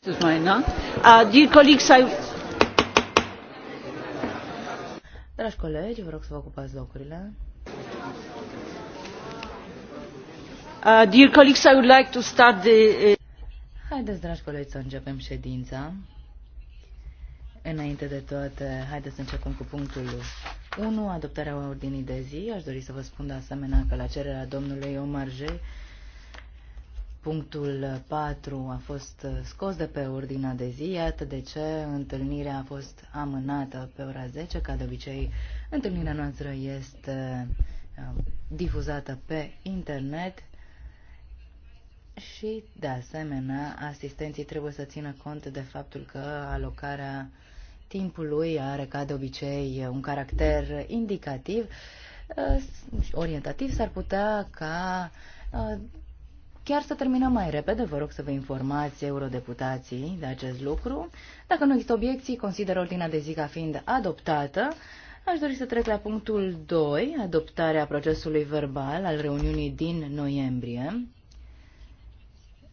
Uh, dragi colegi, vă rog să vă ocupați locurile. Uh, dear colleagues, I would like to start the... Uh, haideți, dragi colegi, să începem ședința. Înainte de toate, haideți să începem cu punctul 1, adoptarea ordinii de zi. Aș dori să vă spun de asemenea că la cererea domnului Omar J. Punctul 4 a fost uh, scos de pe ordinea de zi, iată de ce întâlnirea a fost amânată pe ora 10, ca de obicei întâlnirea noastră este uh, difuzată pe internet și, de asemenea, asistenții trebuie să țină cont de faptul că alocarea timpului are, ca de obicei, uh, un caracter indicativ, orientativ, s-ar putea ca chiar să terminăm mai repede, vă rog să vă informați eurodeputații de acest lucru. Dacă nu există obiecții, consider ordinea de zi ca fiind adoptată. Aș dori să trec la punctul 2, adoptarea procesului verbal al reuniunii din noiembrie.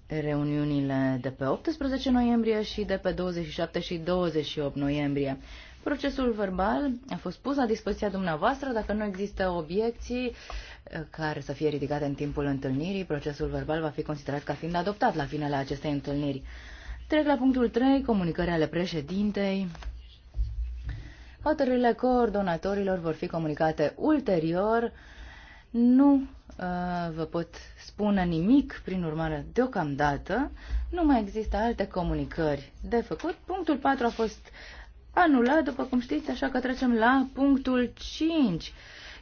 Reuniunile de pe 18 noiembrie și de pe 27 și 28 noiembrie. Procesul verbal a fost pus la dispoziția dumneavoastră. Dacă nu există obiecții eh, care să fie ridicate în timpul întâlnirii, procesul verbal va fi considerat ca fiind adoptat la finele acestei întâlniri. Trec la punctul 3, comunicări ale președintei. Hotărârile coordonatorilor vor fi comunicate ulterior. Nu uh, vă pot spune nimic, prin urmare, deocamdată. Nu mai există alte comunicări de făcut. Punctul 4 a fost anulat, după cum știți, așa că trecem la punctul 5.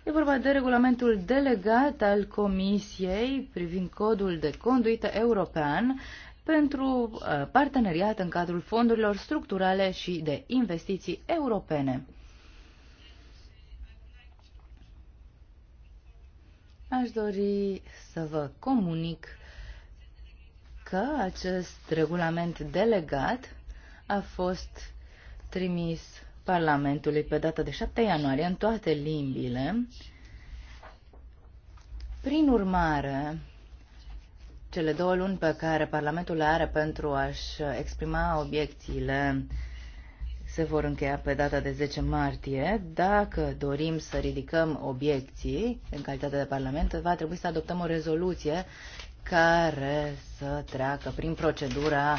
E vorba de regulamentul delegat al Comisiei privind codul de conduită european pentru uh, parteneriat în cadrul fondurilor structurale și de investiții europene. Aș dori să vă comunic că acest regulament delegat a fost trimis Parlamentului pe data de 7 ianuarie în toate limbile. Prin urmare, cele două luni pe care Parlamentul le are pentru a-și exprima obiecțiile se vor încheia pe data de 10 martie. Dacă dorim să ridicăm obiecții în calitate de Parlament, va trebui să adoptăm o rezoluție care să treacă prin procedura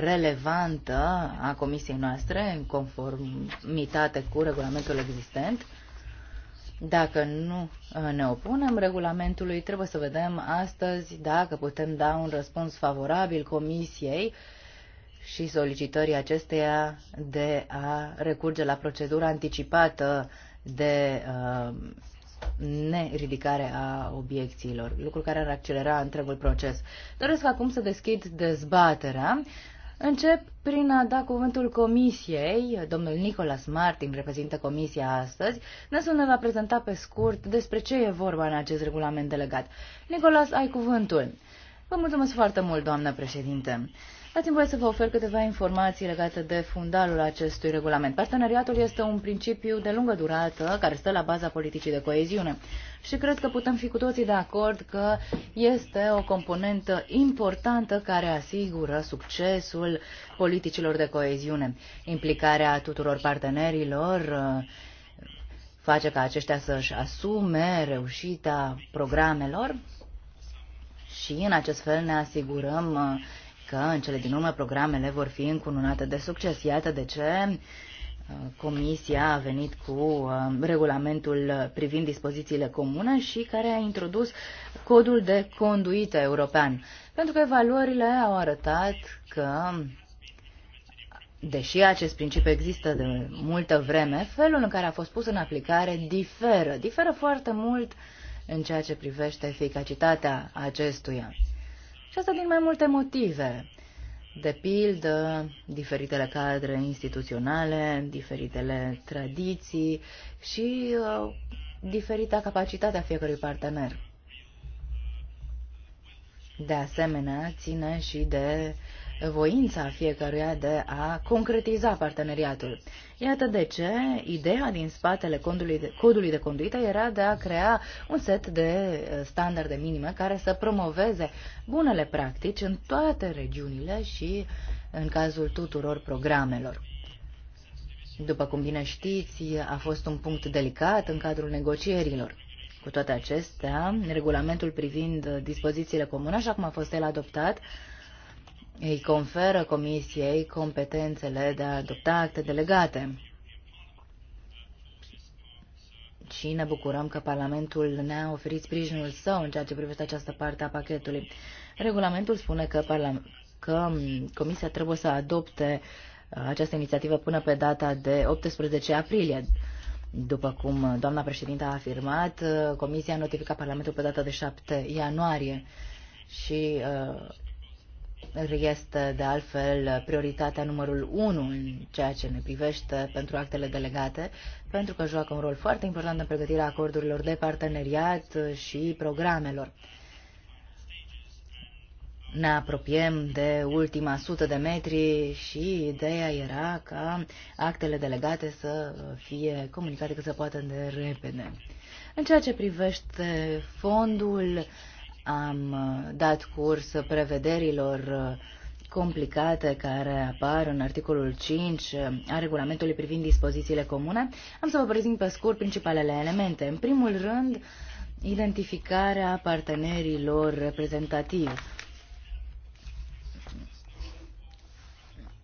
relevantă a comisiei noastre, în conformitate cu regulamentul existent. Dacă nu uh, ne opunem regulamentului, trebuie să vedem astăzi dacă putem da un răspuns favorabil comisiei și solicitării acesteia de a recurge la procedura anticipată de uh, neridicare a obiecțiilor, lucru care ar accelera întregul proces. Doresc acum să deschid dezbaterea Încep prin a da cuvântul comisiei. Domnul Nicolas Martin reprezintă comisia astăzi. să ne va prezenta pe scurt despre ce e vorba în acest regulament delegat. Nicolas, ai cuvântul. Vă mulțumesc foarte mult, doamnă președinte. Dați-mi voie să vă ofer câteva informații legate de fundalul acestui regulament. Parteneriatul este un principiu de lungă durată care stă la baza politicii de coeziune și cred că putem fi cu toții de acord că este o componentă importantă care asigură succesul politicilor de coeziune. Implicarea tuturor partenerilor uh, face ca aceștia să-și asume reușita programelor și în acest fel ne asigurăm uh, că în cele din urmă programele vor fi încununate de succes. Iată de ce uh, Comisia a venit cu uh, regulamentul privind dispozițiile comune și care a introdus codul de conduită european. Pentru că evaluările au arătat că, deși acest principiu există de multă vreme, felul în care a fost pus în aplicare diferă. Diferă foarte mult în ceea ce privește eficacitatea acestuia. Și asta din mai multe motive. De pildă, diferitele cadre instituționale, diferitele tradiții și uh, diferita capacitatea fiecărui partener. De asemenea, ține și de voința fiecăruia de a concretiza parteneriatul. Iată de ce ideea din spatele codului de, codului de conduită era de a crea un set de uh, standarde minime care să promoveze bunele practici în toate regiunile și în cazul tuturor programelor. După cum bine știți, a fost un punct delicat în cadrul negocierilor. Cu toate acestea, regulamentul privind uh, dispozițiile comune, așa cum a fost el adoptat, ei conferă Comisiei competențele de a adopta acte delegate. Și ne bucurăm că Parlamentul ne-a oferit sprijinul său în ceea ce privește această parte a pachetului. Regulamentul spune că, că Comisia trebuie să adopte uh, această inițiativă până pe data de 18 aprilie. După cum doamna președintă a afirmat, uh, Comisia a notificat Parlamentul pe data de 7 ianuarie și uh, este de altfel prioritatea numărul 1 în ceea ce ne privește pentru actele delegate, pentru că joacă un rol foarte important în pregătirea acordurilor de parteneriat și programelor. Ne apropiem de ultima sută de metri și ideea era ca actele delegate să fie comunicate cât se poate de repede. În ceea ce privește fondul, am uh, dat curs prevederilor uh, complicate care apar în articolul 5 uh, a regulamentului privind dispozițiile comune, am să vă prezint pe scurt principalele elemente. În primul rând, identificarea partenerilor reprezentativi.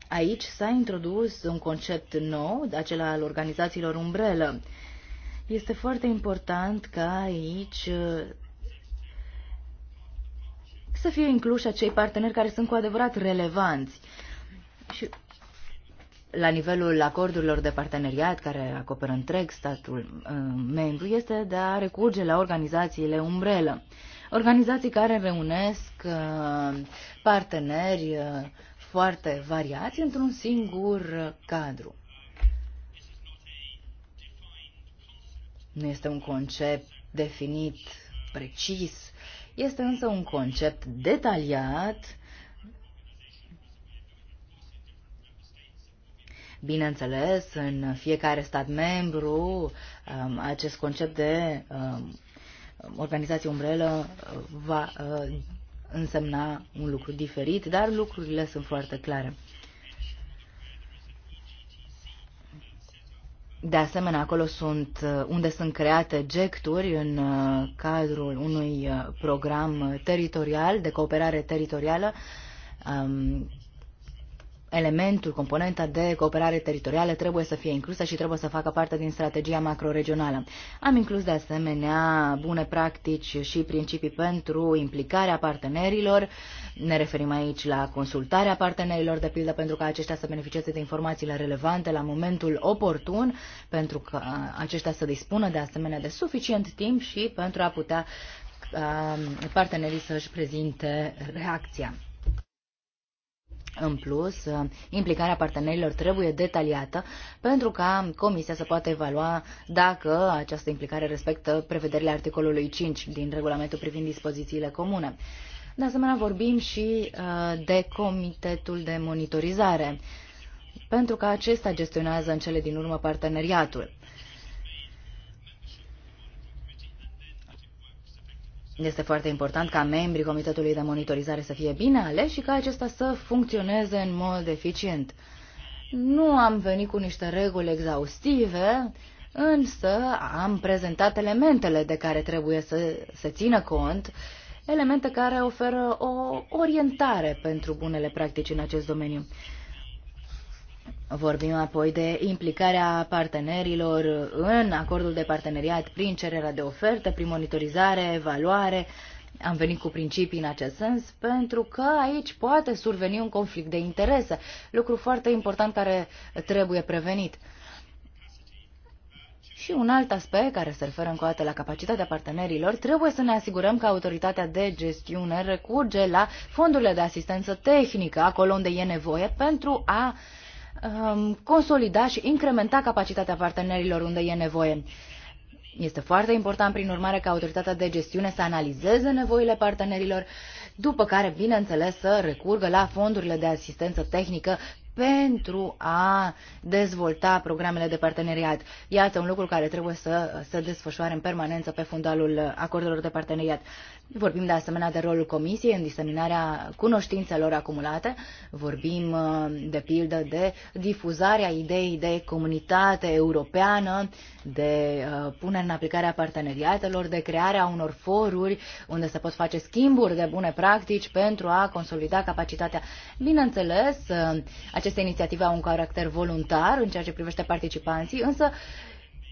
Aici s-a introdus un concept nou, acela al organizațiilor umbrelă. Este foarte important ca aici să fie incluși acei parteneri care sunt cu adevărat relevanți. Și la nivelul acordurilor de parteneriat care acoperă întreg statul uh, membru este de a recurge la organizațiile umbrelă. Organizații care reunesc uh, parteneri uh, foarte variați într-un singur cadru. Nu este un concept definit, precis, este însă un concept detaliat Bineînțeles, în fiecare stat membru, um, acest concept de um, organizație umbrelă uh, va uh, însemna un lucru diferit, dar lucrurile sunt foarte clare. De asemenea, acolo sunt uh, unde sunt create gecturi în uh, cadrul unui uh, program teritorial, de cooperare teritorială, um, elementul, componenta de cooperare teritorială trebuie să fie inclusă și trebuie să facă parte din strategia macroregională. Am inclus de asemenea bune practici și principii pentru implicarea partenerilor. Ne referim aici la consultarea partenerilor, de pildă, pentru ca aceștia să beneficieze de informațiile relevante la momentul oportun, pentru că aceștia să dispună de asemenea de suficient timp și pentru a putea um, partenerii să-și prezinte reacția. În plus, implicarea partenerilor trebuie detaliată pentru ca Comisia să poată evalua dacă această implicare respectă prevederile articolului 5 din regulamentul privind dispozițiile comune. De asemenea, vorbim și uh, de Comitetul de Monitorizare, pentru că acesta gestionează în cele din urmă parteneriatul. Este foarte important ca membrii Comitetului de Monitorizare să fie bine aleși și ca acesta să funcționeze în mod eficient. Nu am venit cu niște reguli exhaustive, însă am prezentat elementele de care trebuie să se țină cont, elemente care oferă o orientare pentru bunele practici în acest domeniu. Vorbim apoi de implicarea partenerilor în acordul de parteneriat prin cererea de ofertă, prin monitorizare, evaluare. Am venit cu principii în acest sens pentru că aici poate surveni un conflict de interese, lucru foarte important care trebuie prevenit. Și un alt aspect care se referă încă o dată la capacitatea partenerilor, trebuie să ne asigurăm că autoritatea de gestiune recurge la fondurile de asistență tehnică, acolo unde e nevoie, pentru a uh, Um, consolida și incrementa capacitatea partenerilor unde e nevoie. Este foarte important, prin urmare, ca autoritatea de gestiune să analizeze nevoile partenerilor, după care, bineînțeles, să recurgă la fondurile de asistență tehnică pentru a dezvolta programele de parteneriat. Iată un lucru care trebuie să se desfășoare în permanență pe fundalul acordurilor de parteneriat. Vorbim de asemenea de rolul Comisiei în diseminarea cunoștințelor acumulate, vorbim uh, de pildă de difuzarea ideii de comunitate europeană, de uh, punerea în aplicare a parteneriatelor, de crearea unor foruri unde se pot face schimburi de bune practici pentru a consolida capacitatea. Bineînțeles, uh, acest aceste inițiative au un caracter voluntar în ceea ce privește participanții, însă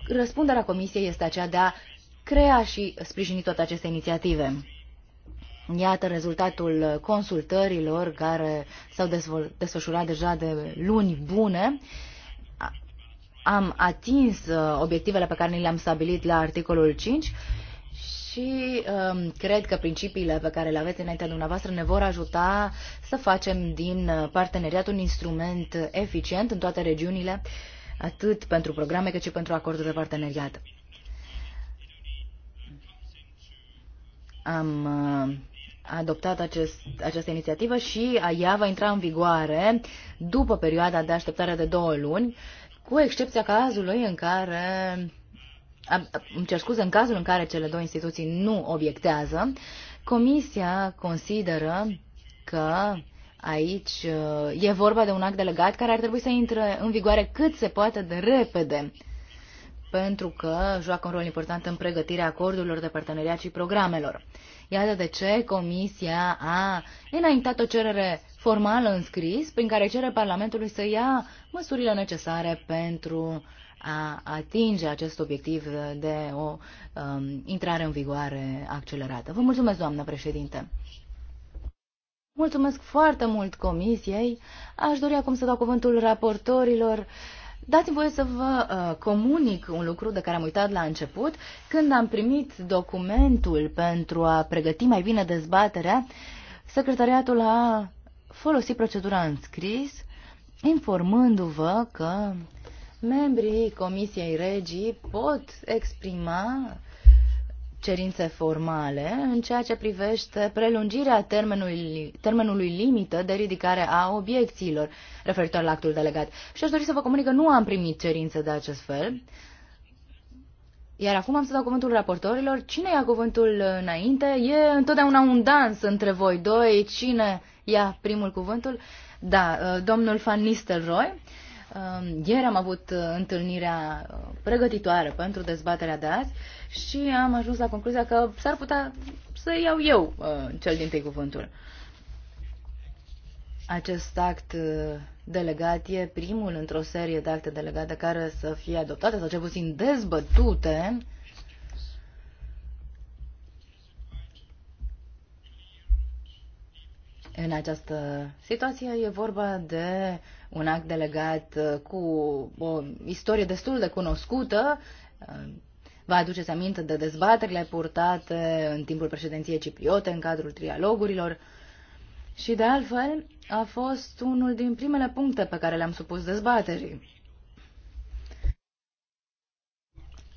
răspunderea Comisiei este aceea de a crea și sprijini toate aceste inițiative. Iată rezultatul consultărilor care s-au desfășurat deja de luni bune. Am atins uh, obiectivele pe care ni le-am stabilit la articolul 5 și um, cred că principiile pe care le aveți înaintea dumneavoastră ne vor ajuta să facem din uh, parteneriat un instrument eficient în toate regiunile, atât pentru programe cât și pentru acorduri de parteneriat. Am uh, adoptat acest, această inițiativă și ea va intra în vigoare după perioada de așteptare de două luni, cu excepția cazului în care îmi cer scuze, în cazul în care cele două instituții nu obiectează, Comisia consideră că aici uh, e vorba de un act delegat care ar trebui să intre în vigoare cât se poate de repede, pentru că joacă un rol important în pregătirea acordurilor de parteneriat și programelor. Iată de ce Comisia a înaintat o cerere formală în scris prin care cere Parlamentului să ia măsurile necesare pentru uh, a atinge acest obiectiv de o um, intrare în vigoare accelerată. Vă mulțumesc, doamnă președinte! Mulțumesc foarte mult comisiei. Aș dori acum să dau cuvântul raportorilor. Dați-mi voie să vă uh, comunic un lucru de care am uitat la început. Când am primit documentul pentru a pregăti mai bine dezbaterea, secretariatul a folosit procedura înscris, informându-vă că membrii Comisiei Regii pot exprima cerințe formale în ceea ce privește prelungirea termenului, termenului limită de ridicare a obiecțiilor referitor la actul delegat. Și aș dori să vă comunic că nu am primit cerințe de acest fel. Iar acum am să dau cuvântul raportorilor. Cine ia cuvântul înainte? E întotdeauna un dans între voi doi. Cine ia primul cuvântul? Da, domnul Van Nistelrooy. Um, ieri am avut uh, întâlnirea uh, pregătitoare pentru dezbaterea de azi și am ajuns la concluzia că s-ar putea să iau eu uh, cel din tâi cuvântul. Acest act delegat e primul într-o serie de acte delegate care să fie adoptate sau cel puțin dezbătute În această situație e vorba de un act delegat uh, cu o istorie destul de cunoscută. Uh, vă aduceți aminte de dezbaterile purtate în timpul președinției cipriote, în cadrul trialogurilor. Și de altfel, a fost unul din primele puncte pe care le-am supus dezbaterii.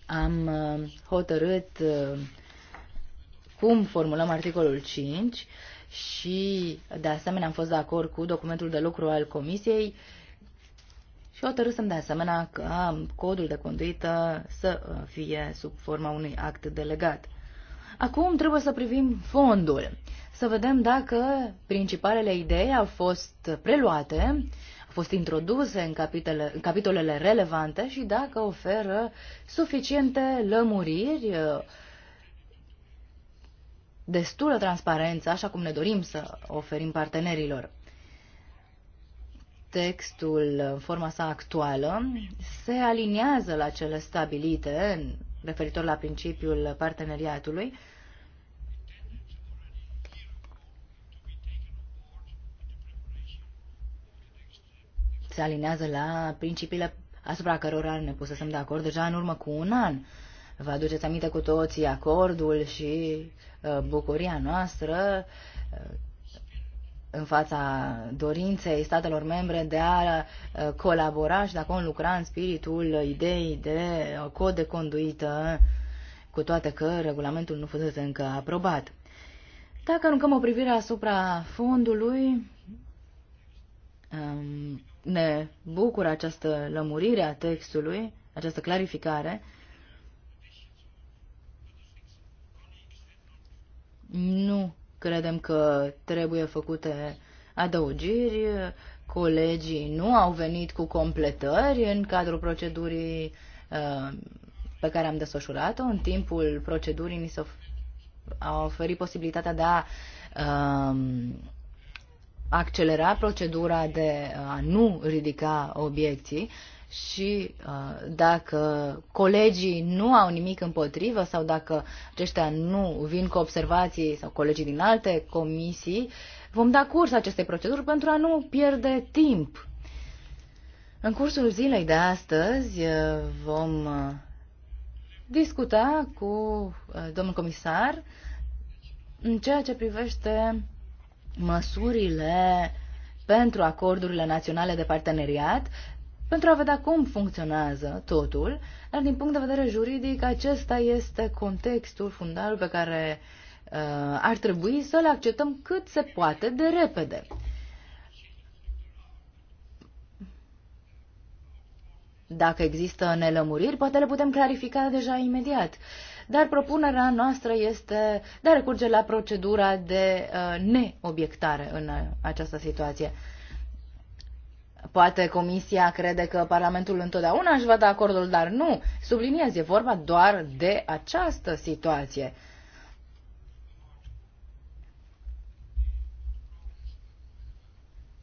Am uh, hotărât cum formulăm articolul 5 și, de asemenea, am fost de acord cu documentul de lucru al Comisiei și hotărâsem, de asemenea, că codul de conduită să uh, fie sub forma unui act delegat. Acum trebuie să privim fondul, să vedem dacă principalele idei au fost preluate, au fost introduse în, capitele în capitolele relevante și dacă oferă suficiente lămuriri uh, destulă transparență, așa cum ne dorim să oferim partenerilor. Textul, în forma sa actuală, se aliniază la cele stabilite referitor la principiul parteneriatului, se alinează la principiile asupra cărora ne pusesem de acord deja în urmă cu un an. Vă aduceți aminte cu toții acordul și uh, bucuria noastră uh, în fața dorinței statelor membre de a uh, colabora și de a conlucra în spiritul ideii de cod de conduită, cu toate că regulamentul nu fusese încă aprobat. Dacă aruncăm o privire asupra fondului, um, ne bucură această lămurire a textului, această clarificare, Nu credem că trebuie făcute adăugiri. Colegii nu au venit cu completări în cadrul procedurii uh, pe care am desfășurat-o. În timpul procedurii ni s-a oferit posibilitatea de a um, accelera procedura de a nu ridica obiecții și uh, dacă colegii nu au nimic împotrivă sau dacă aceștia nu vin cu observații sau colegii din alte comisii, vom da curs acestei proceduri pentru a nu pierde timp. În cursul zilei de astăzi uh, vom uh, discuta cu uh, domnul comisar în ceea ce privește măsurile pentru acordurile naționale de parteneriat, pentru a vedea cum funcționează totul, dar din punct de vedere juridic acesta este contextul fundal pe care uh, ar trebui să-l acceptăm cât se poate de repede. Dacă există nelămuriri, poate le putem clarifica deja imediat. Dar propunerea noastră este de a recurge la procedura de uh, neobiectare în uh, această situație. Poate Comisia crede că Parlamentul întotdeauna își va da acordul, dar nu. Subliniez, e vorba doar de această situație.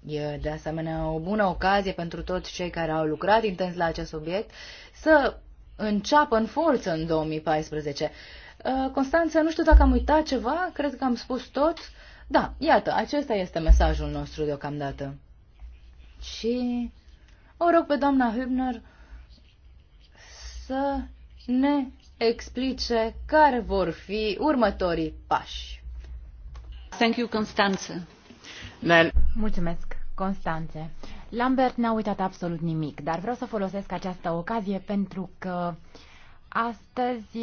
E de asemenea o bună ocazie pentru toți cei care au lucrat intens la acest subiect să înceapă în forță în 2014. Uh, Constanța, nu știu dacă am uitat ceva, cred că am spus tot. Da, iată, acesta este mesajul nostru deocamdată și o rog pe doamna Hübner să ne explice care vor fi următorii pași. Thank you, Constanze. Mulțumesc, Constanze. Lambert n-a uitat absolut nimic, dar vreau să folosesc această ocazie pentru că uh, Astăzi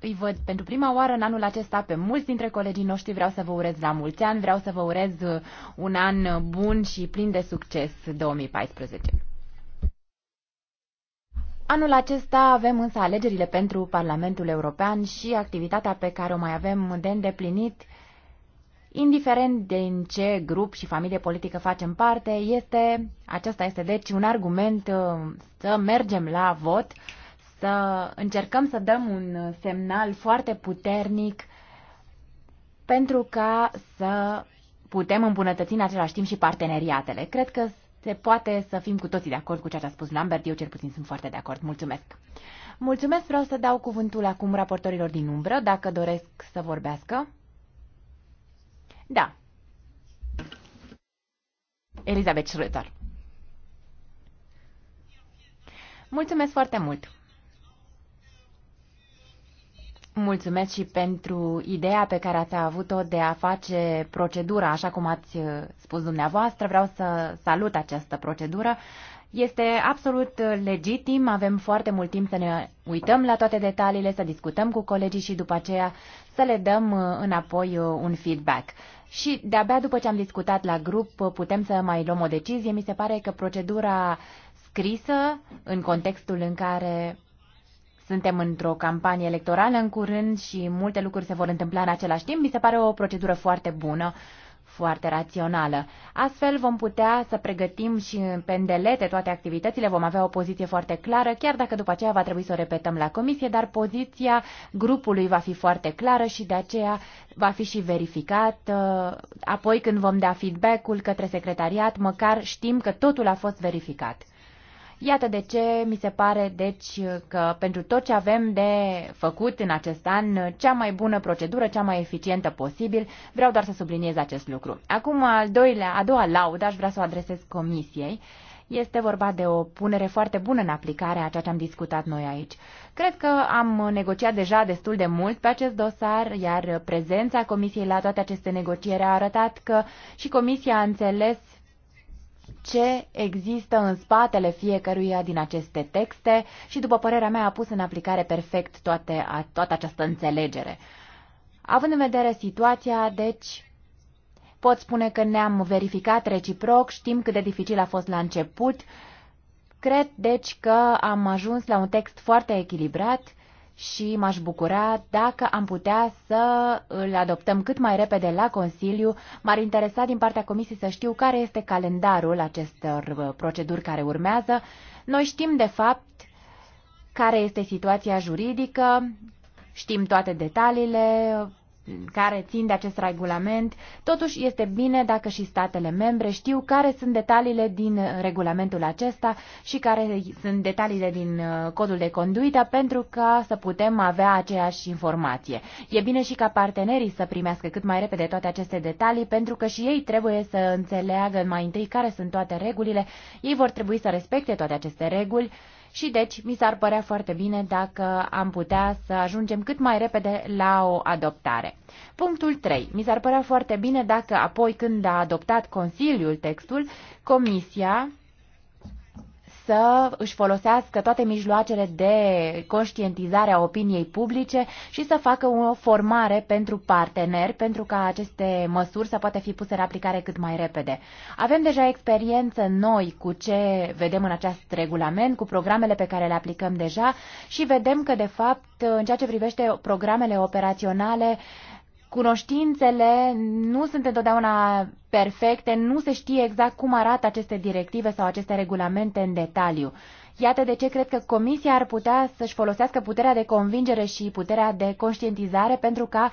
îi văd pentru prima oară în anul acesta pe mulți dintre colegii noștri. Vreau să vă urez la mulți ani, vreau să vă urez un an bun și plin de succes 2014. Anul acesta avem însă alegerile pentru Parlamentul European și activitatea pe care o mai avem de îndeplinit, indiferent de în ce grup și familie politică facem parte, este, aceasta este deci un argument să mergem la vot să încercăm să dăm un semnal foarte puternic pentru ca să putem îmbunătăți în același timp și parteneriatele. Cred că se poate să fim cu toții de acord cu ceea ce a spus Lambert, eu cel puțin sunt foarte de acord. Mulțumesc! Mulțumesc, vreau să dau cuvântul acum raportorilor din umbră, dacă doresc să vorbească. Da. Elizabeth Schröter. Mulțumesc foarte mult! Mulțumesc și pentru ideea pe care ați avut-o de a face procedura, așa cum ați uh, spus dumneavoastră. Vreau să salut această procedură. Este absolut uh, legitim, avem foarte mult timp să ne uităm la toate detaliile, să discutăm cu colegii și după aceea să le dăm uh, înapoi un feedback. Și de-abia după ce am discutat la grup putem să mai luăm o decizie. Mi se pare că procedura scrisă, în contextul în care suntem într-o campanie electorală în curând și multe lucruri se vor întâmpla în același timp. Mi se pare o procedură foarte bună, foarte rațională. Astfel vom putea să pregătim și pendelete toate activitățile, vom avea o poziție foarte clară, chiar dacă după aceea va trebui să o repetăm la comisie, dar poziția grupului va fi foarte clară și de aceea va fi și verificat. Uh, apoi când vom da feedback-ul către secretariat, măcar știm că totul a fost verificat. Iată de ce mi se pare, deci, că pentru tot ce avem de făcut în acest an, cea mai bună procedură, cea mai eficientă posibil, vreau doar să subliniez acest lucru. Acum, al doilea, a doua laudă, aș vrea să o adresez comisiei. Este vorba de o punere foarte bună în aplicare a ceea ce am discutat noi aici. Cred că am negociat deja destul de mult pe acest dosar, iar prezența Comisiei la toate aceste negocieri a arătat că și Comisia a înțeles ce există în spatele fiecăruia din aceste texte și, după părerea mea, a pus în aplicare perfect toate, a, toată această înțelegere. Având în vedere situația, deci, pot spune că ne-am verificat reciproc, știm cât de dificil a fost la început. Cred, deci, că am ajuns la un text foarte echilibrat și m-aș bucura dacă am putea să îl adoptăm cât mai repede la Consiliu. M-ar interesa din partea Comisiei să știu care este calendarul acestor uh, proceduri care urmează. Noi știm, de fapt, care este situația juridică, știm toate detaliile, care țin de acest regulament. Totuși, este bine dacă și statele membre știu care sunt detaliile din uh, regulamentul acesta și care sunt detaliile din uh, codul de conduită pentru ca să putem avea aceeași informație. E bine și ca partenerii să primească cât mai repede toate aceste detalii pentru că și ei trebuie să înțeleagă mai întâi care sunt toate regulile. Ei vor trebui să respecte toate aceste reguli și deci mi s-ar părea foarte bine dacă am putea să ajungem cât mai repede la o adoptare. Punctul 3. Mi s-ar părea foarte bine dacă apoi când a adoptat Consiliul textul, Comisia să își folosească toate mijloacele de conștientizare a opiniei publice și să facă o formare pentru parteneri, pentru ca aceste măsuri să poată fi puse în aplicare cât mai repede. Avem deja experiență noi cu ce vedem în acest regulament, cu programele pe care le aplicăm deja și vedem că, de fapt, în ceea ce privește programele operaționale, cunoștințele nu sunt întotdeauna perfecte, nu se știe exact cum arată aceste directive sau aceste regulamente în detaliu. Iată de ce cred că Comisia ar putea să-și folosească puterea de convingere și puterea de conștientizare pentru ca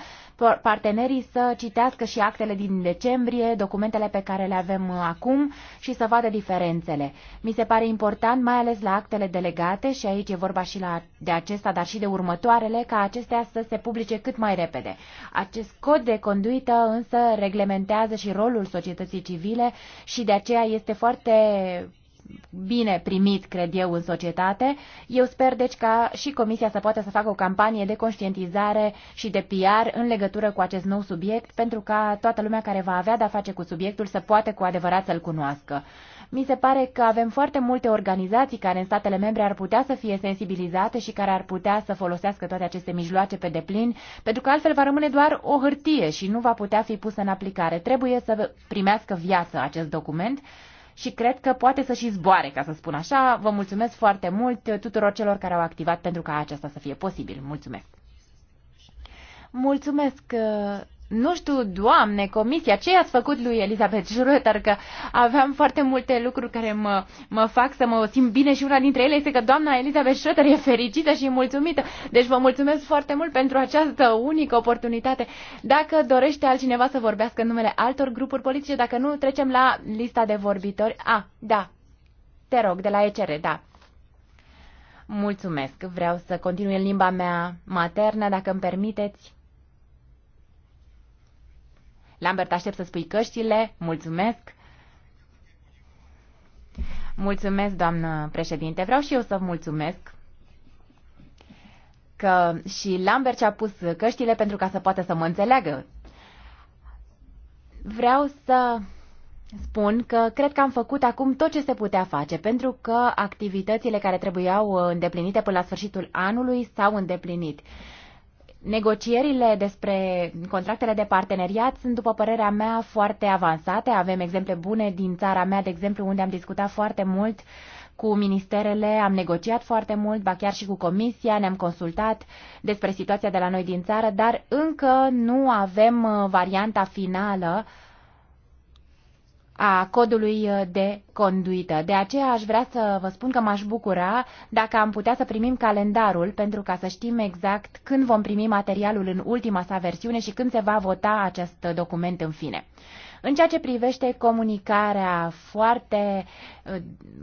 partenerii să citească și actele din decembrie, documentele pe care le avem uh, acum și să vadă diferențele. Mi se pare important, mai ales la actele delegate, și aici e vorba și la, de acesta, dar și de următoarele, ca acestea să se publice cât mai repede. Acest cod de conduită însă reglementează și rolul societății civile și de aceea este foarte bine primit, cred eu, în societate. Eu sper, deci, ca și Comisia să poată să facă o campanie de conștientizare și de PR în legătură cu acest nou subiect, pentru ca toată lumea care va avea de-a face cu subiectul să poată cu adevărat să-l cunoască. Mi se pare că avem foarte multe organizații care în statele membre ar putea să fie sensibilizate și care ar putea să folosească toate aceste mijloace pe deplin, pentru că altfel va rămâne doar o hârtie și nu va putea fi pusă în aplicare. Trebuie să primească viață acest document și cred că poate să și zboare, ca să spun așa. Vă mulțumesc foarte mult tuturor celor care au activat pentru ca aceasta să fie posibil. Mulțumesc! Mulțumesc, uh, nu știu, doamne, comisia, ce ați făcut lui Elizabeth Schröter, că aveam foarte multe lucruri care mă, mă fac să mă simt bine și una dintre ele este că doamna Elizabeth Schröter e fericită și mulțumită. Deci vă mulțumesc foarte mult pentru această unică oportunitate. Dacă dorește altcineva să vorbească în numele altor grupuri politice, dacă nu, trecem la lista de vorbitori. A, ah, da, te rog, de la ECR, da. Mulțumesc, vreau să continui în limba mea maternă, dacă îmi permiteți. Lambert, aștept să spui căștile. Mulțumesc. Mulțumesc, doamnă președinte. Vreau și eu să mulțumesc că și Lambert și-a pus căștile pentru ca să poată să mă înțeleagă. Vreau să spun că cred că am făcut acum tot ce se putea face, pentru că activitățile care trebuiau îndeplinite până la sfârșitul anului s-au îndeplinit. Negocierile despre contractele de parteneriat sunt, după părerea mea, foarte avansate. Avem exemple bune din țara mea, de exemplu, unde am discutat foarte mult cu ministerele, am negociat foarte mult, ba chiar și cu comisia, ne-am consultat despre situația de la noi din țară, dar încă nu avem uh, varianta finală uh, a codului uh, de conduită. De aceea aș vrea să vă spun că m-aș bucura dacă am putea să primim calendarul pentru ca să știm exact când vom primi materialul în ultima sa versiune și când se va vota acest document în fine. În ceea ce privește comunicarea foarte, uh,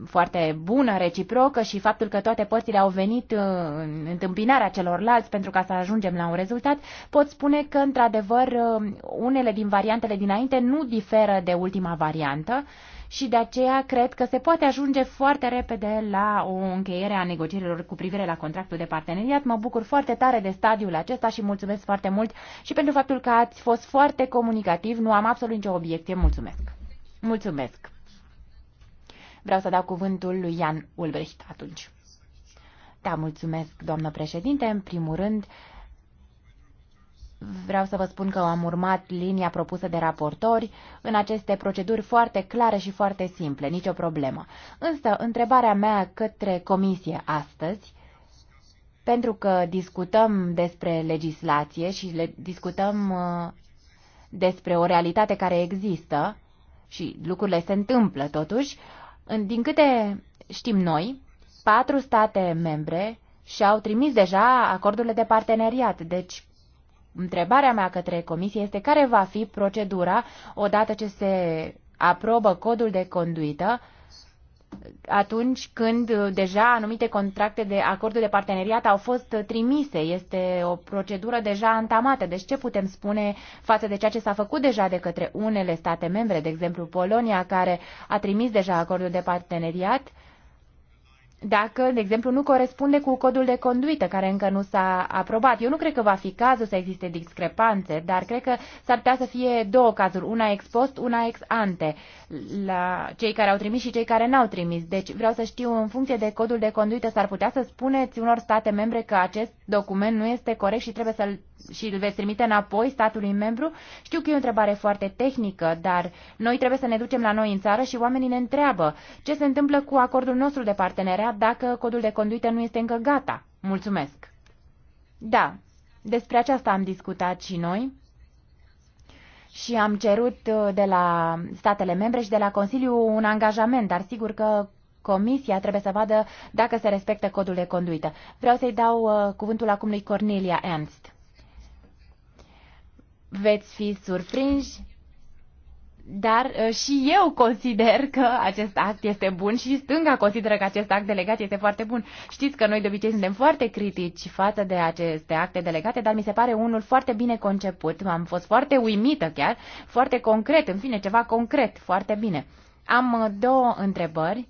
foarte bună, reciprocă și faptul că toate părțile au venit uh, în întâmpinarea celorlalți pentru ca să ajungem la un rezultat, pot spune că, într-adevăr, uh, unele din variantele dinainte nu diferă de ultima variantă, și de aceea cred că se poate ajunge foarte repede la o încheiere a negocierilor cu privire la contractul de parteneriat. Mă bucur foarte tare de stadiul acesta și mulțumesc foarte mult și pentru faptul că ați fost foarte comunicativ. Nu am absolut nicio obiecție. Mulțumesc! Mulțumesc! Vreau să dau cuvântul lui Ian Ulbricht atunci. Da, mulțumesc, doamnă președinte. În primul rând, Vreau să vă spun că am urmat linia propusă de raportori în aceste proceduri foarte clare și foarte simple, nicio problemă. Însă, întrebarea mea către comisie astăzi, pentru că discutăm despre legislație și le discutăm uh, despre o realitate care există și lucrurile se întâmplă totuși, din câte știm noi, patru state membre și-au trimis deja acordurile de parteneriat, deci Întrebarea mea către comisie este care va fi procedura odată ce se aprobă codul de conduită atunci când deja anumite contracte de acorduri de parteneriat au fost trimise. Este o procedură deja antamată. Deci ce putem spune față de ceea ce s-a făcut deja de către unele state membre, de exemplu Polonia, care a trimis deja acordul de parteneriat dacă, de exemplu, nu corespunde cu codul de conduită care încă nu s-a aprobat. Eu nu cred că va fi cazul să existe discrepanțe, dar cred că s-ar putea să fie două cazuri, una ex post, una ex ante, la cei care au trimis și cei care n-au trimis. Deci vreau să știu, în funcție de codul de conduită, s-ar putea să spuneți unor state membre că acest document nu este corect și trebuie să-l și îl veți trimite înapoi statului membru? Știu că e o întrebare foarte tehnică, dar noi trebuie să ne ducem la noi în țară și oamenii ne întreabă ce se întâmplă cu acordul nostru de parteneriat dacă codul de conduită nu este încă gata. Mulțumesc! Da, despre aceasta am discutat și noi și am cerut uh, de la statele membre și de la Consiliu un angajament, dar sigur că Comisia trebuie să vadă dacă se respectă codul de conduită. Vreau să-i dau uh, cuvântul acum lui Cornelia Ernst veți fi surprinși, dar uh, și eu consider că acest act este bun și stânga consideră că acest act delegat este foarte bun. Știți că noi de obicei suntem foarte critici față de aceste acte delegate, dar mi se pare unul foarte bine conceput. Am fost foarte uimită chiar, foarte concret, în fine, ceva concret, foarte bine. Am uh, două întrebări.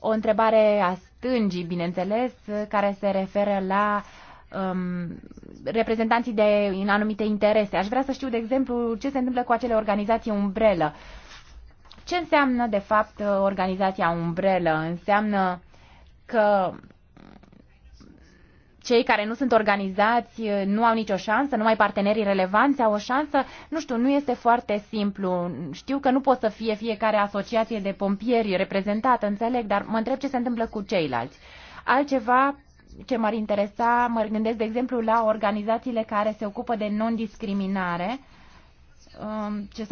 O întrebare a stângii, bineînțeles, uh, care se referă la um, reprezentanții de în anumite interese. Aș vrea să știu, de exemplu, ce se întâmplă cu acele organizații umbrelă. Ce înseamnă, de fapt, organizația umbrelă? Înseamnă că cei care nu sunt organizați nu au nicio șansă, numai partenerii relevanți au o șansă, nu știu, nu este foarte simplu. Știu că nu pot să fie fiecare asociație de pompieri reprezentată, înțeleg, dar mă întreb ce se întâmplă cu ceilalți. Altceva ce m-ar interesa, mă gândesc, de exemplu, la organizațiile care se ocupă de non-discriminare, um, ce,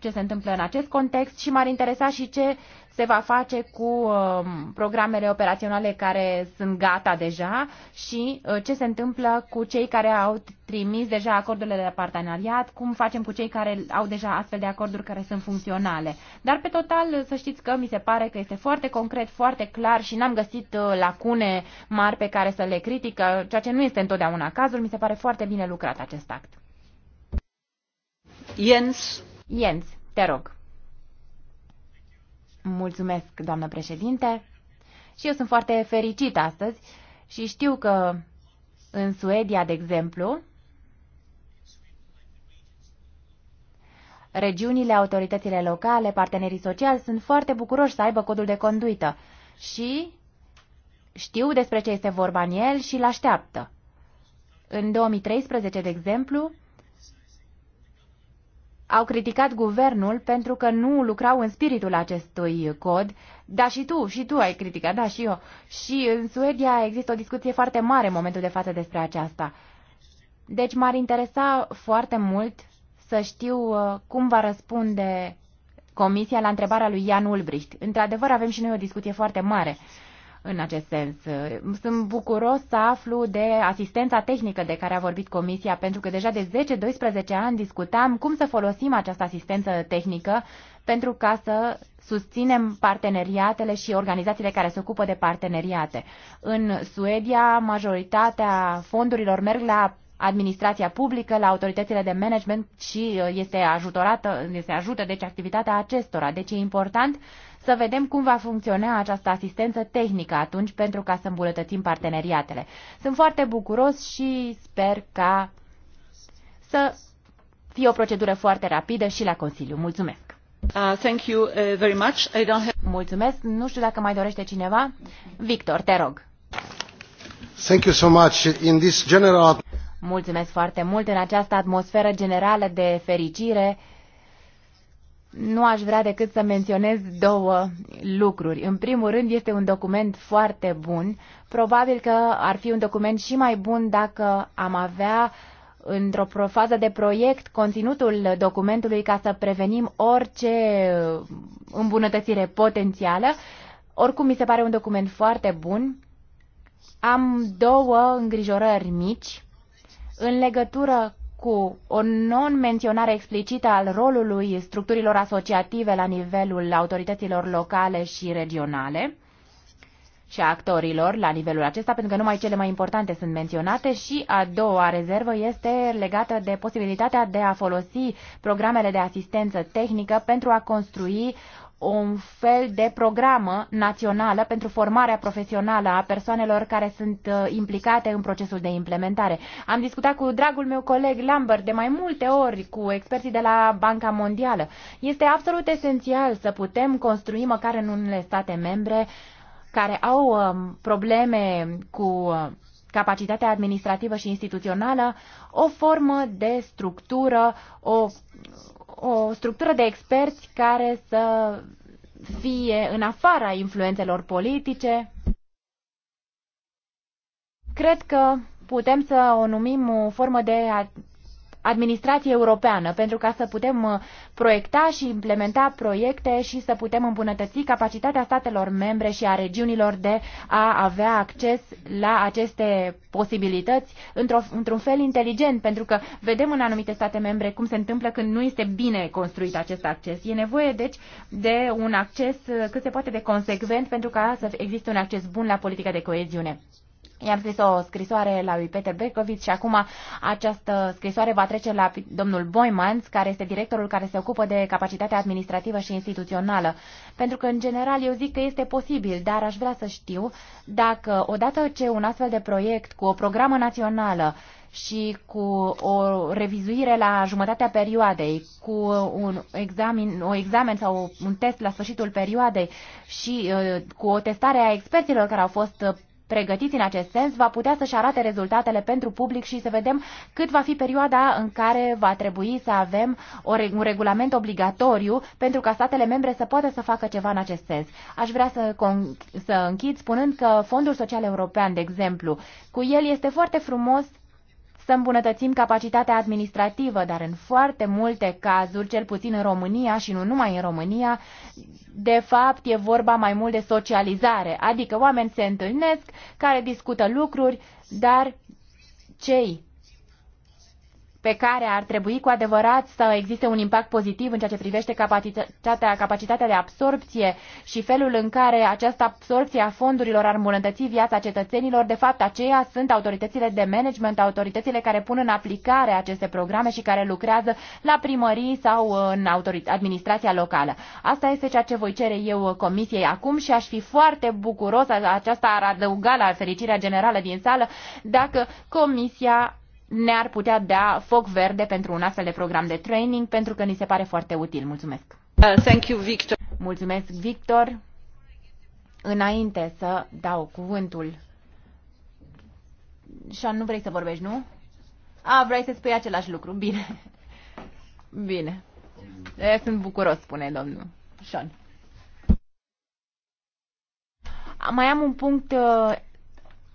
ce se întâmplă în acest context și m-ar interesa și ce se va face cu um, programele operaționale care sunt gata deja și uh, ce se întâmplă cu cei care au trimis deja acordurile de parteneriat, cum facem cu cei care au deja astfel de acorduri care sunt funcționale. Dar pe total să știți că mi se pare că este foarte concret, foarte clar și n-am găsit uh, lacune mari pe care să le critică, ceea ce nu este întotdeauna cazul. Mi se pare foarte bine lucrat acest act. Jens. Jens, te rog. Mulțumesc, doamnă președinte. Și eu sunt foarte fericit astăzi și știu că în Suedia, de exemplu, regiunile, autoritățile locale, partenerii sociali sunt foarte bucuroși să aibă codul de conduită și știu despre ce este vorba în el și îl așteaptă. În 2013, de exemplu, au criticat guvernul pentru că nu lucrau în spiritul acestui cod. Da, și tu, și tu ai criticat, da, și eu. Și în Suedia există o discuție foarte mare în momentul de față despre aceasta. Deci m-ar interesa foarte mult să știu uh, cum va răspunde Comisia la întrebarea lui Ian Ulbricht. Într-adevăr, avem și noi o discuție foarte mare în acest sens. Sunt bucuros să aflu de asistența tehnică de care a vorbit Comisia, pentru că deja de 10-12 ani discutam cum să folosim această asistență tehnică pentru ca să susținem parteneriatele și organizațiile care se ocupă de parteneriate. În Suedia, majoritatea fondurilor merg la administrația publică, la autoritățile de management și este ajutorată, este ajută deci activitatea acestora. Deci e important să vedem cum va funcționa această asistență tehnică atunci pentru ca să îmbunătățim parteneriatele. Sunt foarte bucuros și sper ca să fie o procedură foarte rapidă și la Consiliu. Mulțumesc! Uh, thank you uh, very much. I don't have... Mulțumesc. Nu știu dacă mai dorește cineva. Victor, te rog. Thank you so much. In this general... Mulțumesc foarte mult în această atmosferă generală de fericire nu aș vrea decât să menționez două lucruri. În primul rând, este un document foarte bun. Probabil că ar fi un document și mai bun dacă am avea într-o fază de proiect conținutul documentului ca să prevenim orice îmbunătățire potențială. Oricum, mi se pare un document foarte bun. Am două îngrijorări mici în legătură cu o non-menționare explicită al rolului structurilor asociative la nivelul autorităților locale și regionale și a actorilor la nivelul acesta, pentru că numai cele mai importante sunt menționate și a doua rezervă este legată de posibilitatea de a folosi programele de asistență tehnică pentru a construi un fel de programă națională pentru formarea profesională a persoanelor care sunt uh, implicate în procesul de implementare. Am discutat cu dragul meu coleg Lambert de mai multe ori cu experții de la Banca Mondială. Este absolut esențial să putem construi măcar în unele state membre care au um, probleme cu uh, capacitatea administrativă și instituțională, o formă de structură, o o structură de experți care să fie în afara influențelor politice. Cred că putem să o numim o formă de administrație europeană pentru ca să putem uh, proiecta și implementa proiecte și să putem îmbunătăți capacitatea statelor membre și a regiunilor de a avea acces la aceste posibilități într-un fel inteligent, pentru că vedem în anumite state membre cum se întâmplă când nu este bine construit acest acces. E nevoie, deci, de un acces cât se poate de consecvent pentru ca să existe un acces bun la politica de coeziune. I-am scris o scrisoare la lui Peter Bekovic și acum această scrisoare va trece la domnul Boimans, care este directorul care se ocupă de capacitatea administrativă și instituțională. Pentru că, în general, eu zic că este posibil, dar aș vrea să știu dacă, odată ce un astfel de proiect cu o programă națională și cu o revizuire la jumătatea perioadei, cu un examen, o examen sau un test la sfârșitul perioadei și uh, cu o testare a experților care au fost uh, pregătiți în acest sens, va putea să-și arate rezultatele pentru public și să vedem cât va fi perioada în care va trebui să avem o, un regulament obligatoriu pentru ca statele membre să poată să facă ceva în acest sens. Aș vrea să, să închid spunând că Fondul Social European, de exemplu, cu el este foarte frumos să îmbunătățim capacitatea administrativă, dar în foarte multe cazuri, cel puțin în România și nu numai în România, de fapt e vorba mai mult de socializare, adică oameni se întâlnesc, care discută lucruri, dar cei pe care ar trebui cu adevărat să existe un impact pozitiv în ceea ce privește capacitatea, capacitatea de absorpție și felul în care această absorpție a fondurilor ar îmbunătăți viața cetățenilor. De fapt, aceia sunt autoritățile de management, autoritățile care pun în aplicare aceste programe și care lucrează la primării sau în administrația locală. Asta este ceea ce voi cere eu Comisiei acum și aș fi foarte bucuros, aceasta ar adăuga la fericirea generală din sală, dacă Comisia ne-ar putea da foc verde pentru un astfel de program de training, pentru că ni se pare foarte util. Mulțumesc! Uh, thank you, Victor. Mulțumesc, Victor! Înainte să dau cuvântul... Sean, nu vrei să vorbești, nu? A, vrei să spui același lucru. Bine. Bine. Eu eh, sunt bucuros, spune domnul Sean. Mai am un punct uh,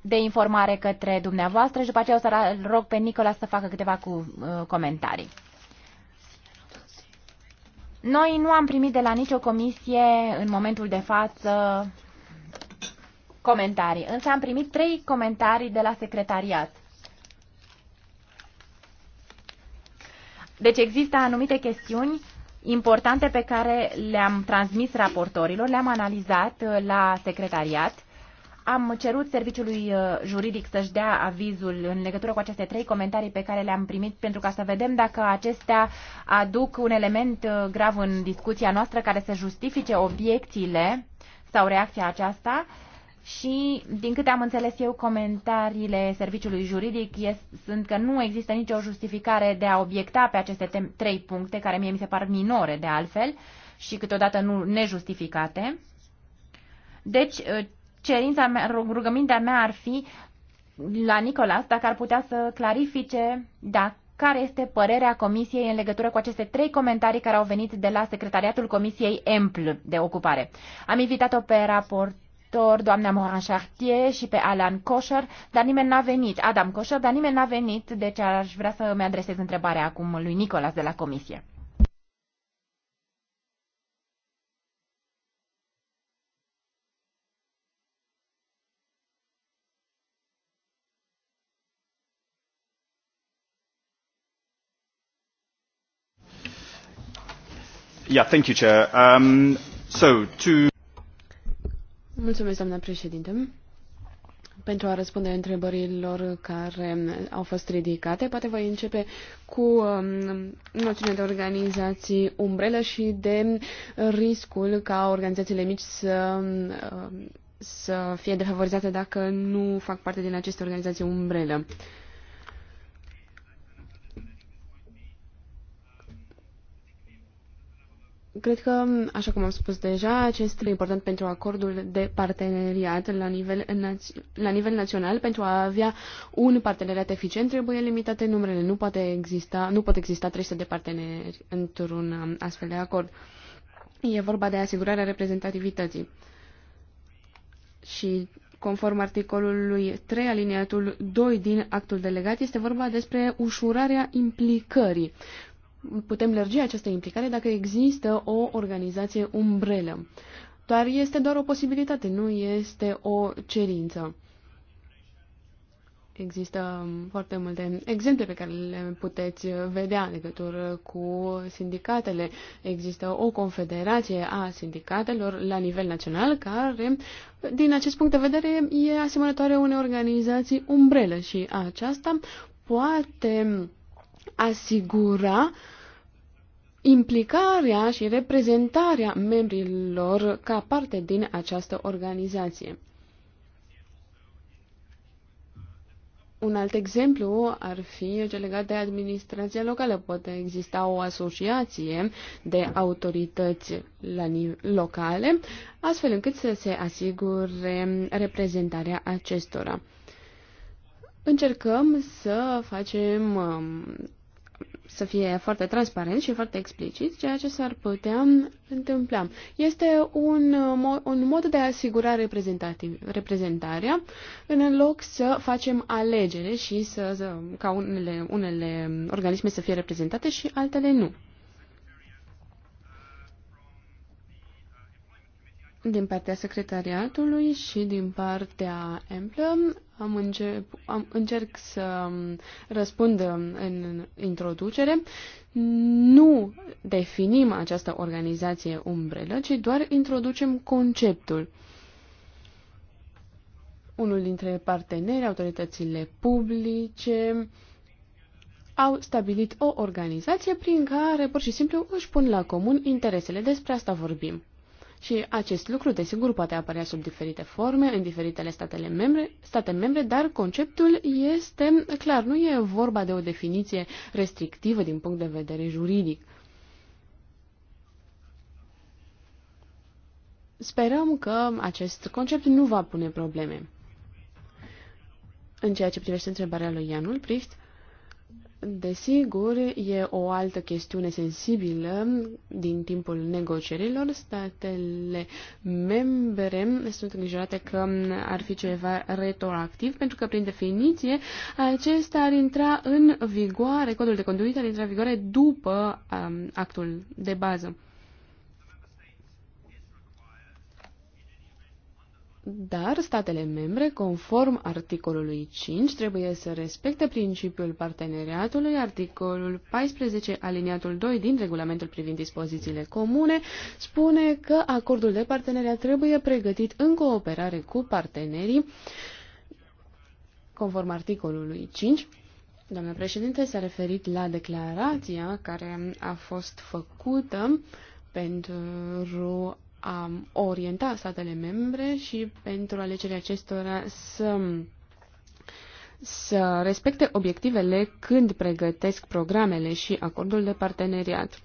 de informare către dumneavoastră și după aceea o să rog pe Nicola să facă câteva cu, uh, comentarii. Noi nu am primit de la nicio comisie în momentul de față comentarii, însă am primit trei comentarii de la secretariat. Deci există anumite chestiuni importante pe care le-am transmis raportorilor, le-am analizat uh, la secretariat am cerut serviciului uh, juridic să-și dea avizul în legătură cu aceste trei comentarii pe care le-am primit pentru ca să vedem dacă acestea aduc un element uh, grav în discuția noastră care să justifice obiecțiile sau reacția aceasta. Și, din câte am înțeles eu, comentariile serviciului juridic sunt că nu există nicio justificare de a obiecta pe aceste trei puncte, care mie mi se par minore de altfel și câteodată nu nejustificate. Deci, uh, cerința mea, rugămintea mea ar fi la Nicolas dacă ar putea să clarifice dacă care este părerea Comisiei în legătură cu aceste trei comentarii care au venit de la Secretariatul Comisiei EMPL de ocupare. Am invitat-o pe raport doamna Moran Chartier și pe Alan Kosher, dar nimeni n-a venit, Adam Kosher, dar nimeni n-a venit, deci aș vrea să mi adresez întrebarea acum lui Nicolas de la Comisie. Yeah, thank you, Chair. Um, so, to... Mulțumesc, doamna președinte. Pentru a răspunde întrebărilor care au fost ridicate, poate voi începe cu um, noțiunea de organizații umbrelă și de riscul ca organizațiile mici să, um, să fie defavorizate dacă nu fac parte din aceste organizații umbrelă. Uh, Cred că, așa cum am spus deja, acest este important pentru acordul de parteneriat la nivel, la nivel național. Pentru a avea un parteneriat eficient trebuie limitate numerele Nu, poate exista, nu pot exista 300 de parteneri într-un um, astfel de acord. E vorba de asigurarea reprezentativității. Și conform articolului 3 aliniatul 2 din actul delegat, este vorba despre ușurarea implicării putem lărgi această implicare dacă există o organizație umbrelă. Dar este doar o posibilitate, nu este o cerință. Există foarte multe exemple pe care le puteți vedea în legătură cu sindicatele. Există o confederație a sindicatelor la nivel național care, din acest punct de vedere, e asemănătoare unei organizații umbrelă și aceasta poate asigura uh, implicarea și reprezentarea membrilor ca parte din această organizație. Un alt exemplu ar fi cel legat de administrația locală. Poate exista o asociație de autorități la locale, astfel încât să se asigure reprezentarea acestora. Încercăm să facem um, să fie foarte transparent și foarte explicit ceea ce s-ar putea întâmpla. Este un, un mod de a asigura reprezentarea în loc să facem alegere și să, să ca unele, unele organisme să fie reprezentate și altele nu. din partea secretariatului și din partea Emplă. Am, încep, am încerc să răspund în introducere. Nu definim această organizație umbrelă, ci doar introducem conceptul. Unul dintre parteneri, autoritățile publice, au stabilit o organizație prin care pur și simplu își pun la comun interesele. Despre asta vorbim. Și acest lucru, desigur, poate apărea sub diferite forme în diferitele statele membre, state membre, dar conceptul este clar, nu e vorba de o definiție restrictivă din punct de vedere juridic. Sperăm că acest concept nu va pune probleme. În ceea ce privește întrebarea lui Ianul Prift, Desigur, e o altă chestiune sensibilă din timpul negocierilor. Statele membre sunt îngrijorate că ar fi ceva retroactiv, pentru că, prin definiție, acesta ar intra în vigoare, codul de conduită ar intra în vigoare după um, actul de bază. dar statele membre, conform articolului 5, trebuie să respecte principiul parteneriatului, articolul 14, aliniatul 2 din regulamentul privind dispozițiile comune, spune că acordul de parteneriat trebuie pregătit în cooperare cu partenerii, conform articolului 5. Doamna președinte s-a referit la declarația care a fost făcută pentru a orienta statele membre și pentru alegerea acestora să să respecte obiectivele când pregătesc programele și acordul de parteneriat.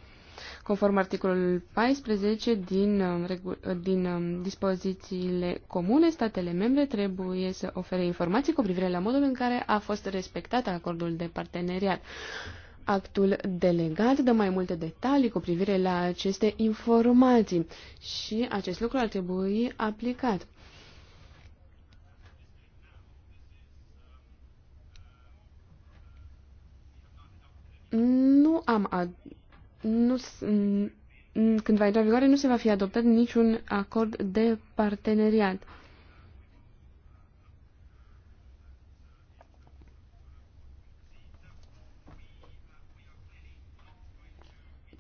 Conform articolul 14 din, uh, uh, din uh, dispozițiile comune, statele membre trebuie să ofere informații cu privire la modul în care a fost respectat acordul de parteneriat. Actul delegat dă mai multe detalii cu privire la aceste informații și acest lucru ar trebui aplicat. Nu am... Ad- nu, când va intra în vigoare, nu se va fi adoptat niciun acord de parteneriat.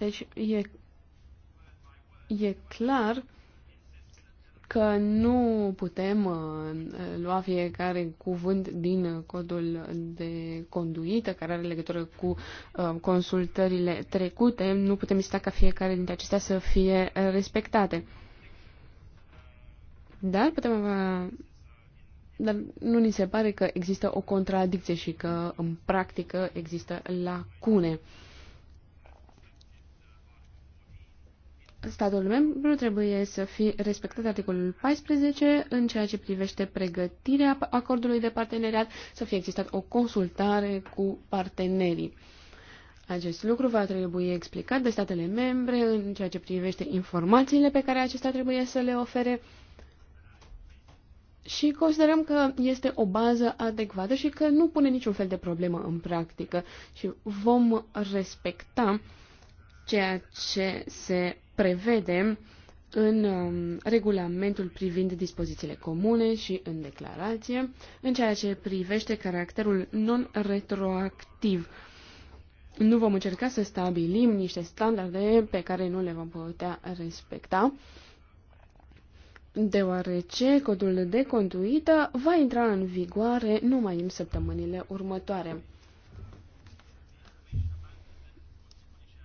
Deci e, e clar că nu putem uh, lua fiecare cuvânt din codul de conduită care are legătură cu uh, consultările trecute, nu putem sta ca fiecare dintre acestea să fie respectate. Dar putem avea dar nu ni se pare că există o contradicție și că în practică există lacune. Uh, statul membru trebuie să fie respectat articolul 14 în ceea ce privește pregătirea acordului de parteneriat, să fie existat o consultare cu partenerii. Acest lucru va trebui explicat de statele membre în ceea ce privește informațiile pe care acesta trebuie să le ofere și considerăm că este o bază adecvată și că nu pune niciun fel de problemă în practică și vom respecta uh, ceea ce se prevede în um, regulamentul privind dispozițiile comune și în declarație, în ceea ce privește caracterul non-retroactiv. Nu vom încerca să stabilim niște standarde pe care nu le vom putea respecta, deoarece codul de conduită va intra în vigoare numai în săptămânile următoare.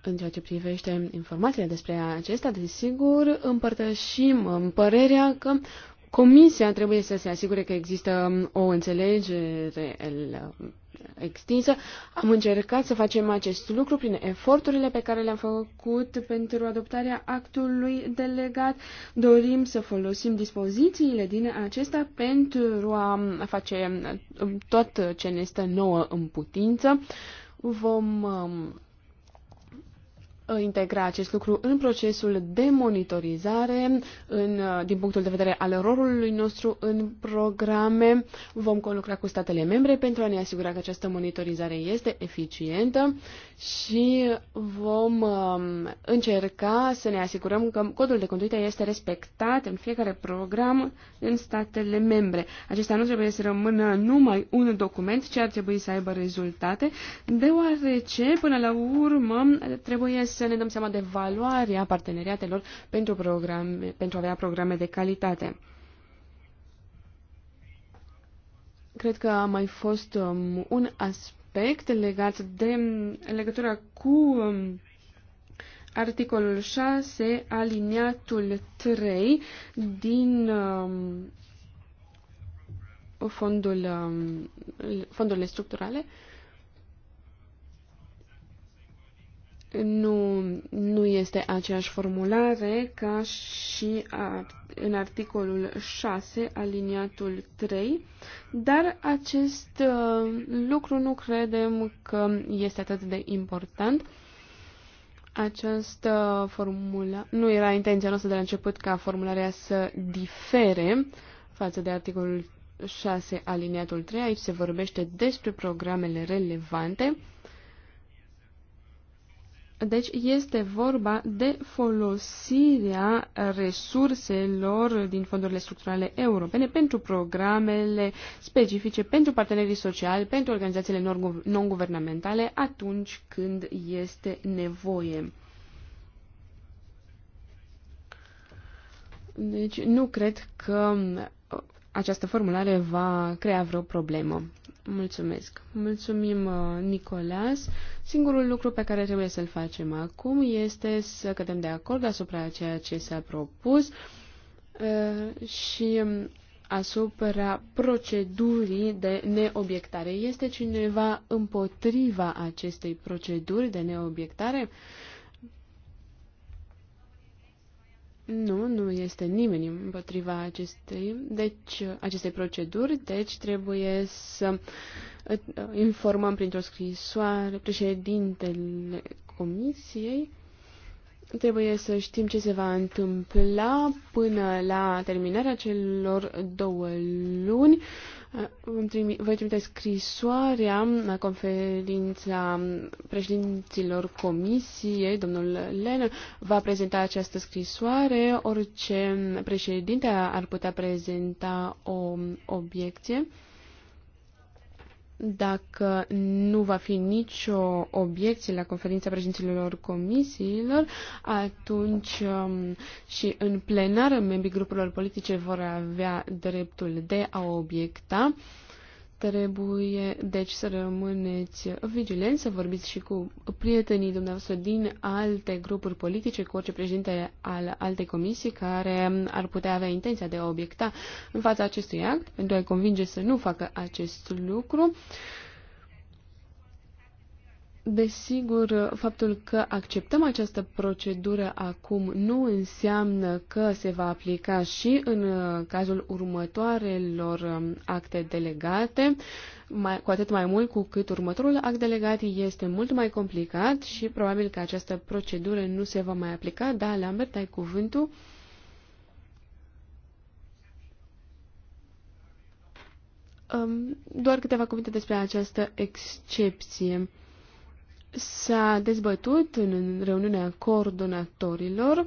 În ceea ce privește informațiile despre acesta, desigur, împărtășim um, părerea că Comisia trebuie să se asigure că există um, o înțelegere um, extinsă. Am încercat să facem acest lucru prin eforturile pe care le-am făcut pentru adoptarea actului delegat. Dorim să folosim dispozițiile din acesta pentru a face tot ce ne stă nouă în putință. Vom Uh, integra acest lucru în procesul de monitorizare, în, uh, din punctul de vedere al rolului nostru în programe. Vom conlucra cu statele membre pentru a ne asigura că această monitorizare este eficientă și vom um, încerca să ne asigurăm că codul de conduită este respectat în fiecare program în statele membre. Acesta nu trebuie să rămână numai un document, ci ar trebui să aibă rezultate, deoarece, până la urmă, trebuie să să ne dăm seama de valoarea parteneriatelor pentru, programe, pentru a avea programe de calitate. Cred că a mai fost um, un aspect legat de um, legătura cu um, articolul 6, aliniatul 3 din um, fondul, um, fondurile structurale. Uh, nu, nu este aceeași formulare ca și a, în articolul 6, aliniatul 3, dar acest uh, lucru nu credem că este atât de important. Această formulă. nu era intenția noastră de la început ca formularea să difere față de articolul 6, aliniatul 3. Aici se vorbește despre programele relevante deci este vorba de folosirea resurselor din fondurile structurale europene pentru programele specifice, pentru partenerii sociali, pentru organizațiile non-guvernamentale atunci când este nevoie. Deci nu cred că această formulare va crea vreo problemă. Mulțumesc. Mulțumim, uh, Nicolas. Singurul lucru pe care trebuie să-l facem acum este să cădem de acord asupra ceea ce s-a propus uh, și um, asupra procedurii de neobiectare. Este cineva împotriva acestei proceduri de neobiectare? Nu, nu este nimeni împotriva acestei, deci, acestei proceduri, deci trebuie să uh, informăm printr-o scrisoare președintele comisiei. Trebuie să știm ce se va întâmpla până la terminarea celor două luni voi trimite scrisoarea la conferința președinților comisiei, domnul Len va prezenta această scrisoare, orice președinte ar putea prezenta o obiecție. Dacă nu va fi nicio obiecție la conferința președinților comisiilor, atunci um, și în plenară membrii grupurilor politice vor avea dreptul de a obiecta. Trebuie, deci, să rămâneți vigilenți, să vorbiți și cu prietenii dumneavoastră din alte grupuri politice, cu orice președinte al altei comisii care ar putea avea intenția de a obiecta în fața acestui act, pentru a-i convinge să nu facă acest lucru. Uh, Desigur, faptul că acceptăm această procedură acum nu înseamnă că se va aplica și în uh, cazul următoarelor um, acte delegate, mai, cu atât mai mult cu cât următorul act delegat este mult mai complicat și probabil că această procedură nu se va mai aplica. Da, Lambert, ai cuvântul. Um, doar câteva cuvinte despre această excepție s-a dezbătut în reuniunea coordonatorilor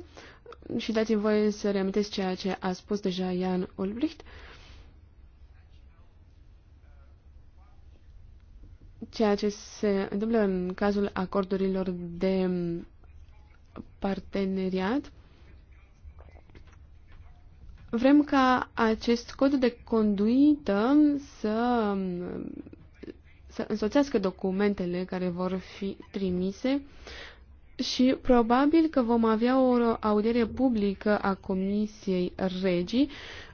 și dați-mi voie să reamintesc ceea ce a spus deja Jan Olbricht, ceea ce se întâmplă în cazul acordurilor de parteneriat. Vrem ca acest cod de conduită să să însoțească documentele care vor fi trimise și probabil că vom avea o audiere publică a Comisiei Regii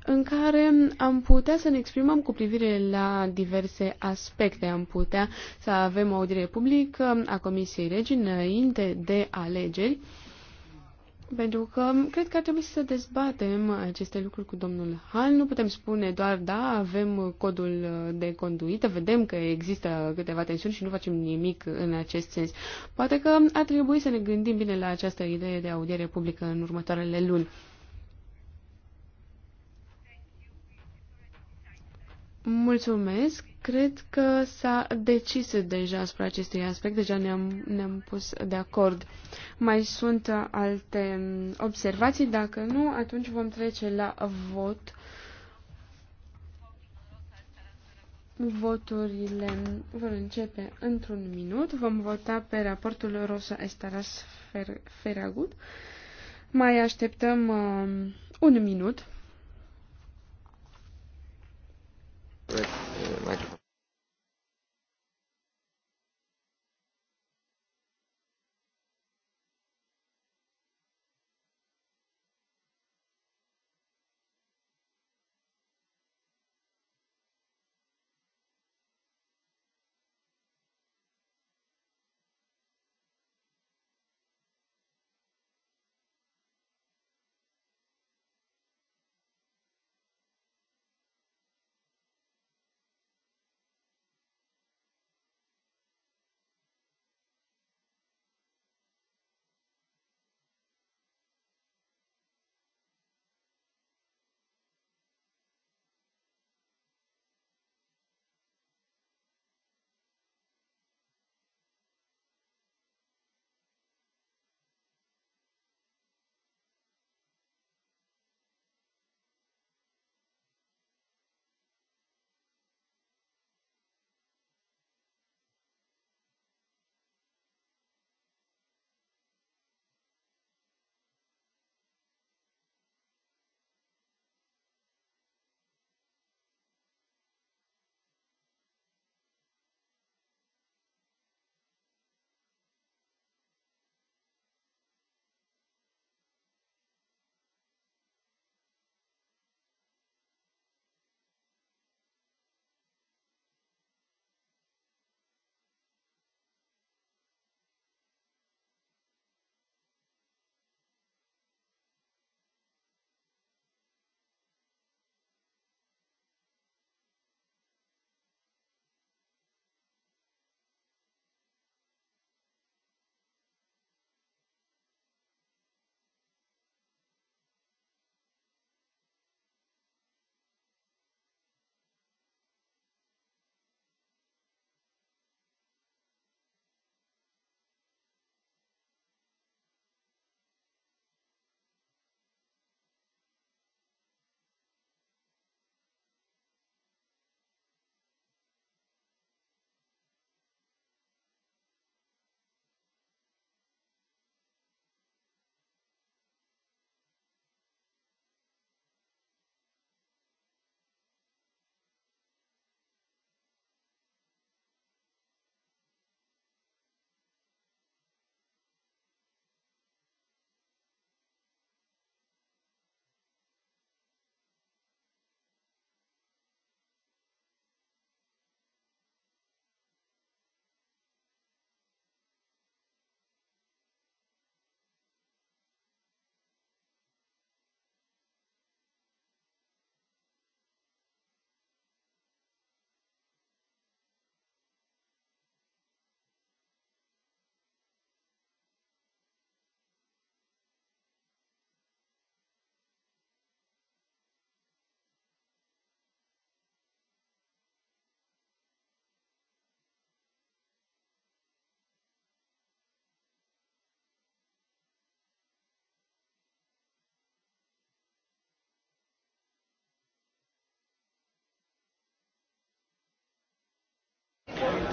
în care am putea să ne exprimăm cu privire la diverse aspecte. Am putea să avem o audiere publică a Comisiei Regii înainte de alegeri pentru că cred că ar trebui să dezbatem aceste lucruri cu domnul Han. Nu putem spune doar, da, avem codul de conduită, vedem că există câteva tensiuni și nu facem nimic în acest sens. Poate că ar trebui să ne gândim bine la această idee de audiere publică în următoarele luni. Mulțumesc. Cred că s-a decis deja asupra acestui aspect, deja ne-am, ne-am pus de acord. Mai sunt alte observații? Dacă nu, atunci vom trece la vot. Voturile vor începe într-un minut. Vom vota pe raportul Rosa Estaras Feragut. Mai așteptăm uh, un minut. with uh, microphone.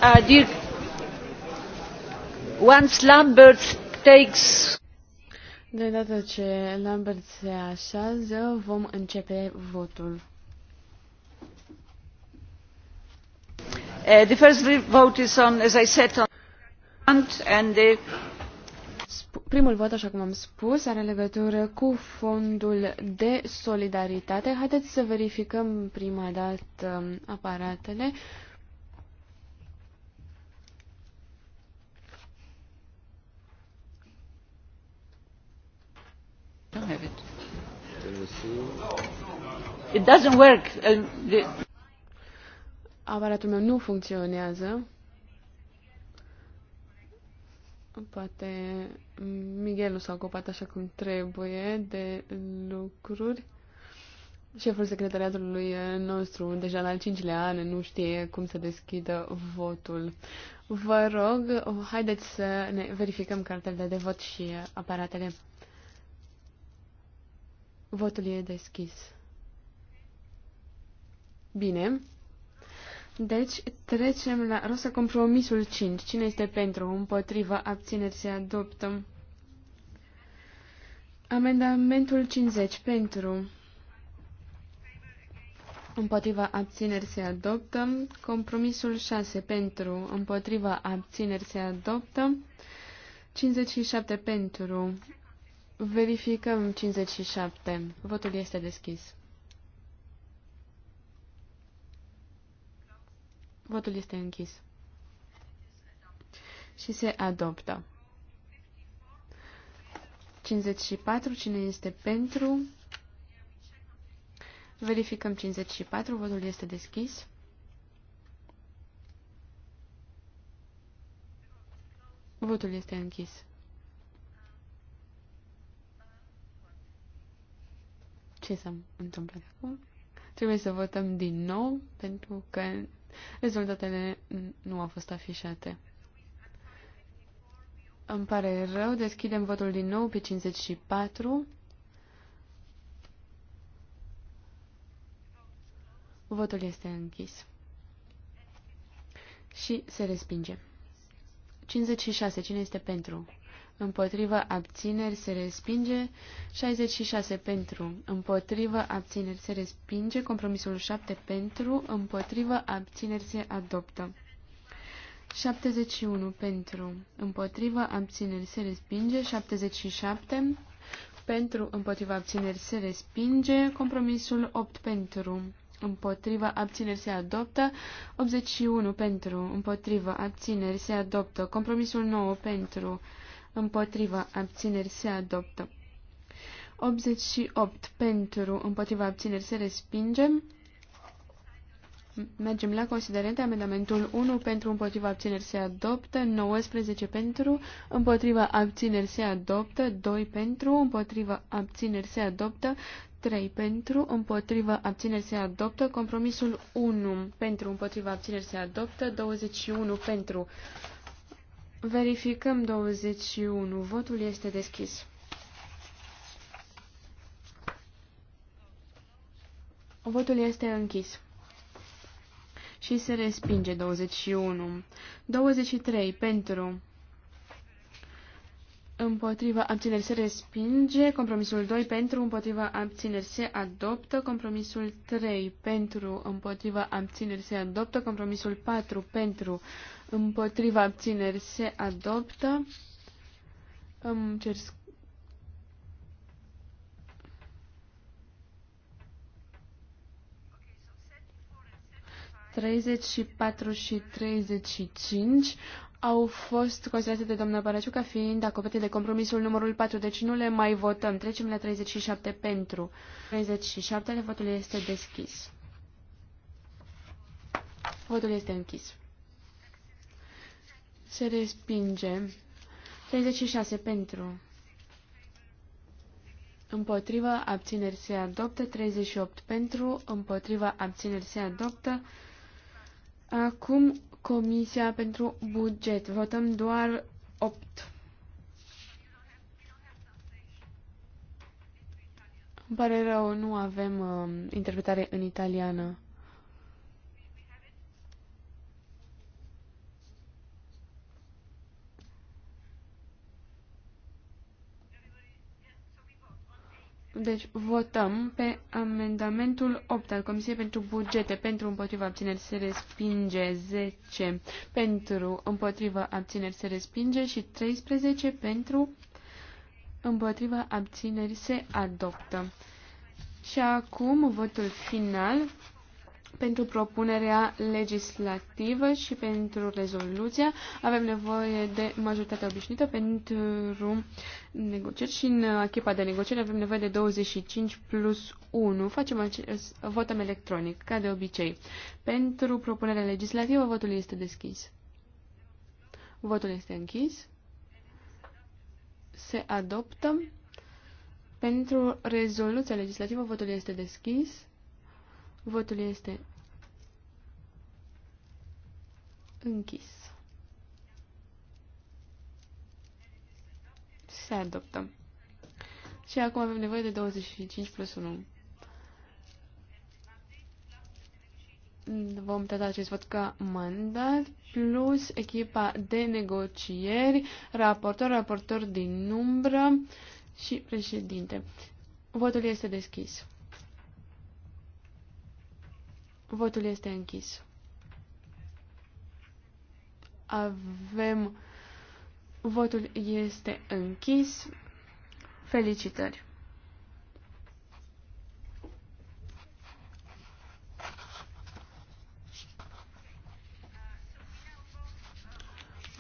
Uh, Lambert De data ce Lambert se așează, vom începe votul. Uh, the first vote is on, as I said, on and the Primul vot, așa cum am spus, are legătură cu fondul de solidaritate. Haideți să verificăm prima dată aparatele. it. doesn't work. Aparatul meu nu funcționează. Poate Miguel nu s-a ocupat așa cum trebuie de lucruri. Șeful secretariatului nostru, deja la al cincilea an, nu știe cum să deschidă votul. Vă rog, haideți să ne verificăm cartele de vot și aparatele. Votul e deschis. Bine. Deci, trecem la rosă compromisul 5. Cine este pentru? Împotriva abțineri se adoptă. Amendamentul 50 pentru. Împotriva abțineri se adoptă. Compromisul 6 pentru. Împotriva abțineri se adoptă. 57 pentru. Verificăm 57. Votul este deschis. Votul este închis. Și se adoptă. 54. Cine este pentru? Verificăm 54. Votul este deschis. Votul este închis. ce s-a întâmplat acum? Trebuie să votăm din nou pentru că rezultatele nu au fost afișate. Îmi pare rău, deschidem votul din nou pe 54. Votul este închis. Și se respinge. 56. Cine este pentru? împotrivă, abțineri, se respinge. 66 pentru, împotrivă, abțineri, se respinge. Compromisul 7 pentru, împotrivă, abțineri, se adoptă. 71 pentru, împotrivă, abțineri, se respinge. 77 pentru, împotriva abțineri se respinge, compromisul 8 pentru, împotriva abțineri se adoptă, 81 pentru, împotriva abțineri se adoptă, compromisul 9 pentru, împotriva abținerii se adoptă. 88 pentru, împotriva abținerii se respinge. Mergem la considerente. Amendamentul 1 pentru împotriva abțineri se adoptă, 19 pentru împotriva abțineri se adoptă, 2 pentru împotriva abțineri se adoptă, 3 pentru împotriva abțineri se adoptă, compromisul 1 pentru împotriva abțineri se adoptă, 21 pentru Verificăm 21. Votul este deschis. Votul este închis. Și se respinge 21. 23. Pentru. Împotriva abțineri se respinge. Compromisul 2 pentru. Împotriva abțineri se adoptă. Compromisul 3 pentru. Împotriva abțineri se adoptă. Compromisul 4 pentru împotriva abțineri se adoptă. Îmi cer Treizeci și patru și treizeci și cinci au fost considerate de doamna Baraciu ca fiind acoperite de compromisul numărul 4, deci nu le mai votăm. Trecem la 37 pentru. 37, votul este deschis. Votul este închis. Se respinge. 36 pentru. Împotrivă, abțineri se adoptă. 38 pentru. Împotrivă, abțineri se adoptă. Acum Comisia pentru Buget. Votăm doar 8. Îmi pare rău, nu avem uh, interpretare în italiană. Deci votăm pe amendamentul 8 al Comisiei pentru Bugete pentru împotriva abțineri se respinge 10 pentru împotriva abțineri se respinge și 13 pentru împotriva abțineri se adoptă. Și acum votul final, pentru propunerea legislativă și pentru rezoluția. Avem nevoie de majoritatea obișnuită pentru negocieri și în echipa de negocieri avem nevoie de 25 plus 1. Facem acest, votăm electronic, ca de obicei. Pentru propunerea legislativă, votul este deschis. Votul este închis. Se adoptă. Pentru rezoluția legislativă, votul este deschis. Votul este Închis. Se adoptă. Și acum avem nevoie de 25 plus 1. vom trata acest vot ca mandat, plus echipa de negocieri, raportor, raportor din umbră și președinte. Votul este deschis. Votul este închis avem. Votul este închis. Felicitări!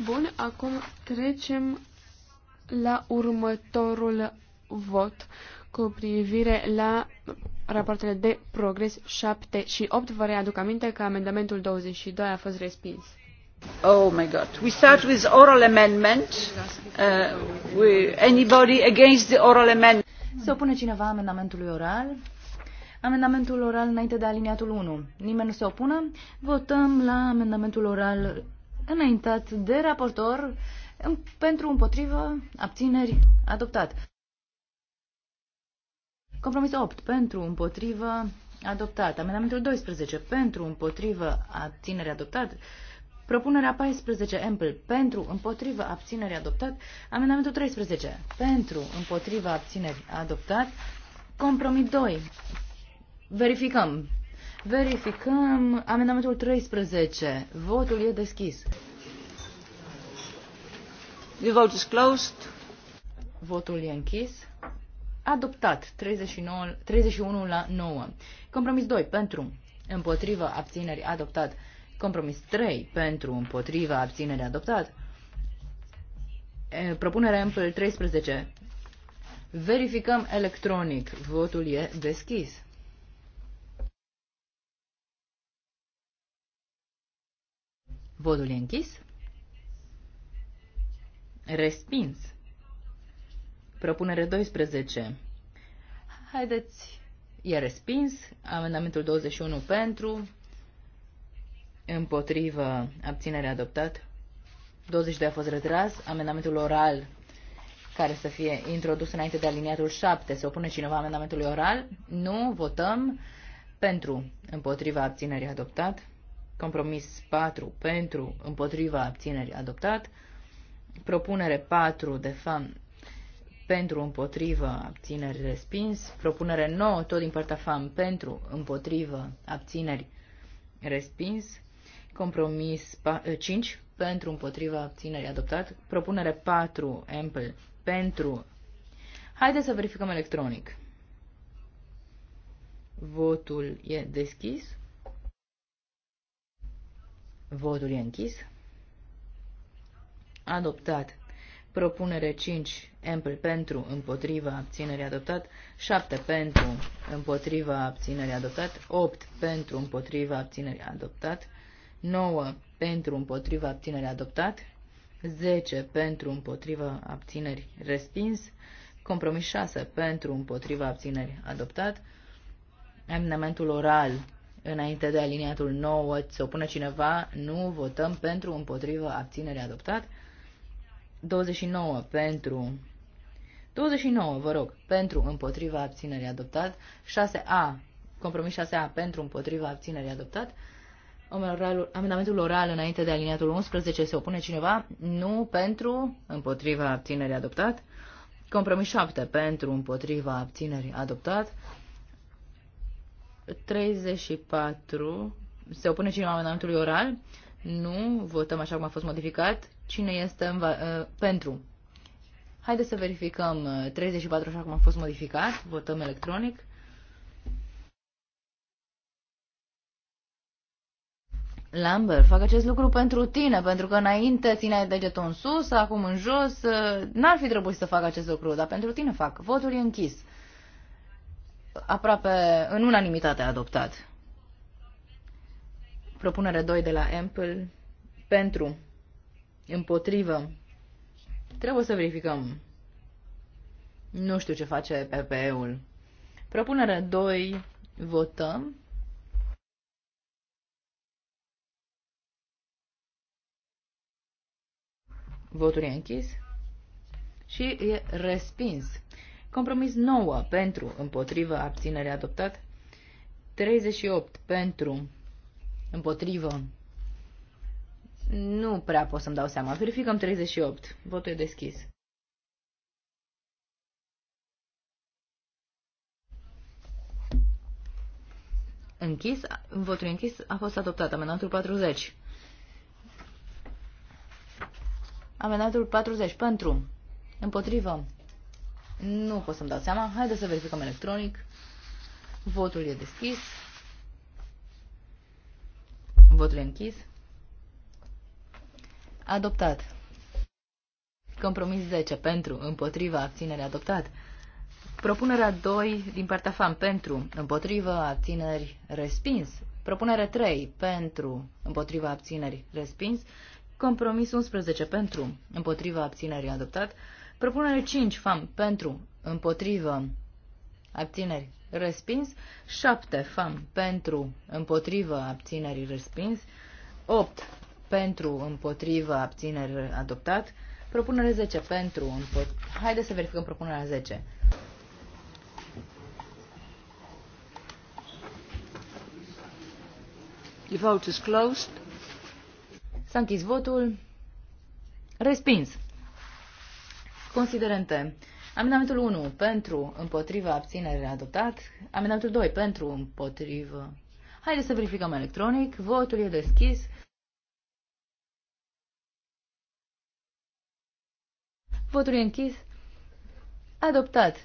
Bun, acum trecem la următorul vot cu privire la rapoartele de progres 7 și 8. Vă readuc aminte că amendamentul 22 a fost respins. Oh my God. We start with oral amendment. Uh, we, anybody against the oral amendment? Se opune cineva amendamentului oral? Amendamentul oral înainte de aliniatul 1. Nimeni nu se opune? Votăm la amendamentul oral înaintat de raportor pentru împotrivă abțineri adoptat. Compromis 8 pentru împotrivă adoptat. Amendamentul 12 pentru împotrivă abținere adoptat. Propunerea 14, Ample, pentru, împotrivă, abținere, adoptat. Amendamentul 13, pentru, împotrivă, abțineri, adoptat. Compromis 2, verificăm. Verificăm amendamentul 13. Votul e deschis. The vote is closed. Votul e închis. Adoptat 39, 31 la 9. Compromis 2 pentru. Împotrivă abțineri adoptat. Compromis 3 pentru împotriva abținere adoptat. Propunerea MPL 13. Verificăm electronic. Votul e deschis. Votul e închis. Respins. Propunere 12. Haideți. E respins. Amendamentul 21 pentru împotrivă, abținere adoptat. 22 a fost retras. Amendamentul oral care să fie introdus înainte de aliniatul 7. Se opune cineva amendamentului oral? Nu. Votăm pentru, împotriva abținerii adoptat. Compromis 4 pentru, împotriva abținerii adoptat. Propunere 4 de FAM pentru, împotriva abțineri respins. Propunere 9 tot din partea FAM pentru, împotriva abțineri respins. Compromis 5 eh, pentru împotriva abținerii adoptat. Propunere 4 Ample pentru. Haideți să verificăm electronic. Votul e deschis. Votul e închis. Adoptat. Propunere 5, Ample pentru, împotriva, abținerii adoptat. 7 pentru, împotriva, abținerii adoptat. 8 pentru, împotriva, abținerii adoptat. 9 pentru împotriva abțineri adoptat, 10 pentru împotriva abțineri respins, compromis 6 pentru împotriva abțineri adoptat, amendamentul oral înainte de aliniatul 9 se opune cineva, nu votăm pentru împotriva abțineri adoptat, 29 pentru 29, vă rog, pentru împotriva abținerii adoptat, 6A, compromis 6A pentru împotriva abținerii adoptat, Amendamentul oral înainte de aliniatul 11 se opune cineva? Nu pentru, împotriva abținerii adoptat. Compromis 7 pentru, împotriva abținerii adoptat. 34 se opune cineva amendamentului oral? Nu, votăm așa cum a fost modificat. Cine este în uh, pentru? Haideți să verificăm 34 ă, așa cum a fost modificat. Votăm electronic. Lambert, fac acest lucru pentru tine, pentru că înainte țineai degetul în sus, acum în jos, ă, n-ar fi trebuit să fac acest lucru, dar pentru tine fac. Votul e închis. Aproape în unanimitate adoptat. Propunere 2 de la Ample pentru, împotrivă. Trebuie să verificăm. Nu știu ce face PPE-ul. Propunere 2, votăm. Votul e închis și e respins. Compromis 9 pentru, împotrivă, abținere adoptat. 38 pentru, împotrivă. Nu prea pot să-mi dau seama. Verificăm 38. Votul e deschis. Închis, votul închis a fost adoptat. Amendamentul 40. Amendamentul 40. Pentru. Împotrivă. Nu pot să-mi dau seama. Haideți să verificăm electronic. Votul e deschis. Votul e închis. Adoptat. Compromis 10. Pentru. Împotriva. Abținere. Adoptat. Propunerea 2 din partea FAM. Pentru. Împotrivă. Abțineri. Respins. Propunerea 3 pentru împotriva abțineri respins Compromis 11 pentru, împotriva abținerii adoptat. Propunere 5 FAM pentru, împotrivă, abțineri respins. 7 FAM pentru, împotrivă, abținerii respins. 8 pentru, împotrivă, abțineri, adoptat. Propunere 10 pentru, împotrivă. Haideți să verificăm propunerea 10. The vote is closed. S-a închis votul. Respins. Considerente. Amendamentul 1 pentru, împotriva, abținere adoptat. Amendamentul 2 pentru, împotrivă. Haideți să verificăm electronic. Votul e deschis. Votul e închis. Adoptat.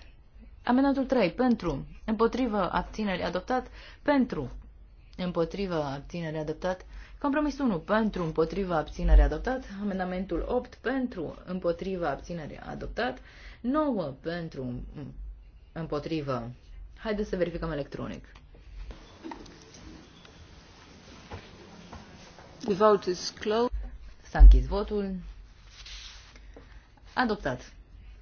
Amendamentul 3 pentru, împotrivă, abținere adoptat. Pentru, împotrivă, abținere adoptat. Compromisul 1 pentru, împotriva, abținerii adoptat. Amendamentul 8 pentru, împotriva, abținerii adoptat. 9 pentru, împotriva. Haideți să verificăm electronic. The vote is closed. S-a închis votul. Adoptat.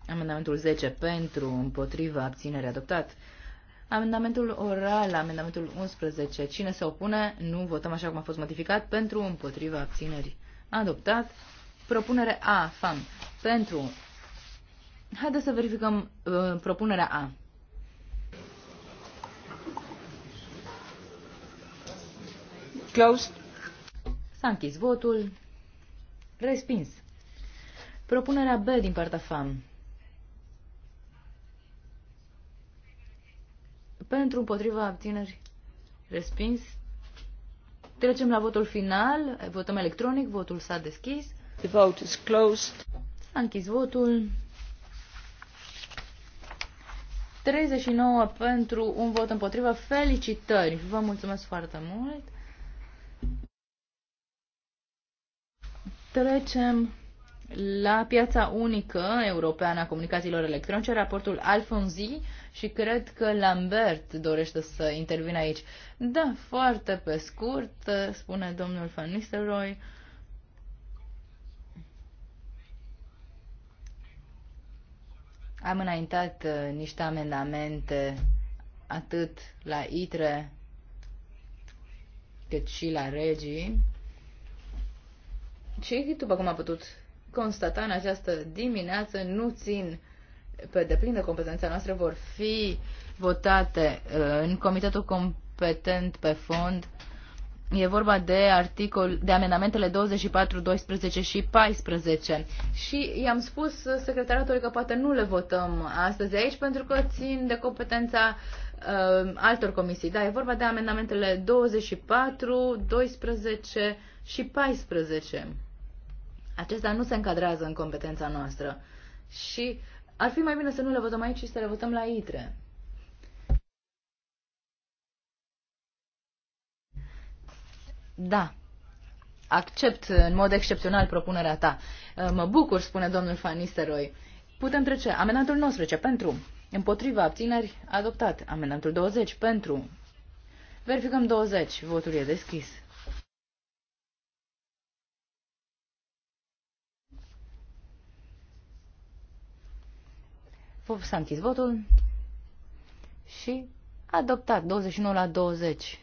Amendamentul 10 pentru, împotriva, abținerii adoptat. Amendamentul oral, amendamentul 11. Cine se opune? Nu votăm așa cum a fost modificat. Pentru, împotriva, abținerii. Adoptat. Propunere A, FAM. Pentru. Haideți să verificăm uh, propunerea A. Closed. S-a închis votul. Respins. Propunerea B din partea FAM. pentru împotriva abțineri respins. Trecem la votul final, votăm electronic, votul s-a deschis. The vote is closed. S-a închis votul. 39 pentru un vot împotriva. Felicitări! Vă mulțumesc foarte mult! Trecem la piața unică europeană a comunicațiilor electronice, raportul Alfonzi, și cred că Lambert dorește să intervină aici. Da, foarte pe scurt, spune domnul Van Nistelrooy. Am înaintat uh, niște amendamente atât la ITRE cât și la regii. Și după cum a putut constata în această dimineață, nu țin uh, pe deplin de competența noastră vor fi votate uh, în comitetul competent pe fond. E vorba de articol, de amendamentele 24, 12 și 14. Și i-am spus secretariatului că poate nu le votăm astăzi aici pentru că țin de competența uh, altor comisii. Da, e vorba de amendamentele 24, 12 și 14. Acestea nu se încadrează în competența noastră. Și uh, ar fi mai bine să nu le votăm aici și să le votăm la ITRE. Da, accept în mod excepțional propunerea ta. Uh, mă bucur, spune domnul Fanisteroi. Putem trece. Amendamentul ce? pentru. Împotriva abțineri adoptat. Amendamentul 20 pentru. Verificăm 20. Votul e deschis. S-a închis votul și adoptat 29 la 20.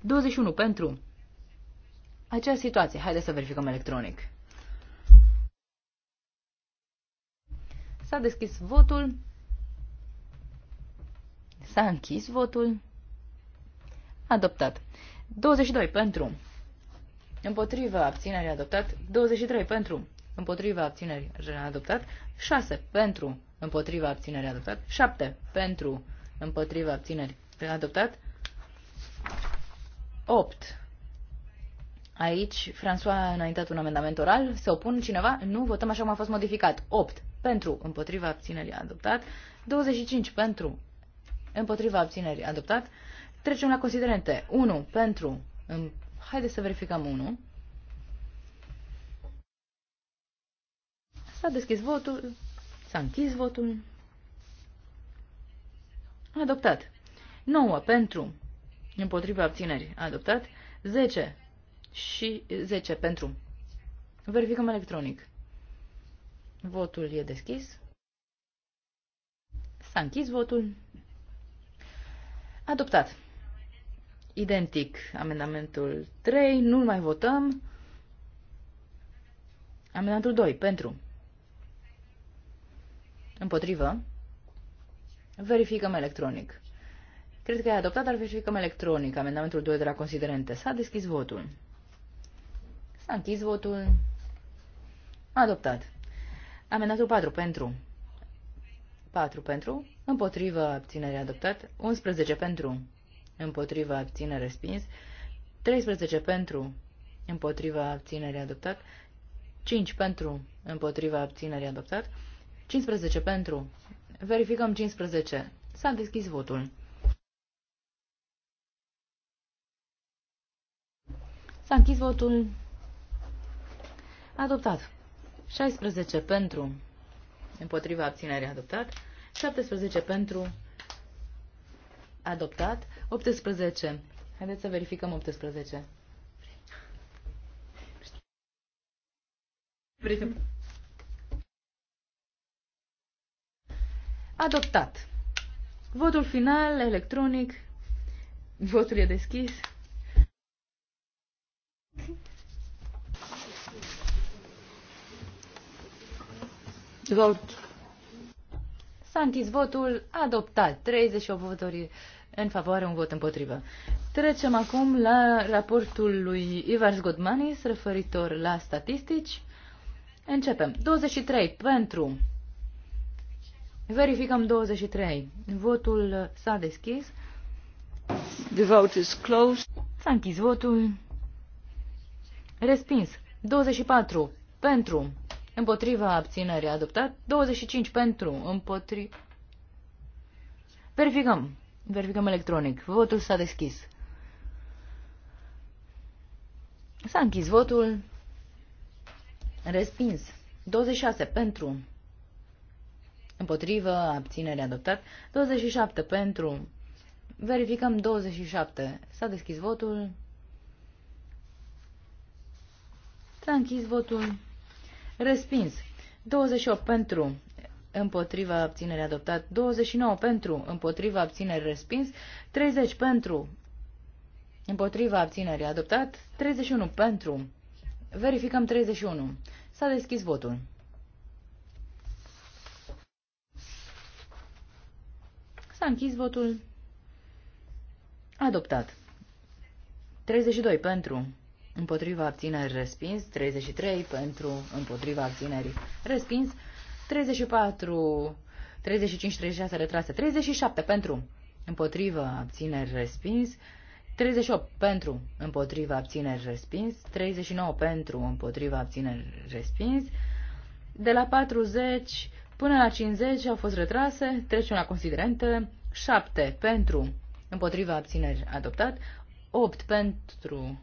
21 pentru acea situație. Haideți să verificăm electronic. S-a deschis votul. S-a închis votul. Adoptat. 22 pentru. Împotrivă abținere adoptat. 23 pentru. Împotrivă abținere adoptat. 6 pentru. Împotrivă abținere adoptat. 7 pentru. Împotrivă abțineri adoptat. 8. Aici, François a înaintat un amendament oral. Se opun cineva? Nu, votăm așa cum a fost modificat. 8 pentru, împotriva abținerii adoptat. 25 pentru, împotriva abținerii adoptat. Trecem la considerente. 1 pentru, Haideți să verificăm unul. S-a deschis votul, s-a închis votul. Adoptat. 9 pentru, împotriva abținerii, adoptat. 10 și 10 pentru. Verificăm electronic. Votul e deschis. S-a închis votul. Adoptat. Identic amendamentul 3, nu-l mai votăm. Amendamentul 2, pentru. Împotrivă. Verificăm electronic. Cred că e adoptat, dar verificăm electronic amendamentul 2 de la considerente. S-a deschis votul. S-a închis votul. Adoptat. Amendamentul 4 pentru. 4 pentru. Împotrivă abținerea adoptat. 11 pentru împotriva abține respins, 13 pentru, împotriva abținerii adoptat, 5 pentru, împotriva abținerii adoptat, 15 pentru, verificăm 15, s-a deschis votul. S-a închis votul. Adoptat. 16 pentru, împotriva abținerii adoptat, 17 pentru adoptat, 18. Haideți să verificăm 18. Adoptat. Votul final, electronic. Votul e deschis. Vot. S-a închis votul adoptat. 38 votori în favoare, un vot împotrivă. Trecem acum la raportul lui Ivars Godmanis referitor la statistici. Începem. 23 pentru. Verificăm 23. Votul s-a deschis. The vote is closed. S-a închis votul. Respins. 24 pentru. Împotriva abținerii adoptat. 25 pentru. Împotriva. Verificăm. Verificăm electronic. Votul s-a deschis. S-a închis votul. Respins. 26 pentru. Împotrivă, abținere adoptat. 27 pentru. Verificăm 27. S-a deschis votul. S-a închis votul. Respins. 28 pentru împotriva abținere adoptat, 29 pentru, împotriva abținere respins, 30 pentru, împotriva abținere adoptat, 31 pentru. Verificăm 31. S-a deschis votul. S-a închis votul. Adoptat. 32 pentru. Împotriva abțineri respins. 33 pentru. Împotriva abținerii respins. 34, 35, 36 retrase, 37 pentru, împotrivă, abțineri, respins, 38 pentru, împotrivă, abțineri, respins, 39 pentru, împotrivă, abțineri, respins, de la 40 până la 50 au fost retrase, trecem la considerente, 7 pentru, împotriva abțineri adoptat, 8 pentru,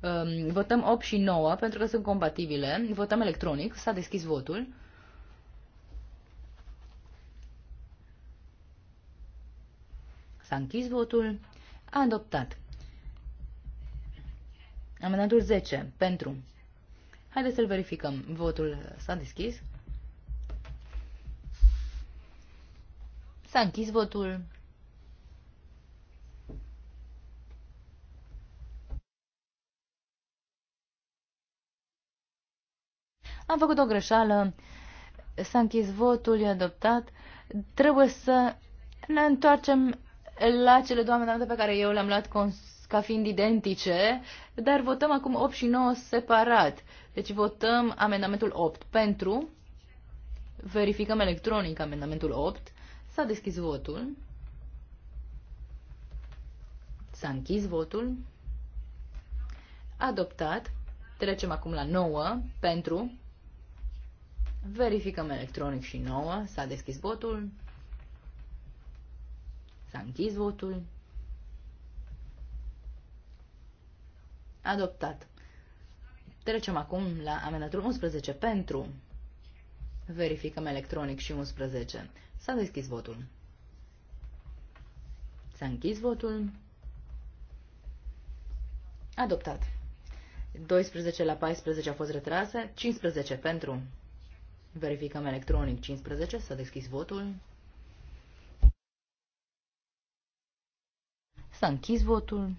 um, votăm 8 și 9 pentru că sunt compatibile, votăm electronic, s-a deschis votul. S-a închis votul. Adoptat. Amendamentul 10. Pentru. Haideți să-l verificăm. Votul s-a deschis. S-a închis votul. Am făcut o greșeală. S-a închis votul, e adoptat. Trebuie să ne întoarcem la cele două amendamente pe care eu le-am luat ca fiind identice, dar votăm acum 8 și 9 separat. Deci votăm amendamentul 8 pentru, verificăm electronic amendamentul 8, s-a deschis votul, s-a închis votul, adoptat, trecem acum la 9 pentru, verificăm electronic și 9, s-a deschis votul, S-a închis votul. Adoptat. Trecem acum la amendatul 11 pentru. Verificăm electronic și 11. S-a deschis votul. S-a închis votul. Adoptat. 12 la 14 a fost retrase, 15 pentru. Verificăm electronic 15, s-a deschis votul. S-a închis votul.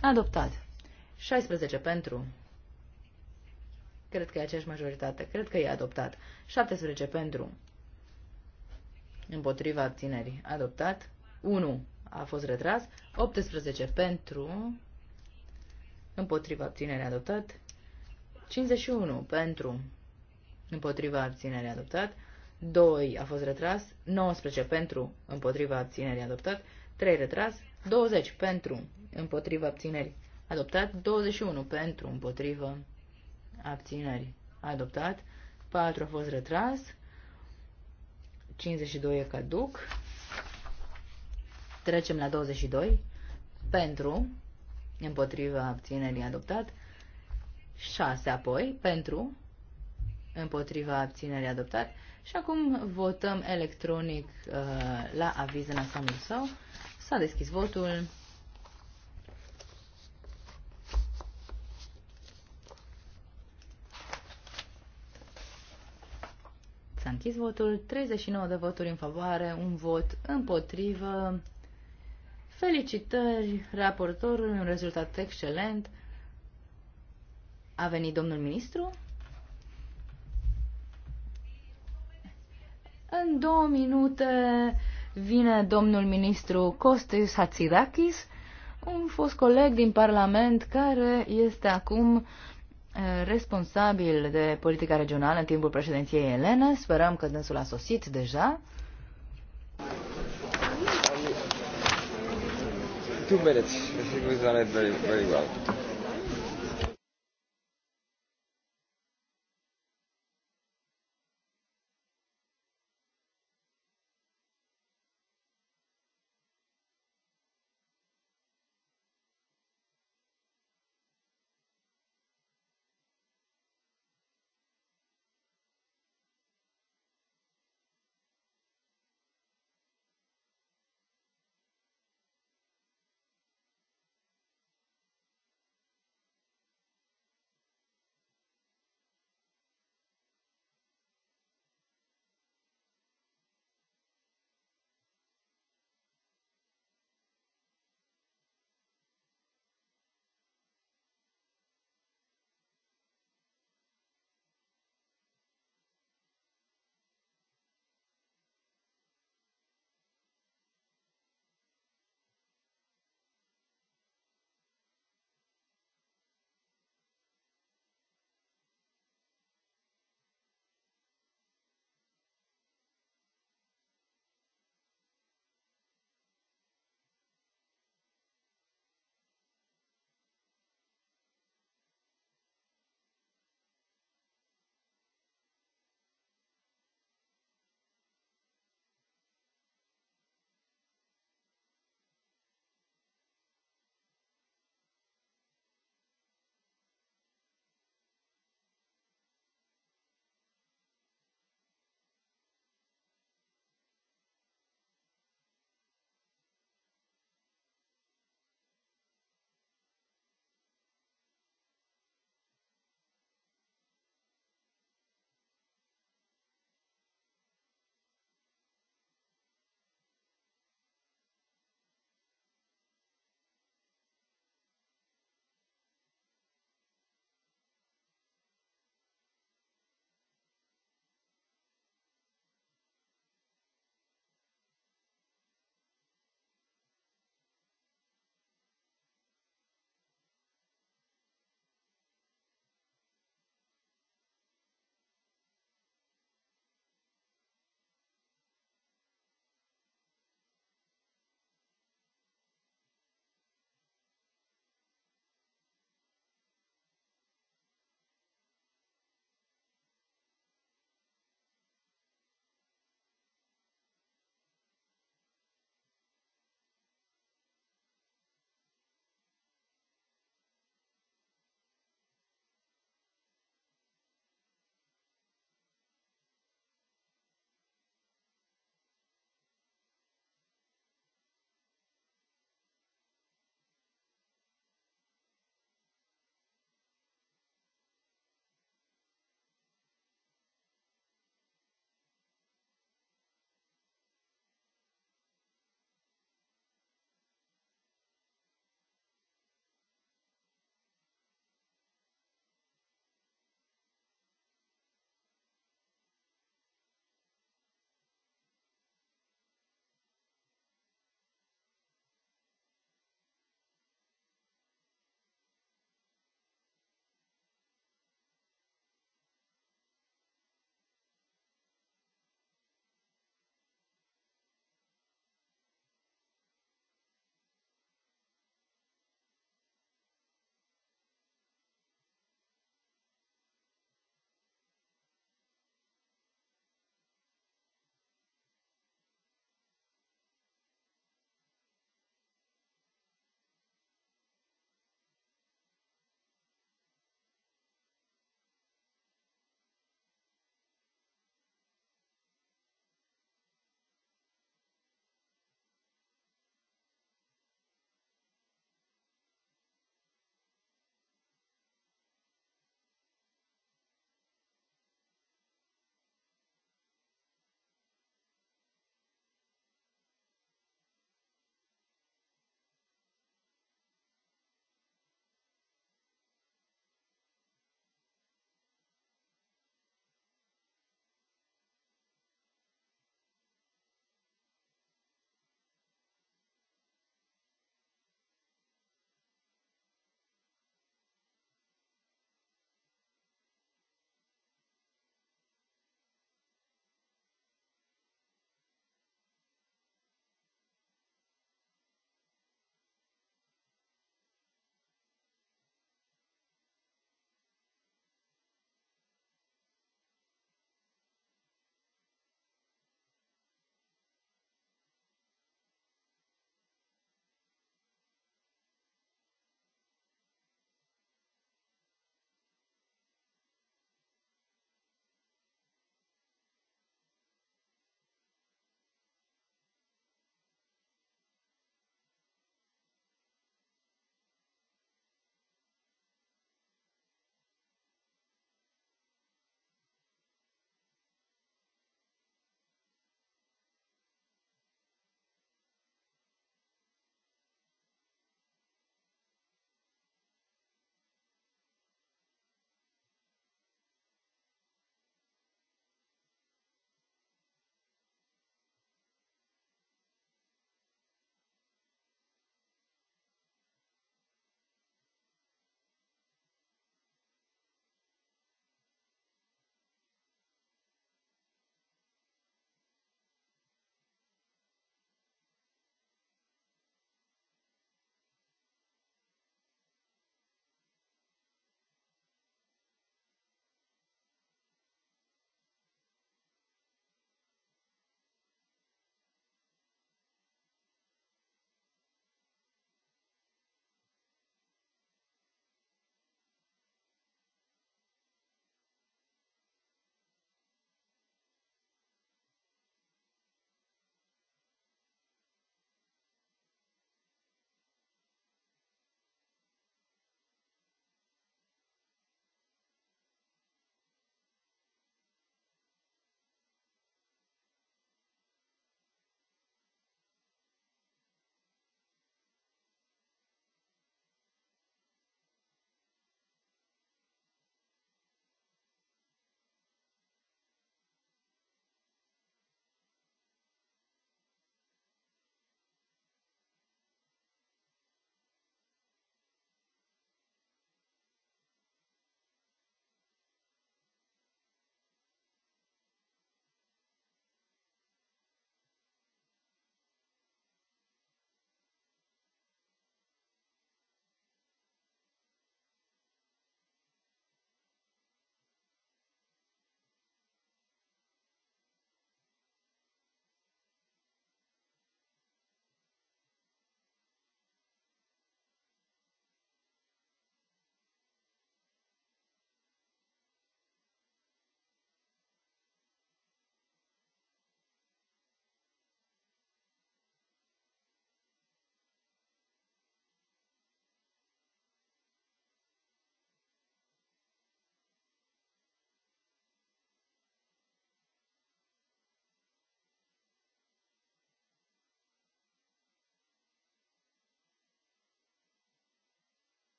Adoptat. 16 pentru. Cred că e aceeași majoritate. Cred că e adoptat. 17 pentru. Împotriva abținerii. Adoptat. 1 a fost retras. 18 pentru. Împotriva abținerii. Adoptat. 51 pentru. Împotriva abținerii. Adoptat. 2 a fost retras. 19 pentru. Împotriva abținerii. Adoptat. 3 retras, 20 pentru, împotrivă abțineri, adoptat, 21 pentru, împotrivă abțineri, adoptat, 4 a fost retras, 52 e caduc, trecem la 22, pentru, împotriva abținerii adoptat, 6 apoi, pentru, împotriva abținerii adoptat, și acum votăm electronic uh, la aviz în ansamblu său. S-a deschis votul. S-a închis votul. 39 de voturi în favoare, un vot împotrivă. Felicitări raportorului, un rezultat excelent. A venit domnul ministru? În două minute vine domnul ministru Costis Hatsidakis, un fost coleg din Parlament care este acum responsabil de politica regională în timpul președinției Elene. Sperăm că dânsul a sosit deja. Two minutes. I think we've done it very, very well.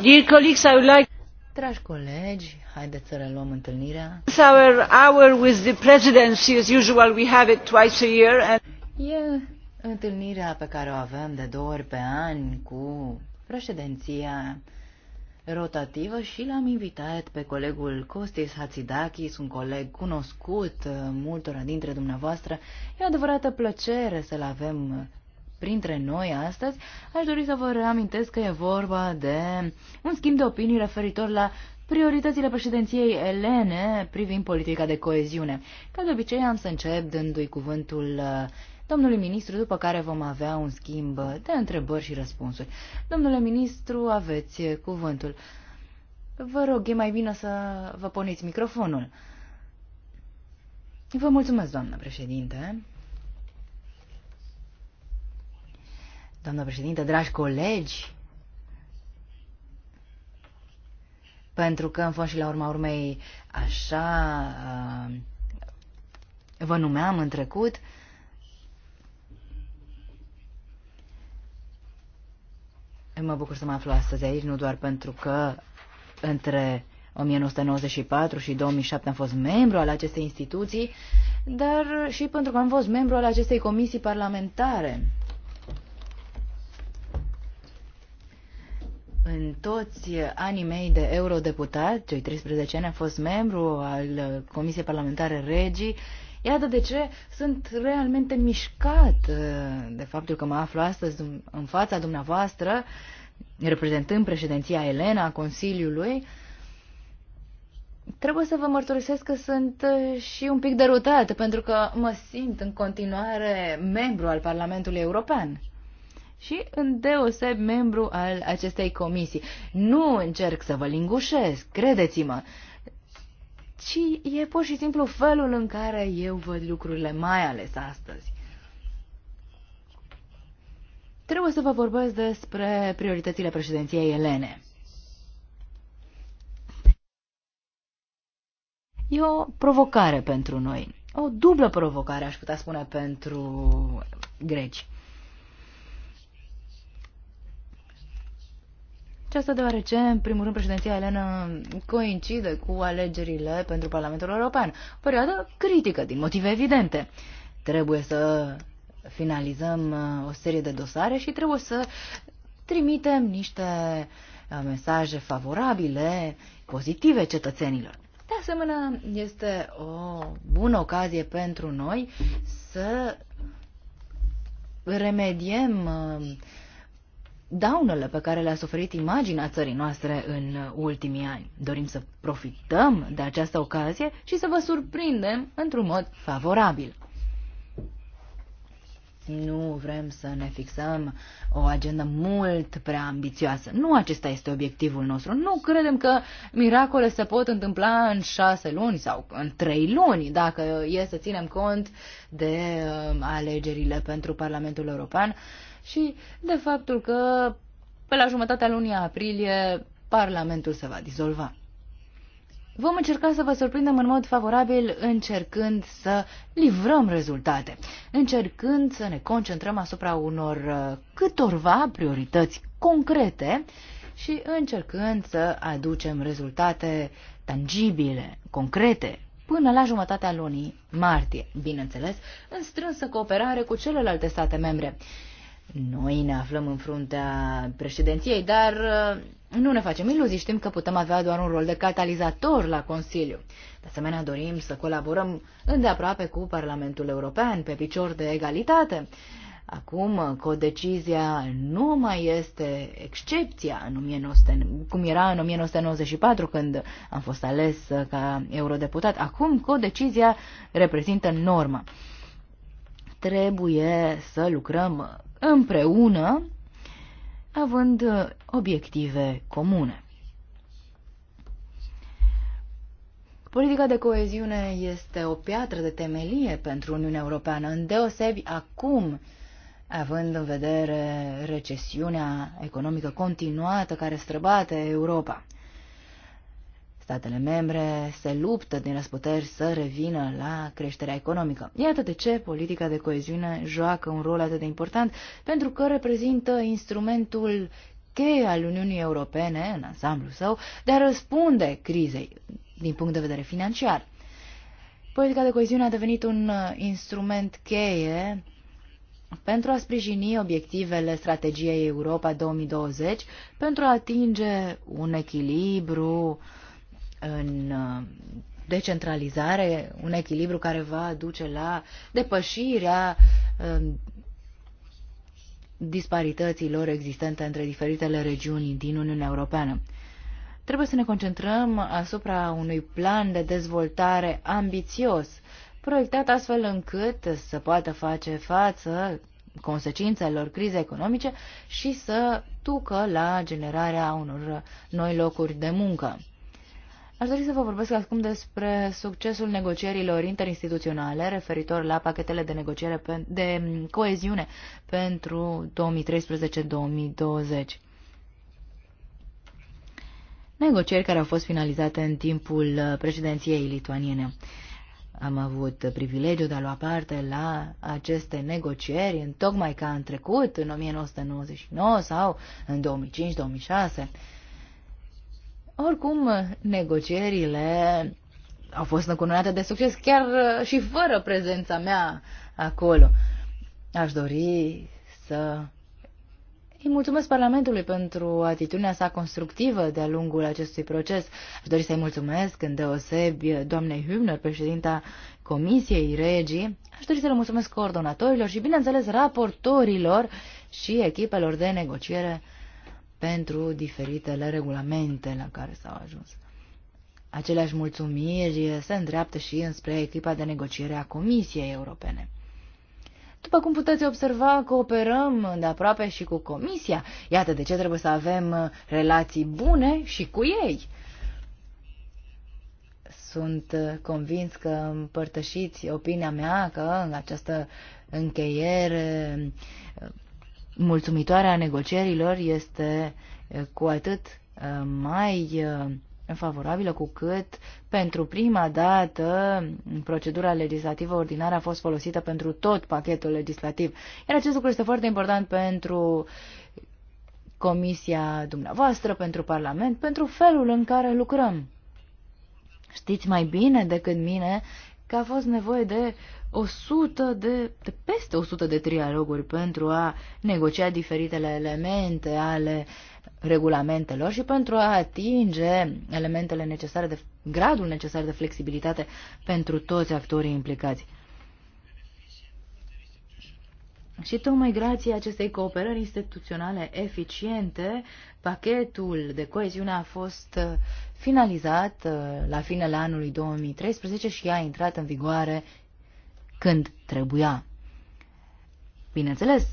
Dear colleagues, I would like... Dragi colegi, haideți să reluăm întâlnirea. Our hour with the presidency, as usual, we have it twice a year. And... E întâlnirea pe care o avem de două ori pe an cu președinția rotativă și l-am invitat pe colegul Costis Hatzidakis, un coleg cunoscut multora dintre dumneavoastră. E o adevărată plăcere să-l avem printre noi astăzi, aș dori să vă reamintesc că e vorba de un schimb de opinii referitor la prioritățile președinției elene privind politica de coeziune. Ca de obicei am să încep dându-i cuvântul uh, domnului ministru, după care vom avea un schimb de întrebări și răspunsuri. Domnule ministru, aveți cuvântul. Vă rog, e mai bine să vă puneți microfonul. Vă mulțumesc, doamnă președinte. doamnă președinte, dragi colegi, pentru că, în fond și la urma urmei, așa uh, vă numeam în trecut, mă bucur să mă aflu astăzi aici, nu doar pentru că între 1994 și 2007 am fost membru al acestei instituții, dar și pentru că am fost membru al acestei comisii parlamentare. În toți anii mei de eurodeputat, cei 13 ani a fost membru al Comisiei Parlamentare Regii, Iată de ce sunt realmente mișcat uh, de faptul că mă aflu astăzi în fața dumneavoastră, reprezentând președinția Elena a Consiliului. Trebuie să vă mărturisesc că sunt uh, și un pic derutată, pentru că mă simt în continuare membru al Parlamentului European și îndeoseb membru al acestei comisii. Nu încerc să vă lingușesc, credeți-mă, ci e pur și simplu felul în care eu văd lucrurile, mai ales astăzi. Trebuie să vă vorbesc despre prioritățile președinției elene. E o provocare pentru noi. O dublă provocare, aș putea spune, pentru greci. Și asta deoarece, în primul rând, președinția Elena coincide cu alegerile pentru Parlamentul European. O perioadă critică, din motive evidente. Trebuie să finalizăm uh, o serie de dosare și trebuie să trimitem niște uh, mesaje favorabile, pozitive cetățenilor. De asemenea, este o bună ocazie pentru noi să remediem uh, daunele pe care le-a suferit imaginea țării noastre în ultimii ani. Dorim să profităm de această ocazie și să vă surprindem într-un mod favorabil. Nu vrem să ne fixăm o agendă mult prea ambițioasă. Nu acesta este obiectivul nostru. Nu credem că miracole se pot întâmpla în șase luni sau în trei luni, dacă e să ținem cont de uh, alegerile pentru Parlamentul European și de faptul că pe la jumătatea lunii aprilie Parlamentul se va dizolva. Vom încerca să vă surprindem în mod favorabil încercând să livrăm rezultate, încercând să ne concentrăm asupra unor uh, câtorva priorități concrete și încercând să aducem rezultate tangibile, concrete, până la jumătatea lunii martie, bineînțeles, în strânsă cooperare cu celelalte state membre. Noi ne aflăm în fruntea președinției, dar uh, nu ne facem iluzii, știm că putem avea doar un rol de catalizator la Consiliu. De asemenea, dorim să colaborăm îndeaproape cu Parlamentul European pe picior de egalitate. Acum, codecizia nu mai este excepția, în 19... cum era în 1994 când am fost ales ca eurodeputat. Acum, codecizia reprezintă norma. Trebuie să lucrăm împreună, având obiective comune. Politica de coeziune este o piatră de temelie pentru Uniunea Europeană, îndeosebi acum, având în vedere recesiunea economică continuată care străbate Europa. Statele membre se luptă din răsputeri să revină la creșterea economică. Iată de ce politica de coeziune joacă un rol atât de important, pentru că reprezintă instrumentul cheie al Uniunii Europene, în ansamblu său, de a răspunde crizei din punct de vedere financiar. Politica de coeziune a devenit un uh, instrument cheie pentru a sprijini obiectivele strategiei Europa 2020, pentru a atinge un echilibru uh, în uh, decentralizare, un echilibru care va duce la depășirea uh, disparităților existente între diferitele regiuni din Uniunea Europeană. Trebuie să ne concentrăm asupra unui plan de dezvoltare ambițios, proiectat astfel încât să poată face față consecințelor crizei economice și să ducă la generarea unor noi locuri de muncă. Aș dori să vă vorbesc acum despre succesul negocierilor interinstituționale referitor la pachetele de negociere de mm, coeziune pentru 2013-2020. Negocieri care au fost finalizate în timpul uh, președinției lituaniene. Am avut privilegiul de a lua parte la aceste negocieri, în tocmai ca în trecut, în 1999 sau în 2005-2006 oricum, negocierile au fost încununate de succes chiar uh, și fără prezența mea acolo. Aș dori să îi mulțumesc Parlamentului pentru atitudinea sa constructivă de-a lungul acestui proces. Aș dori să-i mulțumesc deosebi, doamnei Hübner, președinta Comisiei Regii. Aș dori să le mulțumesc coordonatorilor și, bineînțeles, raportorilor și echipelor de negociere pentru diferitele regulamente la care s-au ajuns. Aceleași mulțumiri se îndreaptă și înspre echipa de negociere a Comisiei Europene. După cum puteți observa, cooperăm de aproape și cu Comisia. Iată de ce trebuie să avem relații bune și cu ei. Sunt convins că împărtășiți opinia mea că în această încheiere mulțumitoare a negocierilor este cu atât mai favorabilă cu cât pentru prima dată procedura legislativă ordinară a fost folosită pentru tot pachetul legislativ. Iar acest lucru este foarte important pentru comisia dumneavoastră, pentru Parlament, pentru felul în care lucrăm. Știți mai bine decât mine că a fost nevoie de 100 de, de peste 100 de trialoguri pentru a negocia diferitele elemente ale regulamentelor și pentru a atinge elementele necesare de gradul necesar de flexibilitate pentru toți actorii implicați. Și tocmai grație acestei cooperări instituționale eficiente, pachetul de coeziune a fost finalizat uh, la finele anului 2013 și a intrat în vigoare când trebuia. Bineînțeles,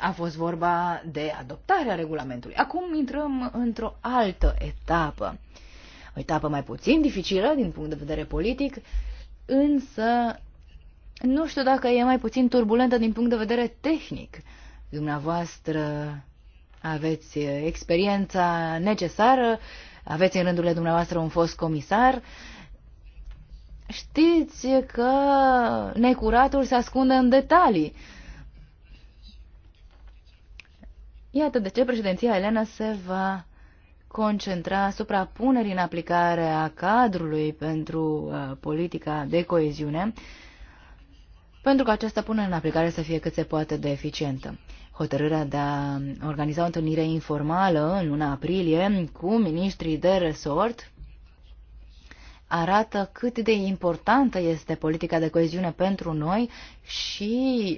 a fost vorba de adoptarea regulamentului. Acum intrăm într-o altă etapă. O etapă mai puțin dificilă din punct de vedere politic, însă nu știu dacă e mai puțin turbulentă din punct de vedere tehnic. Dumneavoastră aveți uh, experiența necesară aveți în rândurile dumneavoastră un fost comisar, știți că necuratul se ascunde în detalii. Iată de ce președinția Elena se va concentra asupra punerii în aplicare a cadrului pentru uh, politica de coeziune, pentru că această punere în aplicare să fie cât se poate de eficientă hotărârea de a organiza o întâlnire informală în luna aprilie cu ministrii de resort arată cât de importantă este politica de coeziune pentru noi și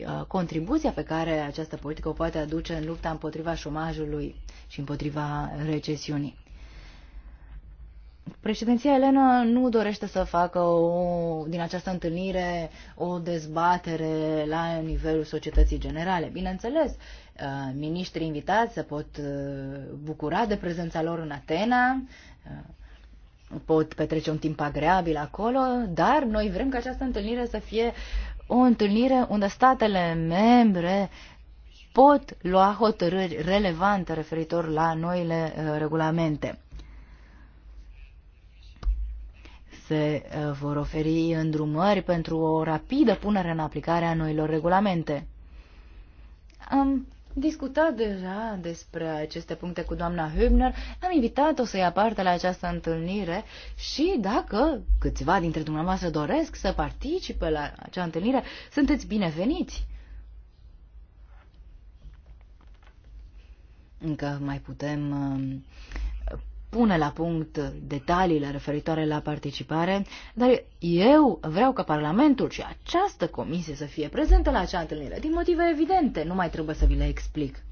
uh, contribuția pe care această politică o poate aduce în lupta împotriva șomajului și împotriva recesiunii. Președinția Elena nu dorește să facă o, din această întâlnire o dezbatere la nivelul societății generale. Bineînțeles, uh, miniștrii invitați se pot uh, bucura de prezența lor în Atena, uh, pot petrece un timp agreabil acolo, dar noi vrem ca această întâlnire să fie o întâlnire unde statele membre pot lua hotărâri relevante referitor la noile regulamente. se eh, vor oferi îndrumări pentru o rapidă punere în aplicare a noilor regulamente. Am discutat deja despre aceste puncte cu doamna Hübner, am invitat-o să ia parte la această întâlnire și dacă câțiva dintre dumneavoastră doresc să participe la acea întâlnire, sunteți bineveniți. Încă mai putem pune la punct detaliile referitoare la participare, dar eu vreau ca Parlamentul și această comisie să fie prezentă la acea întâlnire, din motive evidente, nu mai trebuie să vi le explic.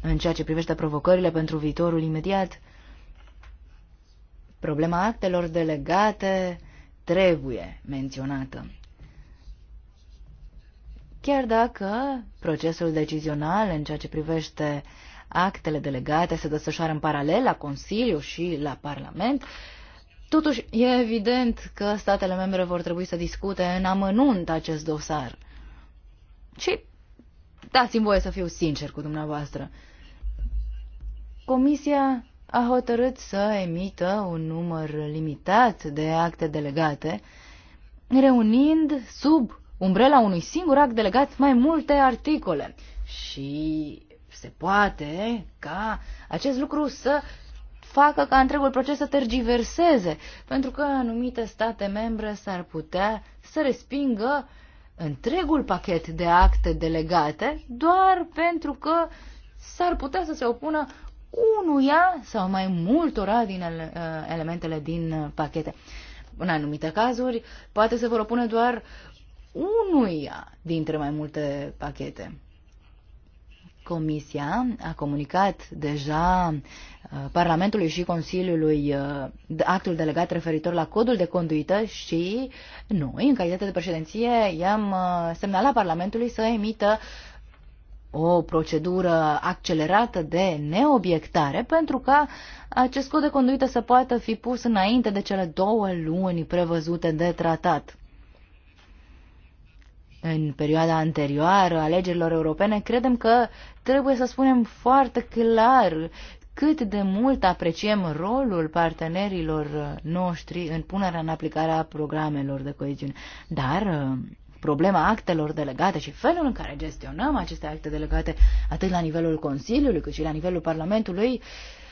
În ceea ce privește provocările pentru viitorul imediat, problema actelor delegate trebuie menționată. Chiar dacă procesul decizional în ceea ce privește uh, actele delegate se desfășoară în paralel la Consiliu și la Parlament. Totuși, e evident că statele membre vor trebui să discute în amănunt acest dosar. Și dați-mi voie să fiu sincer cu dumneavoastră. Comisia a hotărât să emită un număr limitat de acte delegate, reunind sub umbrela unui singur act delegat mai multe articole. Și se poate ca acest lucru să facă ca întregul proces să tergiverseze, pentru că anumite state membre s-ar putea să respingă întregul pachet de acte delegate doar pentru că s-ar putea să se opună unuia sau mai multora din ele, uh, elementele din uh, pachete. În anumite cazuri, poate se vor opune doar unuia dintre mai multe pachete. Comisia a comunicat deja uh, Parlamentului și Consiliului uh, actul delegat referitor la codul de conduită și noi, în calitate de președinție, i-am uh, semnalat Parlamentului să emită o procedură accelerată de neobiectare pentru ca acest cod de conduită să poată fi pus înainte de cele două luni prevăzute de tratat în perioada anterioară alegerilor europene, credem că trebuie să spunem foarte clar cât de mult apreciem rolul partenerilor noștri în punerea în aplicare a programelor de coeziune. Dar uh, problema actelor delegate și felul în care gestionăm aceste acte delegate, atât la nivelul Consiliului cât și la nivelul Parlamentului,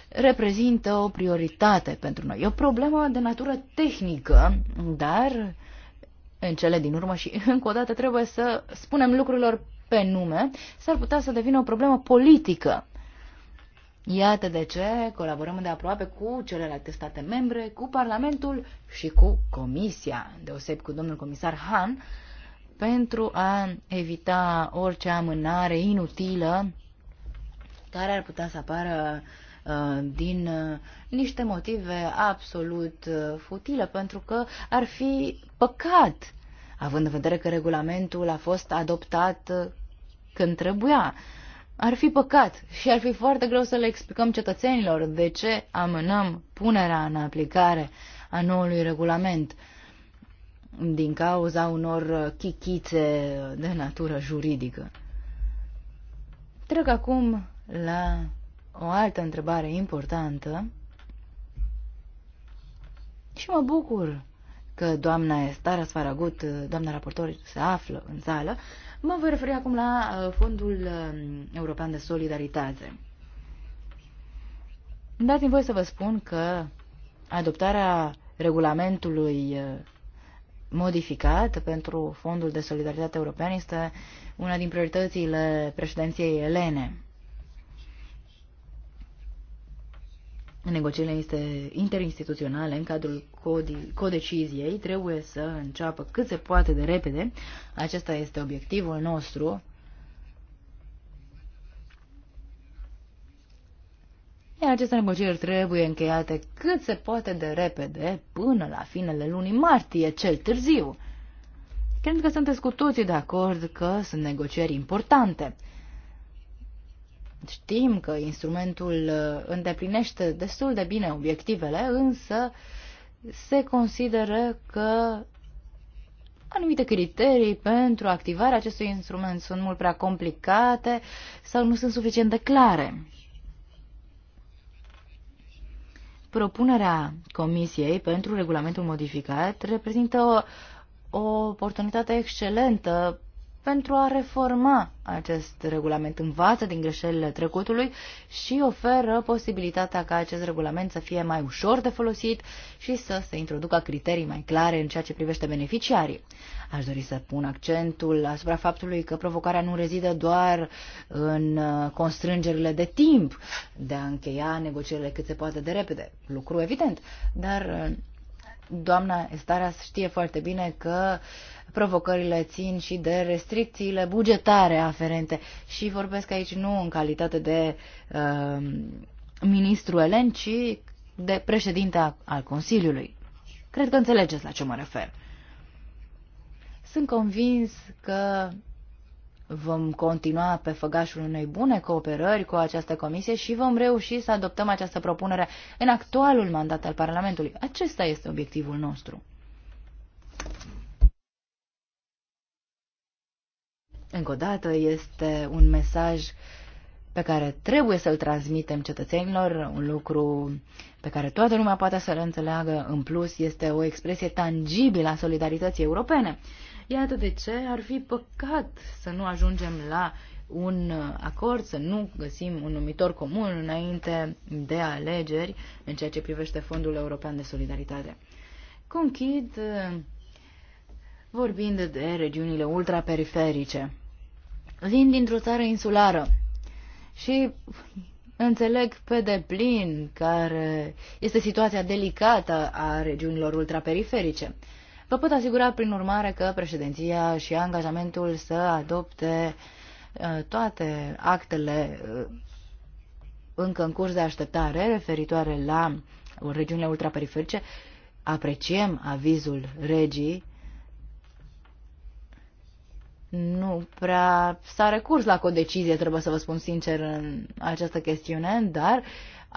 reprezintă o prioritate pentru noi. E o problemă de natură tehnică, dar uh, în cele din urmă și încă o dată trebuie să spunem lucrurilor pe nume, s-ar putea să devină o problemă politică. Iată de ce colaborăm de aproape cu celelalte state membre, cu Parlamentul și cu Comisia, deoseb cu domnul comisar Han, pentru a evita orice amânare inutilă care ar putea să apară uh, din uh, niște motive absolut uh, futile, pentru că ar fi păcat având în vedere că regulamentul a fost adoptat uh, când trebuia. Ar fi păcat și ar fi foarte greu să le explicăm cetățenilor de ce amânăm punerea în aplicare a noului regulament din cauza unor chichițe de natură juridică. Trec acum la o altă întrebare importantă și mă bucur că doamna Estara Sfaragut, uh, doamna raportor, se află în sală, mă voi referi acum la uh, Fondul uh, European de Solidaritate. Dați-mi voi să vă spun că adoptarea regulamentului modificat pentru Fondul de Solidaritate European este una din prioritățile președinției elene. negocierile interinstituționale în cadrul codeciziei trebuie să înceapă cât se poate de repede. Acesta este obiectivul nostru. Iar aceste negocieri trebuie încheiate cât se poate de repede, până la finele lunii martie, cel târziu. Cred că sunteți cu toții de acord că sunt negocieri importante. Știm că instrumentul uh, îndeplinește destul de bine obiectivele, însă se consideră că anumite criterii pentru activarea acestui instrument sunt mult prea complicate sau nu sunt suficient de clare. Propunerea Comisiei pentru regulamentul modificat reprezintă o, o oportunitate excelentă pentru a reforma acest regulament, învață din greșelile trecutului și oferă posibilitatea ca acest regulament să fie mai ușor de folosit și să se introducă criterii mai clare în ceea ce privește beneficiarii. Aș dori să pun accentul asupra faptului că provocarea nu rezidă doar în constrângerile de timp de a încheia negocierile cât se poate de repede, lucru evident, dar doamna Estaras știe foarte bine că provocările țin și de restricțiile bugetare aferente și vorbesc aici nu în calitate de uh, ministru elen, ci de președinte al Consiliului. Cred că înțelegeți la ce mă refer. Sunt convins că vom continua pe făgașul unei bune cooperări cu această comisie și vom reuși să adoptăm această propunere în actualul mandat al Parlamentului. Acesta este obiectivul nostru. Încă o dată este un mesaj pe care trebuie să-l transmitem cetățenilor, un lucru pe care toată lumea poate să-l înțeleagă. În plus, este o expresie tangibilă a solidarității europene. Iată de ce ar fi păcat să nu ajungem la un acord, să nu găsim un numitor comun înainte de alegeri în ceea ce privește Fondul European de Solidaritate. Conchid vorbind de regiunile ultraperiferice. Vin dintr-o țară insulară și înțeleg pe deplin care este situația delicată a regiunilor ultraperiferice. Vă pot asigura, prin urmare, că președinția și angajamentul să adopte uh, toate actele uh, încă în curs de așteptare referitoare la regiunile ultraperiferice. Apreciem avizul regii. Nu prea s-a recurs la codecizie, trebuie să vă spun sincer, în această chestiune, dar uh,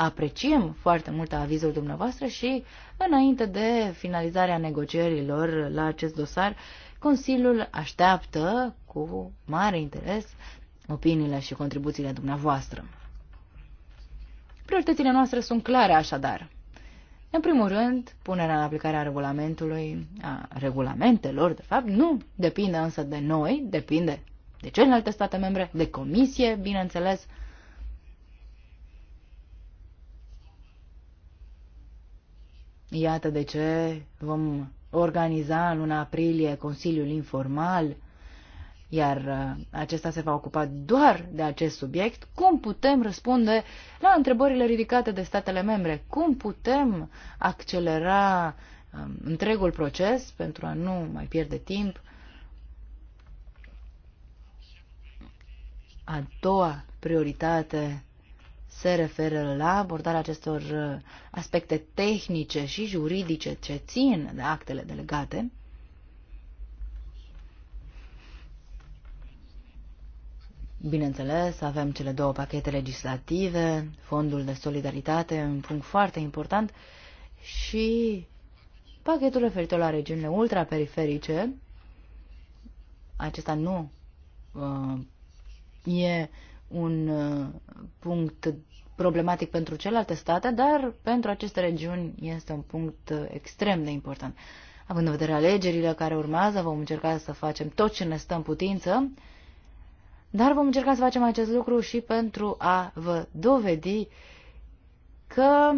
Apreciem foarte mult avizul dumneavoastră și, înainte de finalizarea negocierilor la acest dosar, Consiliul așteaptă cu mare interes opiniile și contribuțiile dumneavoastră. Prioritățile noastre sunt clare așadar. În primul rând, punerea în aplicare a regulamentului, a regulamentelor, de fapt, nu depinde însă de noi, depinde de celelalte state membre, de comisie, bineînțeles, Iată de ce vom organiza în luna aprilie Consiliul Informal, iar uh, acesta se va ocupa doar de acest subiect. Cum putem răspunde la întrebările ridicate de statele membre? Cum putem accelera um, întregul proces pentru a nu mai pierde timp? A doua prioritate se referă la abordarea acestor uh, aspecte tehnice și juridice ce țin de actele delegate. Bineînțeles, avem cele două pachete legislative, fondul de solidaritate, un punct foarte important, și pachetul referitor la regiunile ultraperiferice. Acesta nu uh, e un uh, punct problematic pentru celelalte state, dar pentru aceste regiuni este un punct uh, extrem de important. Având în vedere alegerile care urmează, vom încerca să facem tot ce ne stă în putință, dar vom încerca să facem acest lucru și pentru a vă dovedi că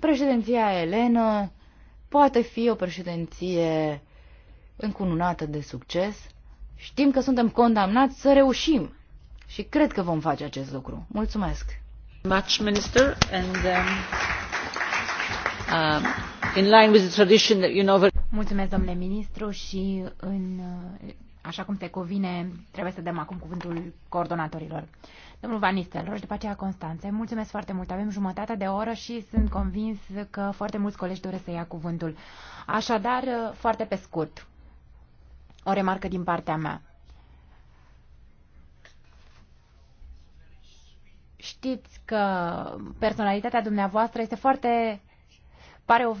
președinția elenă poate fi o președinție încununată de succes. Știm că suntem condamnați să reușim și cred că vom face acest lucru. Mulțumesc! Much, Minister, and, um, uh, in line with the tradition that you know... Mulțumesc, domnule ministru, și în, uh, așa cum se covine, trebuie să dăm acum cuvântul coordonatorilor. Domnul Van Nistelrooy, după aceea Constanțe, mulțumesc foarte mult. Avem jumătate de oră și sunt convins că foarte mulți colegi doresc să ia cuvântul. Așadar, uh, foarte pe scurt, o remarcă din partea mea. știți că personalitatea dumneavoastră este foarte pare o,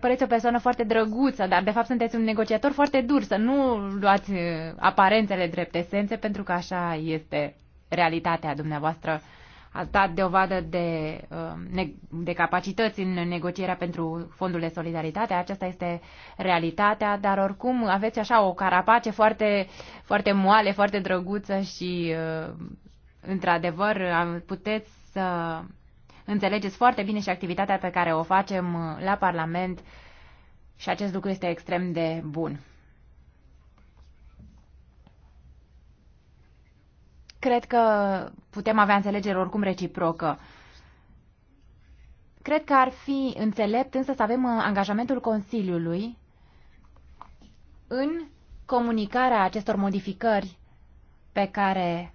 păreți o persoană foarte drăguță, dar de fapt sunteți un negociator foarte dur, să nu luați uh, aparențele drept esențe, pentru că așa este realitatea dumneavoastră. Ați dat vadă de, um, de capacități în negocierea pentru fondul de solidaritate, aceasta este realitatea, dar oricum aveți așa o carapace foarte, foarte moale, foarte drăguță și uh, într-adevăr, puteți să înțelegeți foarte bine și activitatea pe care o facem uh, la Parlament și acest lucru este extrem de bun. Cred că putem avea înțelegere oricum reciprocă. Cred că ar fi înțelept însă să avem uh, angajamentul Consiliului în comunicarea acestor modificări pe care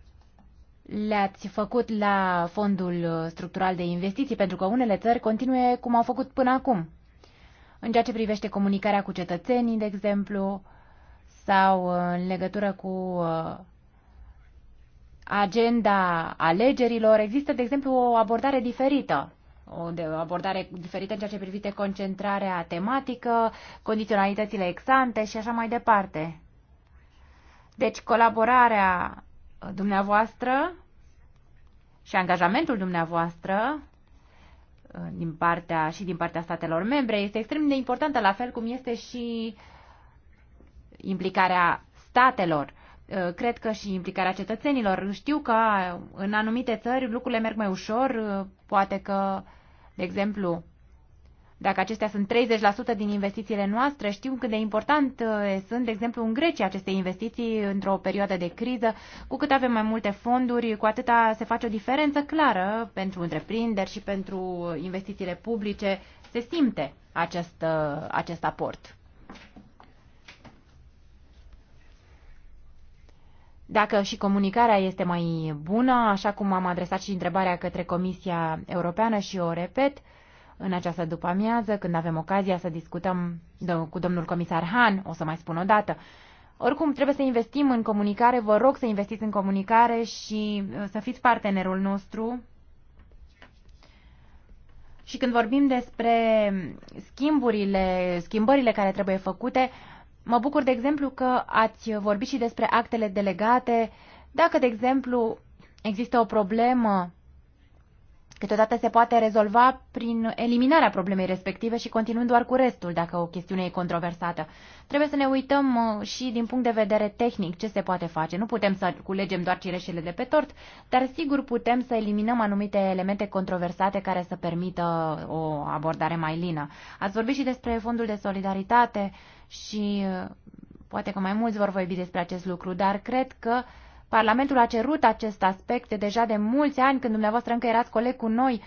le-ați făcut la fondul structural de investiții, pentru că unele țări continuă cum au făcut până acum. În ceea ce privește comunicarea cu cetățenii, de exemplu, sau în legătură cu uh, agenda alegerilor, există, de exemplu, o abordare diferită o abordare diferită în ceea ce privește concentrarea tematică, condiționalitățile exante și așa mai departe. Deci colaborarea Uh, dumneavoastră și angajamentul dumneavoastră uh, din partea, și din partea statelor membre este extrem de importantă, la fel cum este și implicarea statelor. Uh, cred că și implicarea cetățenilor. Știu că în anumite țări lucrurile merg mai ușor, poate că, de exemplu, dacă acestea sunt 30% din investițiile noastre, știu cât de important uh, sunt, de exemplu, în Grecia aceste investiții într-o perioadă de criză. Cu cât avem mai multe fonduri, cu atâta se face o diferență clară pentru întreprinderi și pentru investițiile publice. Se simte acest, uh, acest aport. Dacă și comunicarea este mai bună, așa cum am adresat și întrebarea către Comisia Europeană și o repet, uh, în această după-amiază, când avem ocazia să discutăm cu domnul comisar Han, o să mai spun o dată. Oricum, trebuie să investim în comunicare, vă rog să investiți în comunicare și uh, să fiți partenerul nostru. Și când vorbim despre schimburile, schimbările care trebuie făcute, mă bucur, de exemplu, că ați vorbit și despre actele delegate. Dacă, de exemplu, există o problemă Câteodată se poate rezolva prin eliminarea problemei respective și continuând doar cu restul, dacă o chestiune e controversată. Trebuie să ne uităm uh, și din punct de vedere tehnic ce se poate face. Nu putem să culegem doar cireșele de pe tort, dar sigur putem să eliminăm anumite elemente controversate care să permită uh, o abordare mai lină. Ați vorbit și despre fondul de solidaritate și uh, poate că mai mulți vor vorbi despre acest lucru, dar cred că uh, Parlamentul a cerut acest aspect deja de mulți ani, când dumneavoastră încă erați coleg cu noi.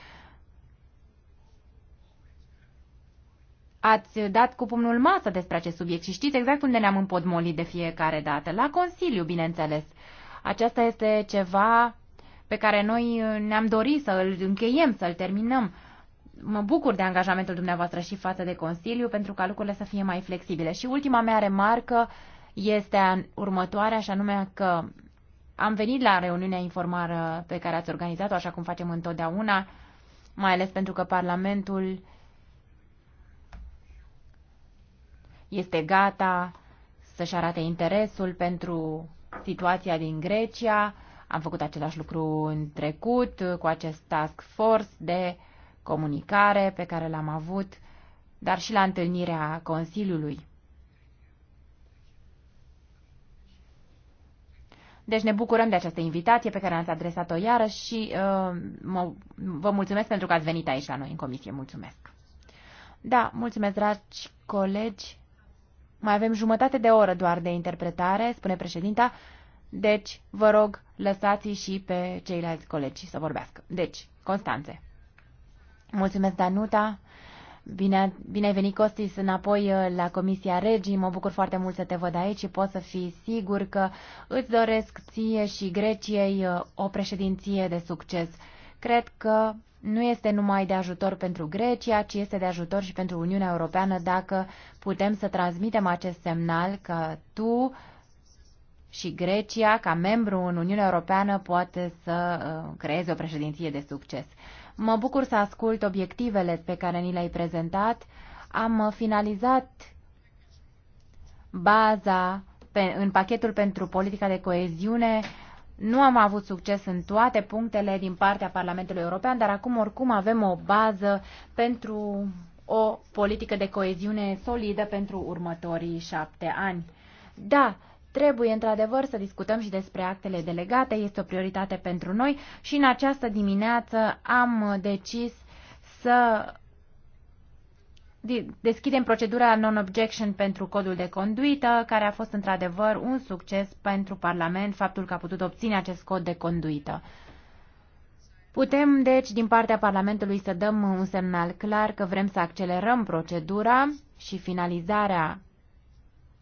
Ați dat cu pumnul masă despre acest subiect și știți exact unde ne-am împodmolit de fiecare dată. La Consiliu, bineînțeles. Aceasta este ceva pe care noi ne-am dorit să îl încheiem, să îl terminăm. Mă bucur de angajamentul dumneavoastră și față de Consiliu pentru ca lucrurile să fie mai flexibile. Și ultima mea remarcă este următoarea, și anume că am venit la reuniunea informară pe care ați organizat-o, așa cum facem întotdeauna, mai ales pentru că Parlamentul este gata să-și arate interesul pentru situația din Grecia. Am făcut același lucru în trecut cu acest task force de comunicare pe care l-am avut, dar și la întâlnirea Consiliului. Deci ne bucurăm de această invitație pe care ați adresat-o iarăși și uh, mă, vă mulțumesc pentru că ați venit aici la noi în comisie. Mulțumesc! Da, mulțumesc, dragi colegi. Mai avem jumătate de oră doar de interpretare, spune președinta, deci vă rog lăsați și pe ceilalți colegi să vorbească. Deci, Constanțe. Mulțumesc, Danuta. Bine, bine ai venit, Costis, înapoi uh, la Comisia Regii. Mă bucur foarte mult să te văd aici și pot să fii sigur că îți doresc ție și Greciei uh, o președinție de succes. Cred că nu este numai de ajutor pentru Grecia, ci este de ajutor și pentru Uniunea Europeană dacă putem să transmitem acest semnal că tu și Grecia, ca membru în Uniunea Europeană, poate să uh, creeze o președinție de succes. Mă bucur să ascult obiectivele pe care ni le-ai prezentat. Am finalizat baza pe, în pachetul pentru politica de coeziune. Nu am avut succes în toate punctele din partea Parlamentului European, dar acum oricum avem o bază pentru o politică de coeziune solidă pentru următorii șapte ani. Da, Trebuie într-adevăr să discutăm și despre actele delegate, este o prioritate pentru noi și în această dimineață am decis să deschidem procedura non-objection pentru codul de conduită, care a fost într-adevăr un succes pentru Parlament, faptul că a putut obține acest cod de conduită. Putem, deci, din partea Parlamentului să dăm un semnal clar că vrem să accelerăm procedura și finalizarea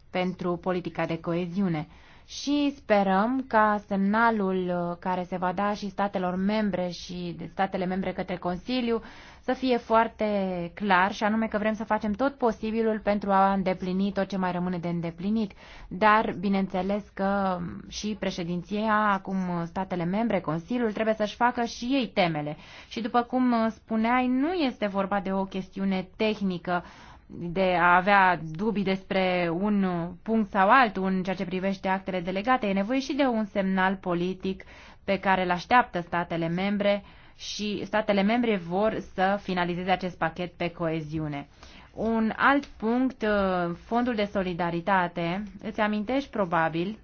pentru politica de coeziune. Și sperăm ca semnalul uh, care se va da și statelor membre și statele membre către Consiliu să fie foarte clar și anume că vrem să facem tot posibilul pentru a îndeplini tot ce mai rămâne de îndeplinit. Dar, bineînțeles că și președinția, acum statele membre, Consiliul, trebuie să-și facă și ei temele. Și după cum spuneai, nu este vorba de o chestiune tehnică, de a avea dubii despre un punct sau altul în ceea ce privește actele delegate, e nevoie și de un semnal politic pe care îl așteaptă statele membre și statele membre vor să finalizeze acest pachet pe coeziune. Un alt punct, uh, fondul de solidaritate, îți amintești probabil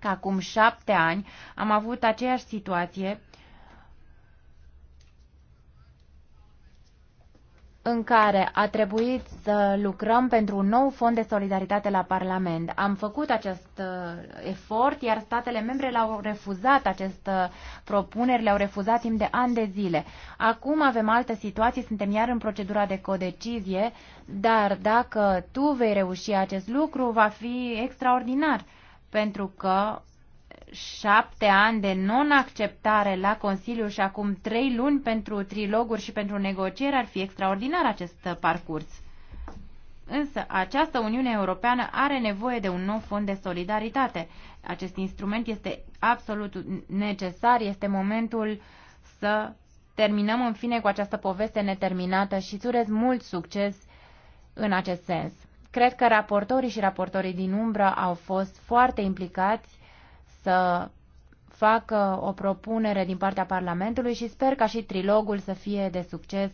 că acum șapte ani am avut aceeași situație în care a trebuit să lucrăm pentru un nou fond de solidaritate la Parlament. Am făcut acest uh, efort, iar statele membre l-au refuzat, acest propuneri le-au refuzat timp de ani de zile. Acum avem altă situație, suntem iar în procedura de codecizie, dar dacă tu vei reuși acest lucru, va fi extraordinar, pentru că șapte ani de non-acceptare la Consiliu și acum trei luni pentru triloguri și pentru negocieri, ar fi extraordinar acest parcurs. Însă această Uniune Europeană are nevoie de un nou fond de solidaritate. Acest instrument este absolut necesar, este momentul să terminăm în fine cu această poveste neterminată și îți urez mult succes în acest sens. Cred că raportorii și raportorii din umbră au fost foarte implicați să facă o propunere din partea Parlamentului și sper ca și trilogul să fie de succes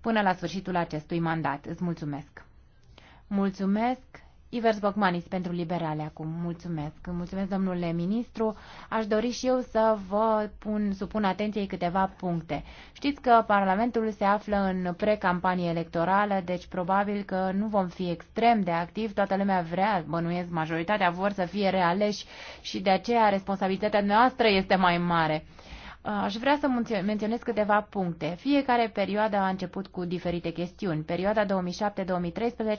până la sfârșitul acestui mandat. Îți mulțumesc! Mulțumesc! Ivers Bocmanis pentru liberale acum. Mulțumesc. Mulțumesc, domnule ministru. Aș dori și eu să vă pun, supun atenției câteva puncte. Știți că Parlamentul se află în precampanie electorală, deci probabil că nu vom fi extrem de activ. Toată lumea vrea, bănuiesc, majoritatea vor să fie realeși și de aceea responsabilitatea noastră este mai mare. Aș vrea să menționez câteva puncte. Fiecare perioadă a început cu diferite chestiuni. Perioada 2007-2013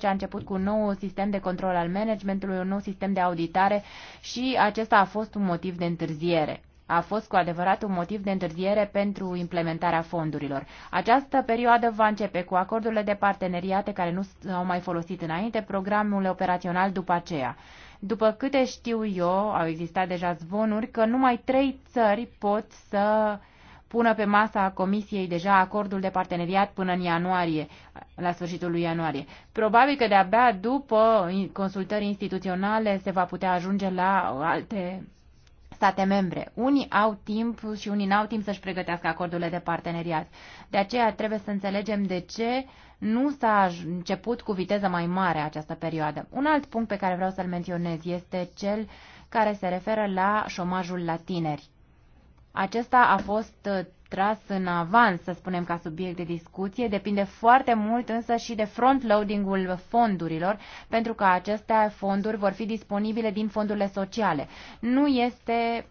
a început cu un nou sistem de control al managementului, un nou sistem de auditare și acesta a fost un motiv de întârziere a fost cu adevărat un motiv de întârziere pentru implementarea fondurilor. Această perioadă va începe cu acordurile de parteneriate care nu s-au mai folosit înainte, programul operațional după aceea. După câte știu eu, au existat deja zvonuri că numai trei țări pot să pună pe masa Comisiei deja acordul de parteneriat până în ianuarie, la sfârșitul lui ianuarie. Probabil că de-abia după consultări instituționale se va putea ajunge la alte state membre. Unii au timp și unii n-au timp să-și pregătească acordurile de parteneriat. De aceea trebuie să înțelegem de ce nu s-a început cu viteză mai mare această perioadă. Un alt punct pe care vreau să-l menționez este cel care se referă la șomajul la tineri. Acesta a fost uh, tras în avans, să spunem, ca subiect de discuție. Depinde foarte mult însă și de front-loading-ul fondurilor, pentru că aceste fonduri vor fi disponibile din fondurile sociale. Nu este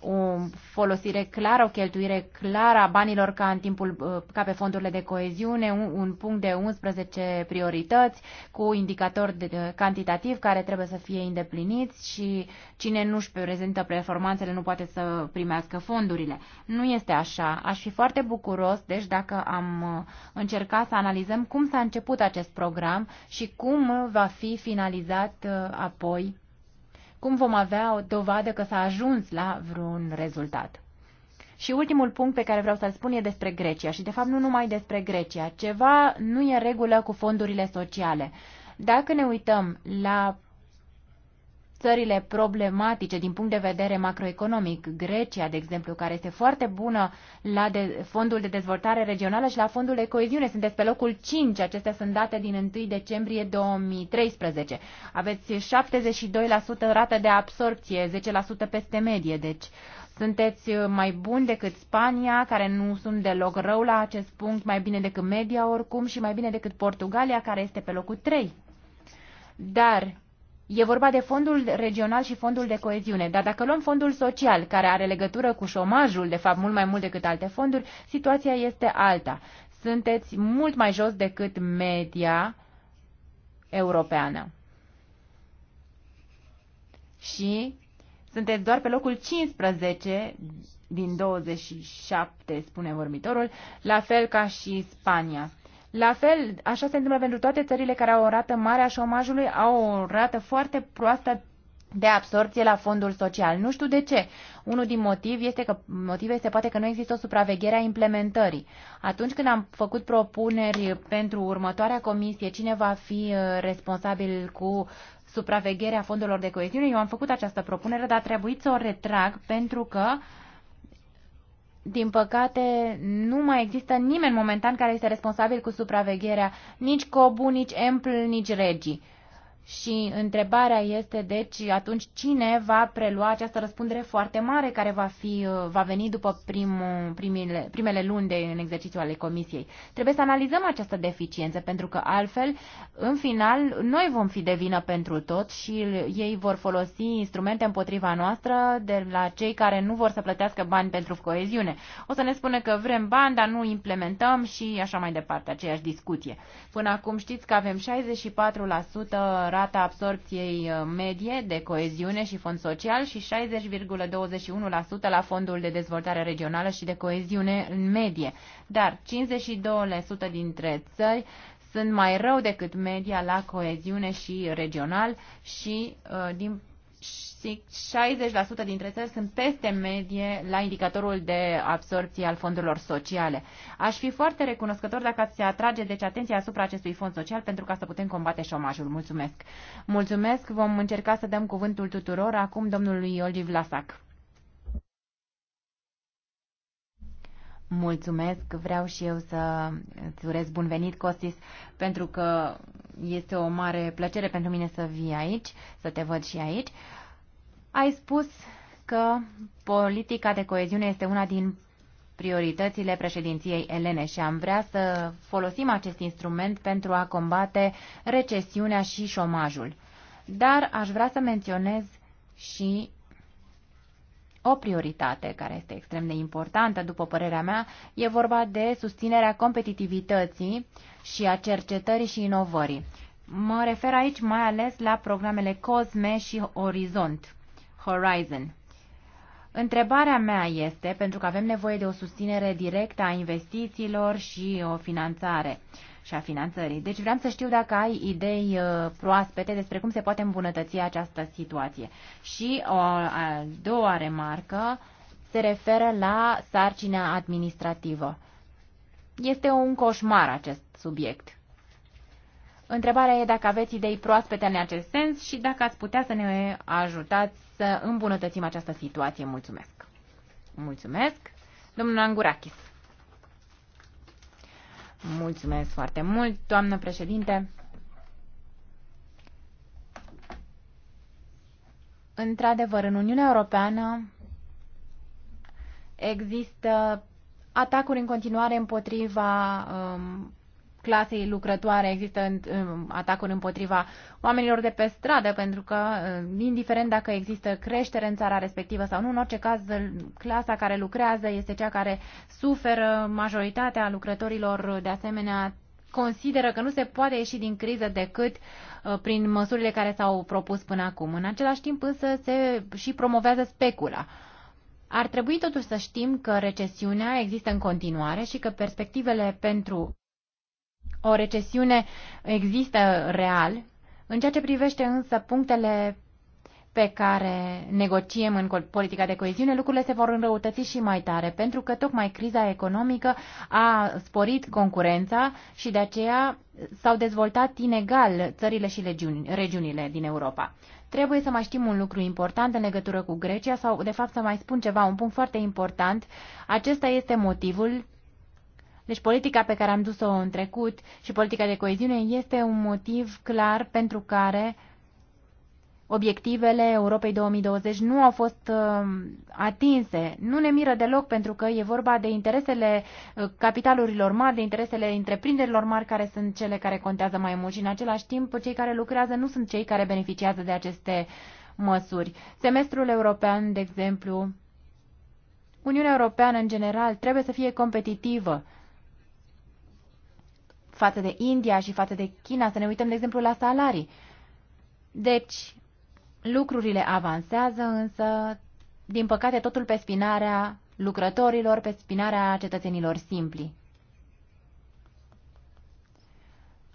o folosire clară, o cheltuire clară a banilor ca, în timpul, uh, ca pe fondurile de coeziune, un, un punct de 11 priorități cu indicatori de, de, cantitativ care trebuie să fie îndepliniți și cine nu își prezintă performanțele nu poate să primească fondurile. Nu este așa. Aș fi foarte bucuros, deci, dacă am uh, încercat să analizăm cum s-a început acest program și cum va fi finalizat uh, apoi cum vom avea o dovadă că s-a ajuns la vreun rezultat? Și ultimul punct pe care vreau să-l spun e despre Grecia și, de fapt, nu numai despre Grecia. Ceva nu e regulă cu fondurile sociale. Dacă ne uităm la țările problematice din punct de vedere macroeconomic, Grecia, de exemplu, care este foarte bună la de, fondul de dezvoltare regională și la fondul de coeziune. Sunteți pe locul 5, acestea sunt date din 1 decembrie 2013. Aveți 72% rată de absorpție, 10% peste medie, deci sunteți mai buni decât Spania, care nu sunt deloc rău la acest punct, mai bine decât media oricum și mai bine decât Portugalia, care este pe locul 3. Dar E vorba de fondul regional și fondul de coeziune, dar dacă luăm fondul social, care are legătură cu șomajul, de fapt mult mai mult decât alte fonduri, situația este alta. Sunteți mult mai jos decât media europeană. Și sunteți doar pe locul 15 din 27, spune vorbitorul, la fel ca și Spania. La fel, așa se întâmplă pentru toate țările care au o rată mare a șomajului, au o rată foarte proastă de absorție la fondul social. Nu știu de ce. Unul din motiv este că, motive este poate că nu există o supraveghere a implementării. Atunci când am făcut propuneri pentru următoarea comisie, cine va fi uh, responsabil cu supravegherea fondurilor de coeziune, eu am făcut această propunere, dar a trebuit să o retrag pentru că uh, din păcate, nu mai există nimeni momentan care este responsabil cu supravegherea nici COBU, nici EMPL, nici REGI. Și întrebarea este, deci, atunci cine va prelua această răspundere foarte mare care va, fi, uh, va veni după primul, primile, primele luni de, în exercițiu ale comisiei? Trebuie să analizăm această deficiență, pentru că altfel, în final, noi vom fi de vină pentru tot și ei vor folosi instrumente împotriva noastră de la cei care nu vor să plătească bani pentru coeziune. O să ne spună că vrem bani, dar nu implementăm și așa mai departe, aceeași discuție. Până acum știți că avem 64% rata absorpției uh, medie de coeziune și fond social și 60,21% la fondul de dezvoltare regională și de coeziune în medie. Dar 52% dintre țări sunt mai rău decât media la coeziune și regional și, uh, din 60% dintre țări sunt peste medie la indicatorul de absorpție al fondurilor sociale. Aș fi foarte recunoscător dacă ați atrage deci atenția asupra acestui fond social pentru ca să putem combate șomajul. Mulțumesc! Mulțumesc! Vom încerca să dăm cuvântul tuturor acum domnului Olgiv Vlasac. Mulțumesc, vreau și eu să îți urez bun venit, Costis, pentru că este o mare plăcere pentru mine să vii aici, să te văd și aici. Ai spus că politica de coeziune este una din prioritățile președinției elene și am vrea să folosim acest instrument pentru a combate recesiunea și șomajul. Dar aș vrea să menționez și o prioritate care este extrem de importantă, după părerea mea, e vorba de susținerea competitivității și a cercetării și inovării. Mă refer aici mai ales la programele COSME și Horizont, Horizon. Întrebarea mea este, pentru că avem nevoie de o susținere directă a investițiilor și o finanțare, și a finanțării. Deci vreau să știu dacă ai idei uh, proaspete despre cum se poate îmbunătăți această situație. Și o a doua remarcă se referă la sarcina administrativă. Este un coșmar acest subiect. Întrebarea e dacă aveți idei proaspete în acest sens și dacă ați putea să ne ajutați să îmbunătățim această situație. Mulțumesc! Mulțumesc! Domnul Angurakis. Mulțumesc foarte mult, doamnă președinte. Într-adevăr, în Uniunea Europeană există atacuri în continuare împotriva um, clasei lucrătoare există atacuri împotriva oamenilor de pe stradă, pentru că, uh, indiferent dacă există creștere în țara respectivă sau nu, în orice caz, uh, clasa care lucrează este cea care suferă. Majoritatea lucrătorilor, uh, de asemenea, consideră că nu se poate ieși din criză decât prin măsurile care s-au propus până acum. În același timp, însă, se și promovează specula. Ar trebui totuși să știm că recesiunea există în continuare și că perspectivele pentru o recesiune există real. În ceea ce privește însă punctele pe care negociem în politica de coeziune, lucrurile se vor înrăutăți și mai tare, pentru că tocmai criza economică a sporit concurența și de aceea s-au dezvoltat inegal țările și regiunile din Europa. Trebuie să mai știm un lucru important în legătură cu Grecia sau, de fapt, să mai spun ceva, un punct foarte important. Acesta este motivul deci politica pe care am dus-o în trecut și politica de coeziune este un motiv clar pentru care obiectivele Europei 2020 nu au fost uh, atinse. Nu ne miră deloc pentru că e vorba de interesele uh, capitalurilor mari, de interesele întreprinderilor mari care sunt cele care contează mai mult și în același timp cei care lucrează nu sunt cei care beneficiază de aceste măsuri. Semestrul european, de exemplu, Uniunea Europeană în general trebuie să fie competitivă față de India și față de China, să ne uităm, de exemplu, la salarii. Deci, lucrurile avansează, însă, din păcate, totul pe spinarea lucrătorilor, pe spinarea cetățenilor simpli.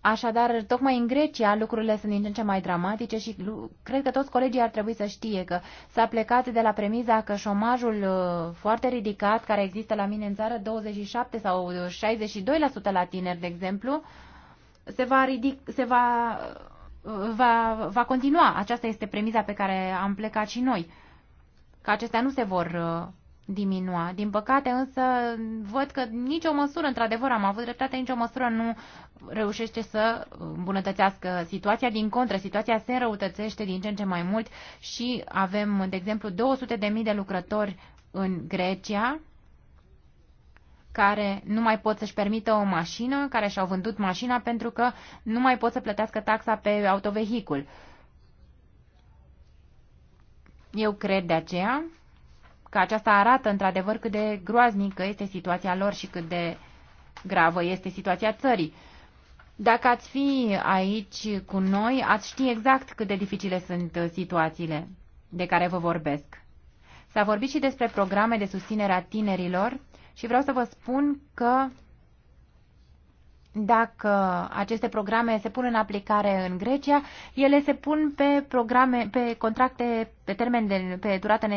Așadar, tocmai în Grecia lucrurile sunt din ce în ce mai dramatice și cred că toți colegii ar trebui să știe că s-a plecat de la premiza că șomajul uh, foarte ridicat care există la mine în țară, 27 sau 62% uh, la tineri, de exemplu, se va, ridic, se va, uh, va, va continua. Aceasta este premiza pe care am plecat și noi, că acestea nu se vor diminua. Din păcate însă văd că nicio măsură, într-adevăr am avut dreptate, nicio măsură nu reușește să îmbunătățească situația. Din contră, situația se înrăutățește din ce în ce mai mult și avem, de exemplu, 200.000 de, de lucrători în Grecia care nu mai pot să-și permită o mașină, care și-au vândut mașina pentru că nu mai pot să plătească taxa pe autovehicul. Eu cred de aceea că aceasta arată într-adevăr cât de groaznică este situația lor și cât de gravă este situația țării. Dacă ați fi aici cu noi, ați ști exact cât de dificile sunt situațiile de care vă vorbesc. S-a vorbit și despre programe de susținere a tinerilor și vreau să vă spun că dacă aceste programe se pun în aplicare în Grecia, ele se pun pe programe, pe contracte pe termen de, pe durată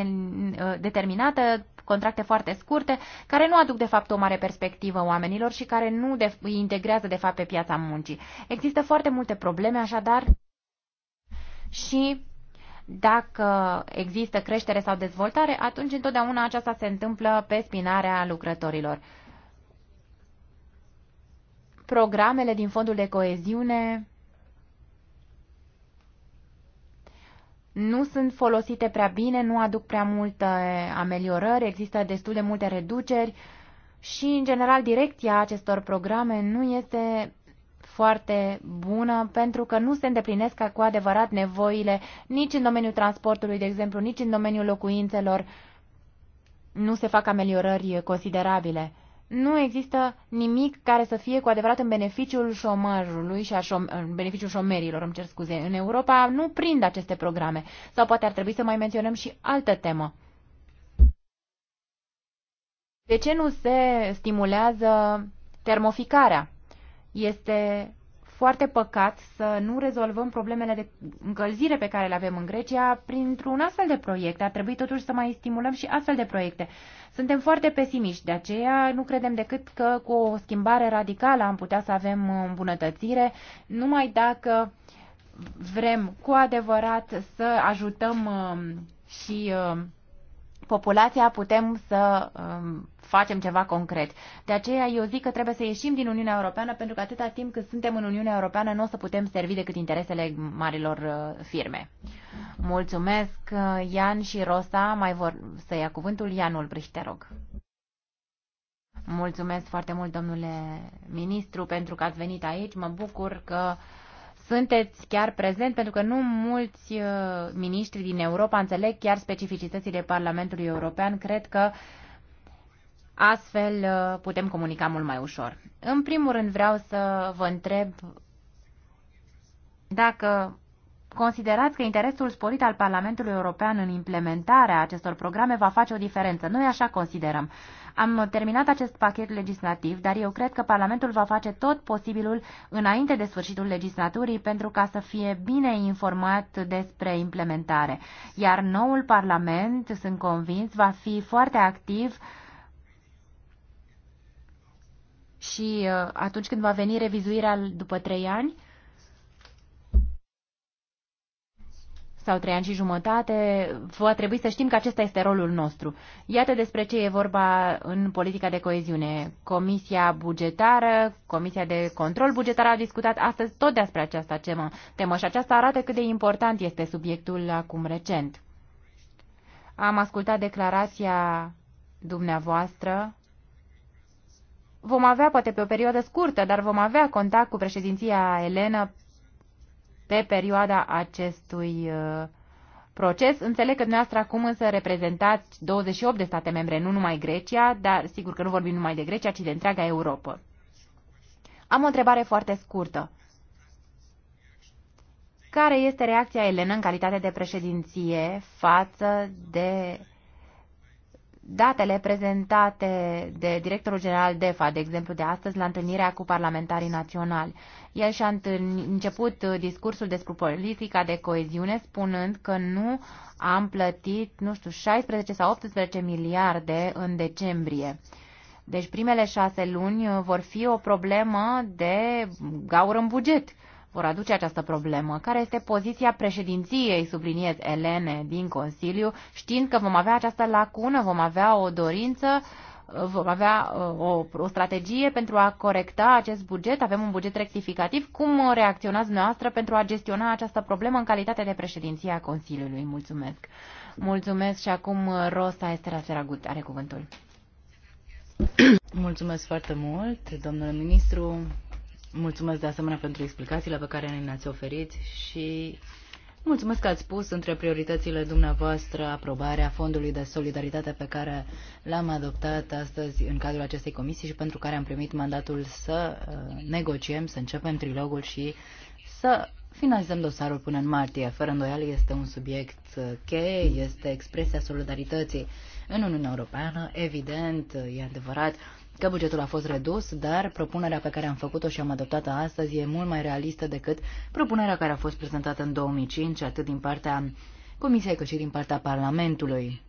determinată, contracte foarte scurte, care nu aduc de fapt o mare perspectivă oamenilor și care nu de, îi integrează de fapt pe piața muncii. Există foarte multe probleme, așadar, și dacă există creștere sau dezvoltare, atunci întotdeauna aceasta se întâmplă pe spinarea lucrătorilor programele din fondul de coeziune nu sunt folosite prea bine, nu aduc prea multe ameliorări, există destul de multe reduceri și, în general, direcția acestor programe nu este foarte bună pentru că nu se îndeplinesc cu adevărat nevoile nici în domeniul transportului, de exemplu, nici în domeniul locuințelor. Nu se fac ameliorări considerabile nu există nimic care să fie cu adevărat în beneficiul șomajului și a șom- în beneficiul șomerilor, îmi cer scuze. În Europa nu prind aceste programe. Sau poate ar trebui să mai menționăm și altă temă. De ce nu se stimulează termoficarea? Este foarte păcat să nu rezolvăm problemele de încălzire pe care le avem în Grecia printr-un astfel de proiect. Ar trebui totuși să mai stimulăm și astfel de proiecte. Suntem foarte pesimiști, de aceea nu credem decât că cu o schimbare radicală am putea să avem îmbunătățire, numai dacă vrem cu adevărat să ajutăm um, și um, populația, putem să um, facem ceva concret. De aceea eu zic că trebuie să ieșim din Uniunea Europeană pentru că atâta timp cât suntem în Uniunea Europeană nu o să putem servi decât interesele marilor uh, firme. Mulțumesc, uh, Ian și Rosa. Mai vor să ia cuvântul Ianul Brâși, te rog. Mulțumesc foarte mult, domnule ministru, pentru că ați venit aici. Mă bucur că sunteți chiar prezent, pentru că nu mulți uh, miniștri din Europa înțeleg chiar specificitățile Parlamentului European. Cred că uh, Astfel uh, putem comunica mult mai ușor. În primul rând vreau să vă întreb dacă considerați că interesul sporit al Parlamentului European în implementarea acestor programe va face o diferență. Noi așa considerăm. Am terminat acest pachet legislativ, dar eu cred că Parlamentul va face tot posibilul înainte de sfârșitul legislaturii pentru ca să fie bine informat despre implementare. Iar noul Parlament, sunt convins, va fi foarte activ uh, și uh, atunci când va veni revizuirea după trei ani sau trei ani și jumătate, va trebui să știm că acesta este rolul nostru. Iată despre ce e vorba în politica de coeziune. Comisia bugetară, Comisia de control bugetar a discutat astăzi tot despre această temă și aceasta arată cât de important este subiectul acum recent. Am ascultat declarația dumneavoastră Vom avea, poate pe o perioadă scurtă, dar vom avea contact cu președinția Elenă pe perioada acestui uh, proces. Înțeleg că dumneavoastră acum însă reprezentați 28 de state membre, nu numai Grecia, dar sigur că nu vorbim numai de Grecia, ci de întreaga Europa. Am o întrebare foarte scurtă. Care este reacția Elena în calitate de președinție față de Datele prezentate de directorul general DEFA, de exemplu de astăzi, la întâlnirea cu parlamentarii naționali. El și-a început uh, discursul despre politica de coeziune spunând că nu am plătit, nu știu, 16 sau 18 miliarde în decembrie. Deci primele șase luni uh, vor fi o problemă de gaură în buget vor aduce această problemă. Care este poziția președinției, subliniez Elene, din Consiliu, știind că vom avea această lacună, vom avea o dorință vom avea uh, o, o strategie pentru a corecta acest buget, avem un buget rectificativ. Cum reacționați noastră pentru a gestiona această problemă în calitate de președinție a Consiliului? Mulțumesc! Mulțumesc și acum uh, Rosa Estera Seragut are cuvântul. Mulțumesc foarte mult, domnule ministru. Mulțumesc de asemenea pentru explicațiile pe care ne le-ați oferit și mulțumesc că ați pus între prioritățile dumneavoastră aprobarea Fondului de Solidaritate pe care l-am adoptat astăzi în cadrul acestei comisii și pentru care am primit mandatul să uh, negociem, să începem trilogul și să finalizăm dosarul până în martie. Fără îndoială este un subiect uh, cheie, este expresia solidarității în Uniunea Europeană. Evident, uh, e adevărat, că bugetul a fost redus, dar propunerea pe care am făcut-o și am adoptat-o astăzi e mult mai realistă decât propunerea care a fost prezentată în 2005, atât din partea Comisiei cât și din partea Parlamentului.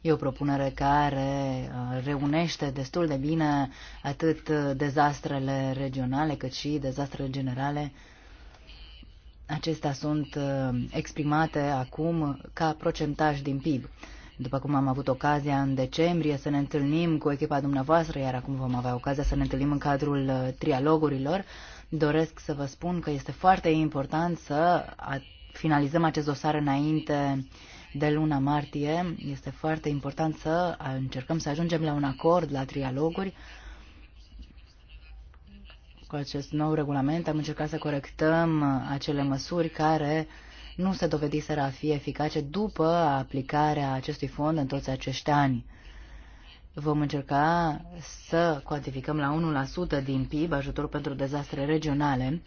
E o propunere care uh, reunește destul de bine atât dezastrele regionale cât și dezastrele generale. Acestea sunt uh, exprimate acum ca procentaj din PIB. După cum am avut ocazia în decembrie să ne întâlnim cu echipa dumneavoastră, iar acum vom avea ocazia să ne întâlnim în cadrul uh, trialogurilor, doresc să vă spun că este foarte important să finalizăm acest dosar înainte de luna martie. Este foarte important să încercăm să ajungem la un acord la trialoguri cu acest nou regulament am încercat să corectăm uh, acele măsuri care nu se dovediseră a fi eficace după aplicarea acestui fond în toți acești ani. Vom încerca să cuantificăm la 1% din PIB ajutor pentru dezastre regionale,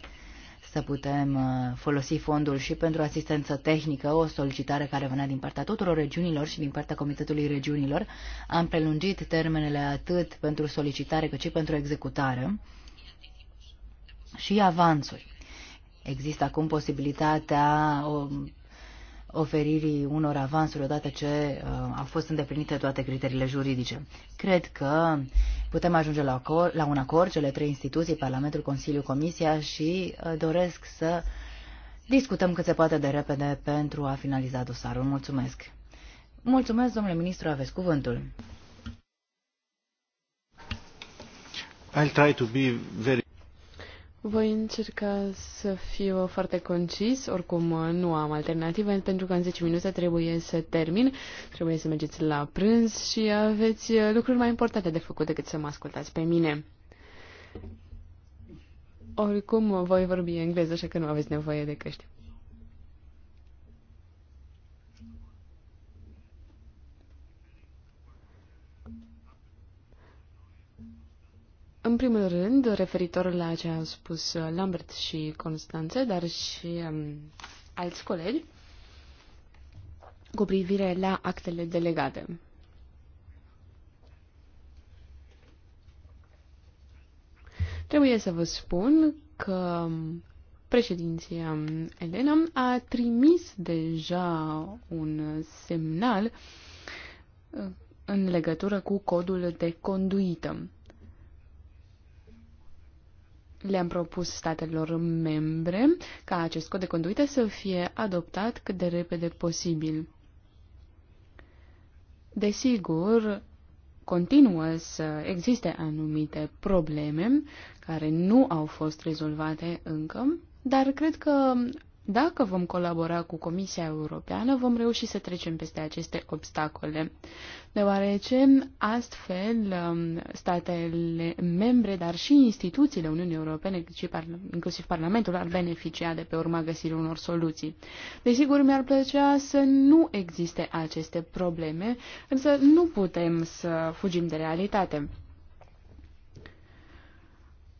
să putem uh, folosi fondul și pentru asistență tehnică, o solicitare care venea din partea tuturor regiunilor și din partea Comitetului Regiunilor. Am prelungit termenele atât pentru solicitare cât și pentru executare și avansuri. Există acum posibilitatea um, oferirii unor avansuri odată ce uh, au fost îndeplinite toate criteriile juridice. Cred că putem ajunge la, acord, la un acord, cele trei instituții, Parlamentul, Consiliu, Comisia și uh, doresc să discutăm cât se poate de repede pentru a finaliza dosarul. Mulțumesc! Mulțumesc, domnule ministru, aveți cuvântul. I'll try to be very voi încerca să fiu foarte concis, oricum nu am alternative, pentru că în 10 minute trebuie să termin, trebuie să mergeți la prânz și aveți lucruri mai importante de făcut decât să mă ascultați pe mine. Oricum voi vorbi engleză, așa că nu aveți nevoie de căști. În primul rând, referitor la ce a spus Lambert și Constanțe, dar și um, alți colegi, cu privire la actele delegate. Trebuie să vă spun că președinția Elena a trimis deja un semnal uh, în legătură cu codul de conduită le-am propus statelor membre ca acest cod de conduită să fie adoptat cât de repede posibil. Desigur, continuă să existe anumite probleme care nu au fost rezolvate încă, dar cred că dacă vom colabora cu Comisia Europeană, vom reuși să trecem peste aceste obstacole, deoarece astfel um, statele membre, dar și instituțiile Uniunii Europene, inclusiv Parlamentul, ar beneficia de pe urma găsirii unor soluții. Desigur, mi-ar plăcea să nu existe aceste probleme, însă nu putem să fugim de realitate.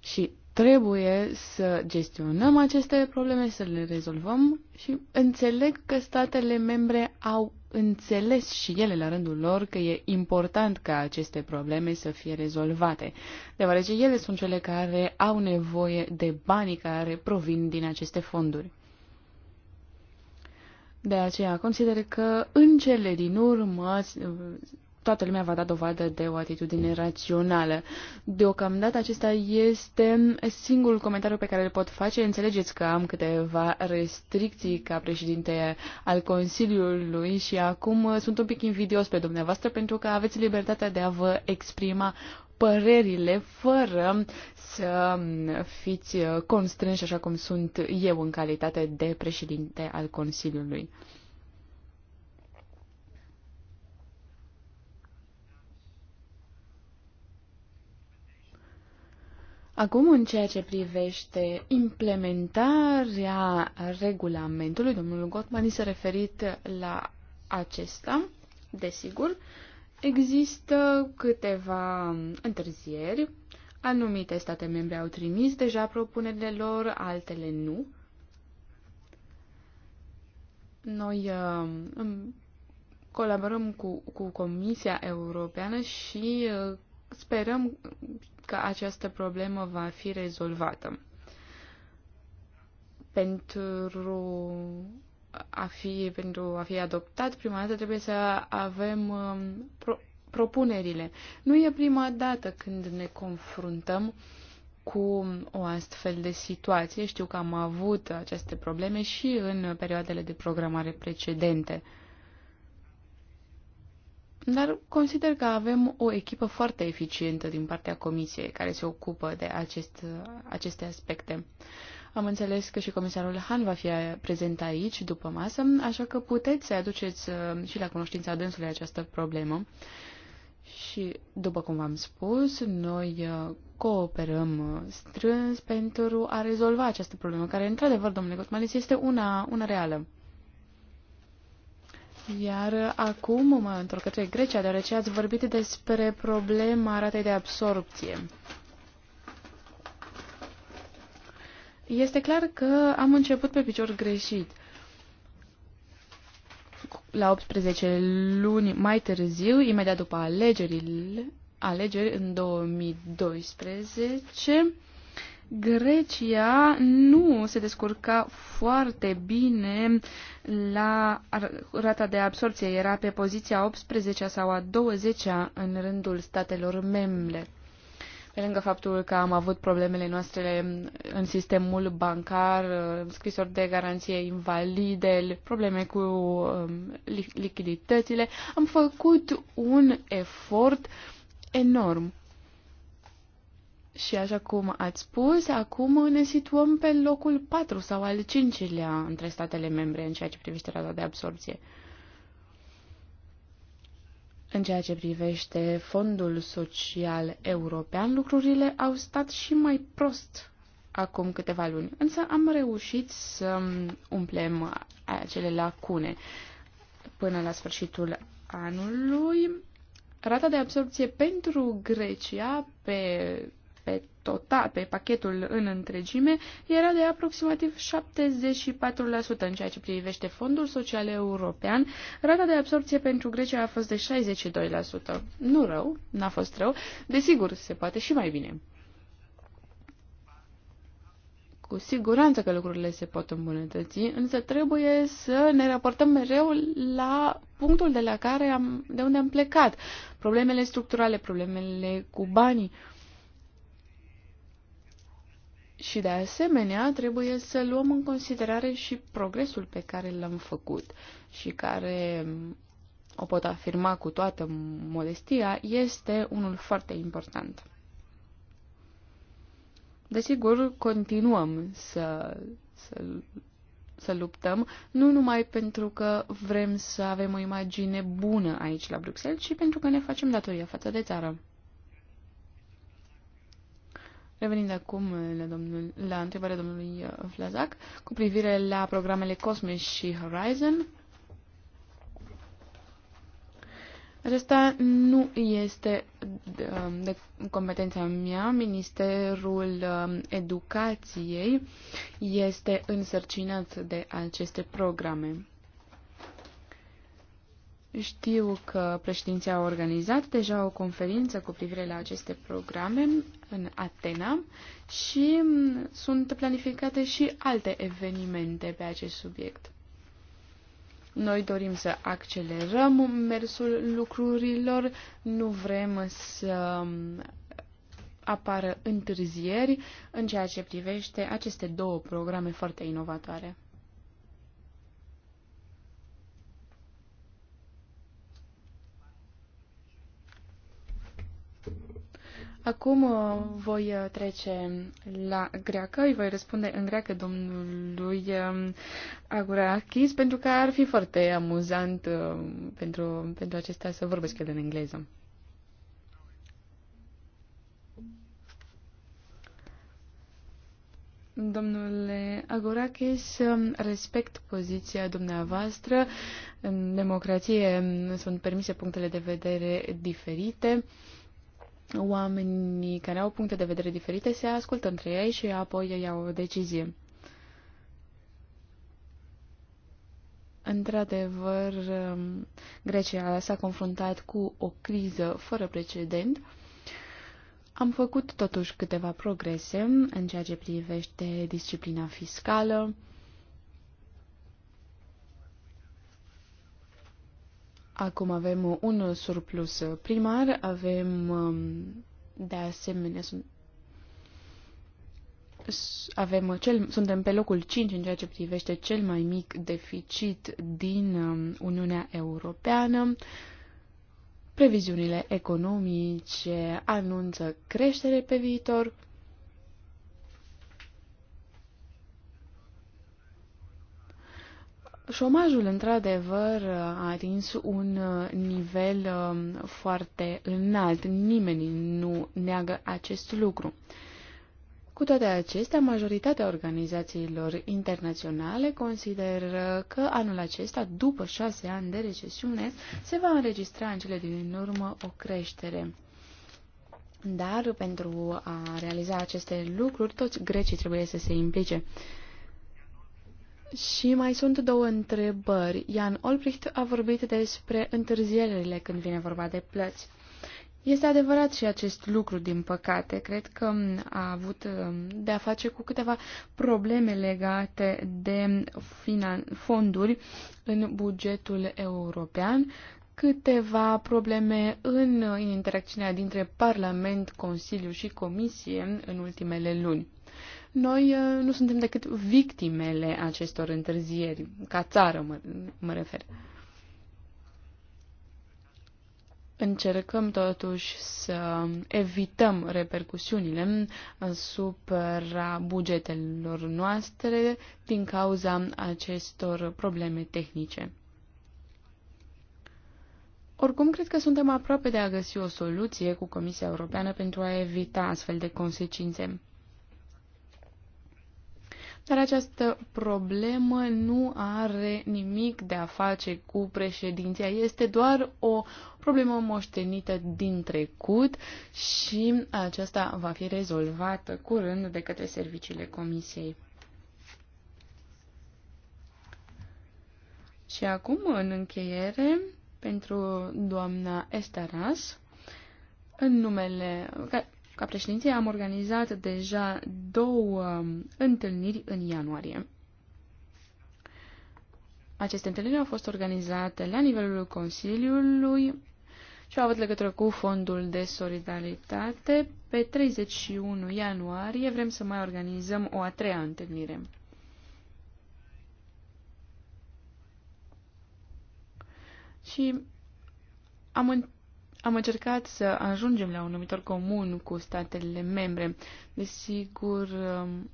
Și Trebuie să gestionăm aceste probleme, să le rezolvăm și înțeleg că statele membre au înțeles și ele la rândul lor că e important ca aceste probleme să fie rezolvate, deoarece ele sunt cele care au nevoie de banii care provin din aceste fonduri. De aceea consider că în cele din urmă toată lumea va da dovadă de o atitudine rațională. Deocamdată acesta este singurul comentariu pe care îl pot face. Înțelegeți că am câteva restricții ca președinte al Consiliului și acum sunt un pic invidios pe dumneavoastră pentru că aveți libertatea de a vă exprima părerile fără să fiți constrânși așa cum sunt eu în calitate de președinte al Consiliului. Acum, în ceea ce privește implementarea regulamentului, domnul Gottman s-a referit la acesta, desigur, există câteva întârzieri. Anumite state membre au trimis deja propunerile lor, altele nu. Noi uh, colaborăm cu, cu Comisia Europeană și uh, sperăm că această problemă va fi rezolvată. Pentru a fi, pentru a fi adoptat, prima dată trebuie să avem um, pro- propunerile. Nu e prima dată când ne confruntăm cu o astfel de situație. Știu că am avut aceste probleme și în perioadele de programare precedente. Dar consider că avem o echipă foarte eficientă din partea comisiei care se ocupă de acest, aceste aspecte. Am înțeles că și comisarul Han va fi prezent aici după masă, așa că puteți să aduceți uh, și la cunoștința dânsului această problemă. Și, după cum v-am spus, noi uh, cooperăm uh, strâns pentru a rezolva această problemă, care, într-adevăr, domnule Gotmalis, este una, una reală. Iar acum mă întorc către Grecia, deoarece ați vorbit despre problema ratei de absorpție. Este clar că am început pe picior greșit. La 18 luni mai târziu, imediat după alegerile, alegeri în 2012, Grecia nu se descurca foarte bine la rata de absorție. Era pe poziția 18 sau a 20-a în rândul statelor membre. Pe lângă faptul că am avut problemele noastre în sistemul bancar, scrisori de garanție invalide, probleme cu um, lichiditățile, am făcut un efort enorm și așa cum ați spus, acum ne situăm pe locul 4 sau al 5-lea între statele membre în ceea ce privește rata de absorpție. În ceea ce privește fondul social european, lucrurile au stat și mai prost acum câteva luni, însă am reușit să umplem acele lacune. Până la sfârșitul anului, rata de absorpție pentru Grecia pe pe total, pe pachetul în întregime, era de aproximativ 74% în ceea ce privește Fondul Social European. Rata de absorpție pentru Grecia a fost de 62%. Nu rău, n-a fost rău, desigur, se poate și mai bine. Cu siguranță că lucrurile se pot îmbunătăți, însă trebuie să ne raportăm mereu la punctul de la care am, de unde am plecat. Problemele structurale, problemele cu banii. Uh, și de asemenea, trebuie să luăm în considerare și progresul pe care l-am făcut și care, mm, o pot afirma cu toată modestia, este unul foarte important. Desigur, continuăm să, să, să luptăm, nu numai pentru că vrem să avem o imagine bună aici la Bruxelles, ci pentru că ne facem datoria față de țară. Revenind acum la, domnul, la întrebarea domnului Flazac uh, cu privire la programele Cosme și Horizon, Acesta nu este de, um, de competența mea. Ministerul um, Educației este însărcinat de aceste programe. Știu că președinția a organizat deja o conferință cu privire la aceste programe în Atena și mm, sunt planificate și alte evenimente pe acest subiect. Noi dorim să accelerăm mersul lucrurilor, nu vrem să mm, apară întârzieri în ceea ce privește aceste două programe foarte inovatoare. Acum uh, voi uh, trece la greacă, îi voi răspunde în greacă domnului um, Agurakis, pentru că ar fi foarte amuzant uh, pentru, pentru acesta să vorbesc el în engleză. Domnule Agorakis, um, respect poziția dumneavoastră. În democrație um, sunt permise punctele de vedere diferite. Uh, oamenii care au puncte de vedere diferite se ascultă între ei și apoi iau o decizie. Într-adevăr, um, Grecia s-a confruntat cu o criză fără precedent. Am făcut totuși câteva progrese în ceea ce privește disciplina fiscală, Acum avem un surplus primar, avem um, de asemenea sunt, avem cel, suntem pe locul 5 în ceea ce privește cel mai mic deficit din um, Uniunea Europeană. Previziunile economice anunță creștere pe viitor Șomajul, într-adevăr, a atins un uh, nivel um, foarte înalt. Nimeni nu neagă acest lucru. Cu toate acestea, majoritatea organizațiilor internaționale consideră că anul acesta, după șase ani de recesiune, se va înregistra în cele din urmă o creștere. Dar pentru a realiza aceste lucruri, toți grecii trebuie să se implice. Uh, și mai sunt două întrebări. Jan Olbricht a vorbit despre întârzierile când vine vorba de plăți. Este adevărat și acest lucru, din păcate. Cred că a avut um, de-a face cu câteva probleme legate de fonduri în bugetul european, câteva probleme în interacțiunea dintre Parlament, Consiliu și Comisie în ultimele luni. Noi uh, nu suntem decât victimele acestor întârzieri, ca țară mă, mă refer. Încercăm totuși să evităm repercusiunile asupra bugetelor noastre din cauza acestor probleme tehnice. Oricum, cred că suntem aproape de a găsi o soluție cu Comisia Europeană pentru a evita astfel de consecințe. Dar această problemă nu are nimic de a face cu președinția. Este doar o problemă moștenită din trecut și aceasta va fi rezolvată curând de către serviciile Comisiei. Și acum, în încheiere, pentru doamna Estaras, în numele, ca președinție am organizat deja două um, întâlniri în ianuarie. Aceste întâlniri au fost organizate la nivelul Consiliului și au avut legătură cu Fondul de Solidaritate. Pe 31 ianuarie vrem să mai organizăm o a treia întâlnire. Și am întâlnit am încercat să ajungem la un numitor comun cu statele membre. Desigur, um,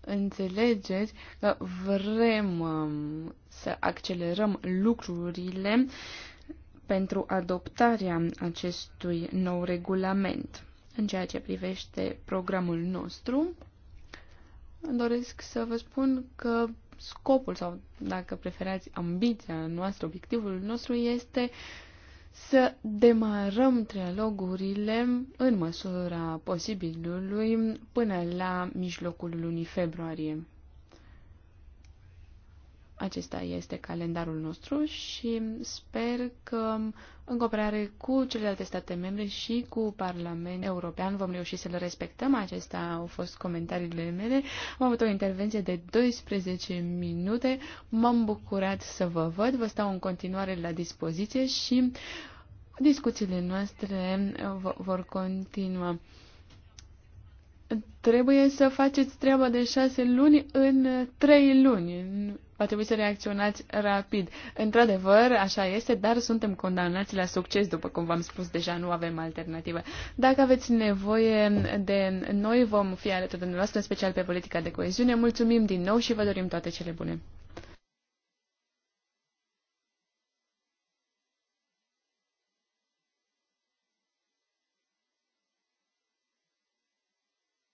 înțelegeți că vrem um, să accelerăm lucrurile pentru adoptarea acestui nou regulament. În ceea ce privește programul nostru, doresc să vă spun că scopul sau, dacă preferați, ambiția noastră, obiectivul nostru este uh, să demarăm trialogurile în măsura posibilului până la mijlocul lunii februarie. Acesta este calendarul nostru și sper că în cooperare cu celelalte state membre și cu Parlamentul European vom reuși să le respectăm. Acestea au fost comentariile mele. Am avut o intervenție de 12 minute. M-am bucurat să vă văd. Vă stau în continuare la dispoziție și discuțiile noastre vor continua. Trebuie să faceți treaba de șase luni în trei luni. Va trebui să reacționați rapid. Într-adevăr, așa este, dar suntem condamnați la succes, după cum v-am spus deja, nu avem alternativă. Dacă aveți nevoie de noi, vom fi alături de dumneavoastră, în special pe politica de coeziune. Mulțumim din nou și vă dorim toate cele bune.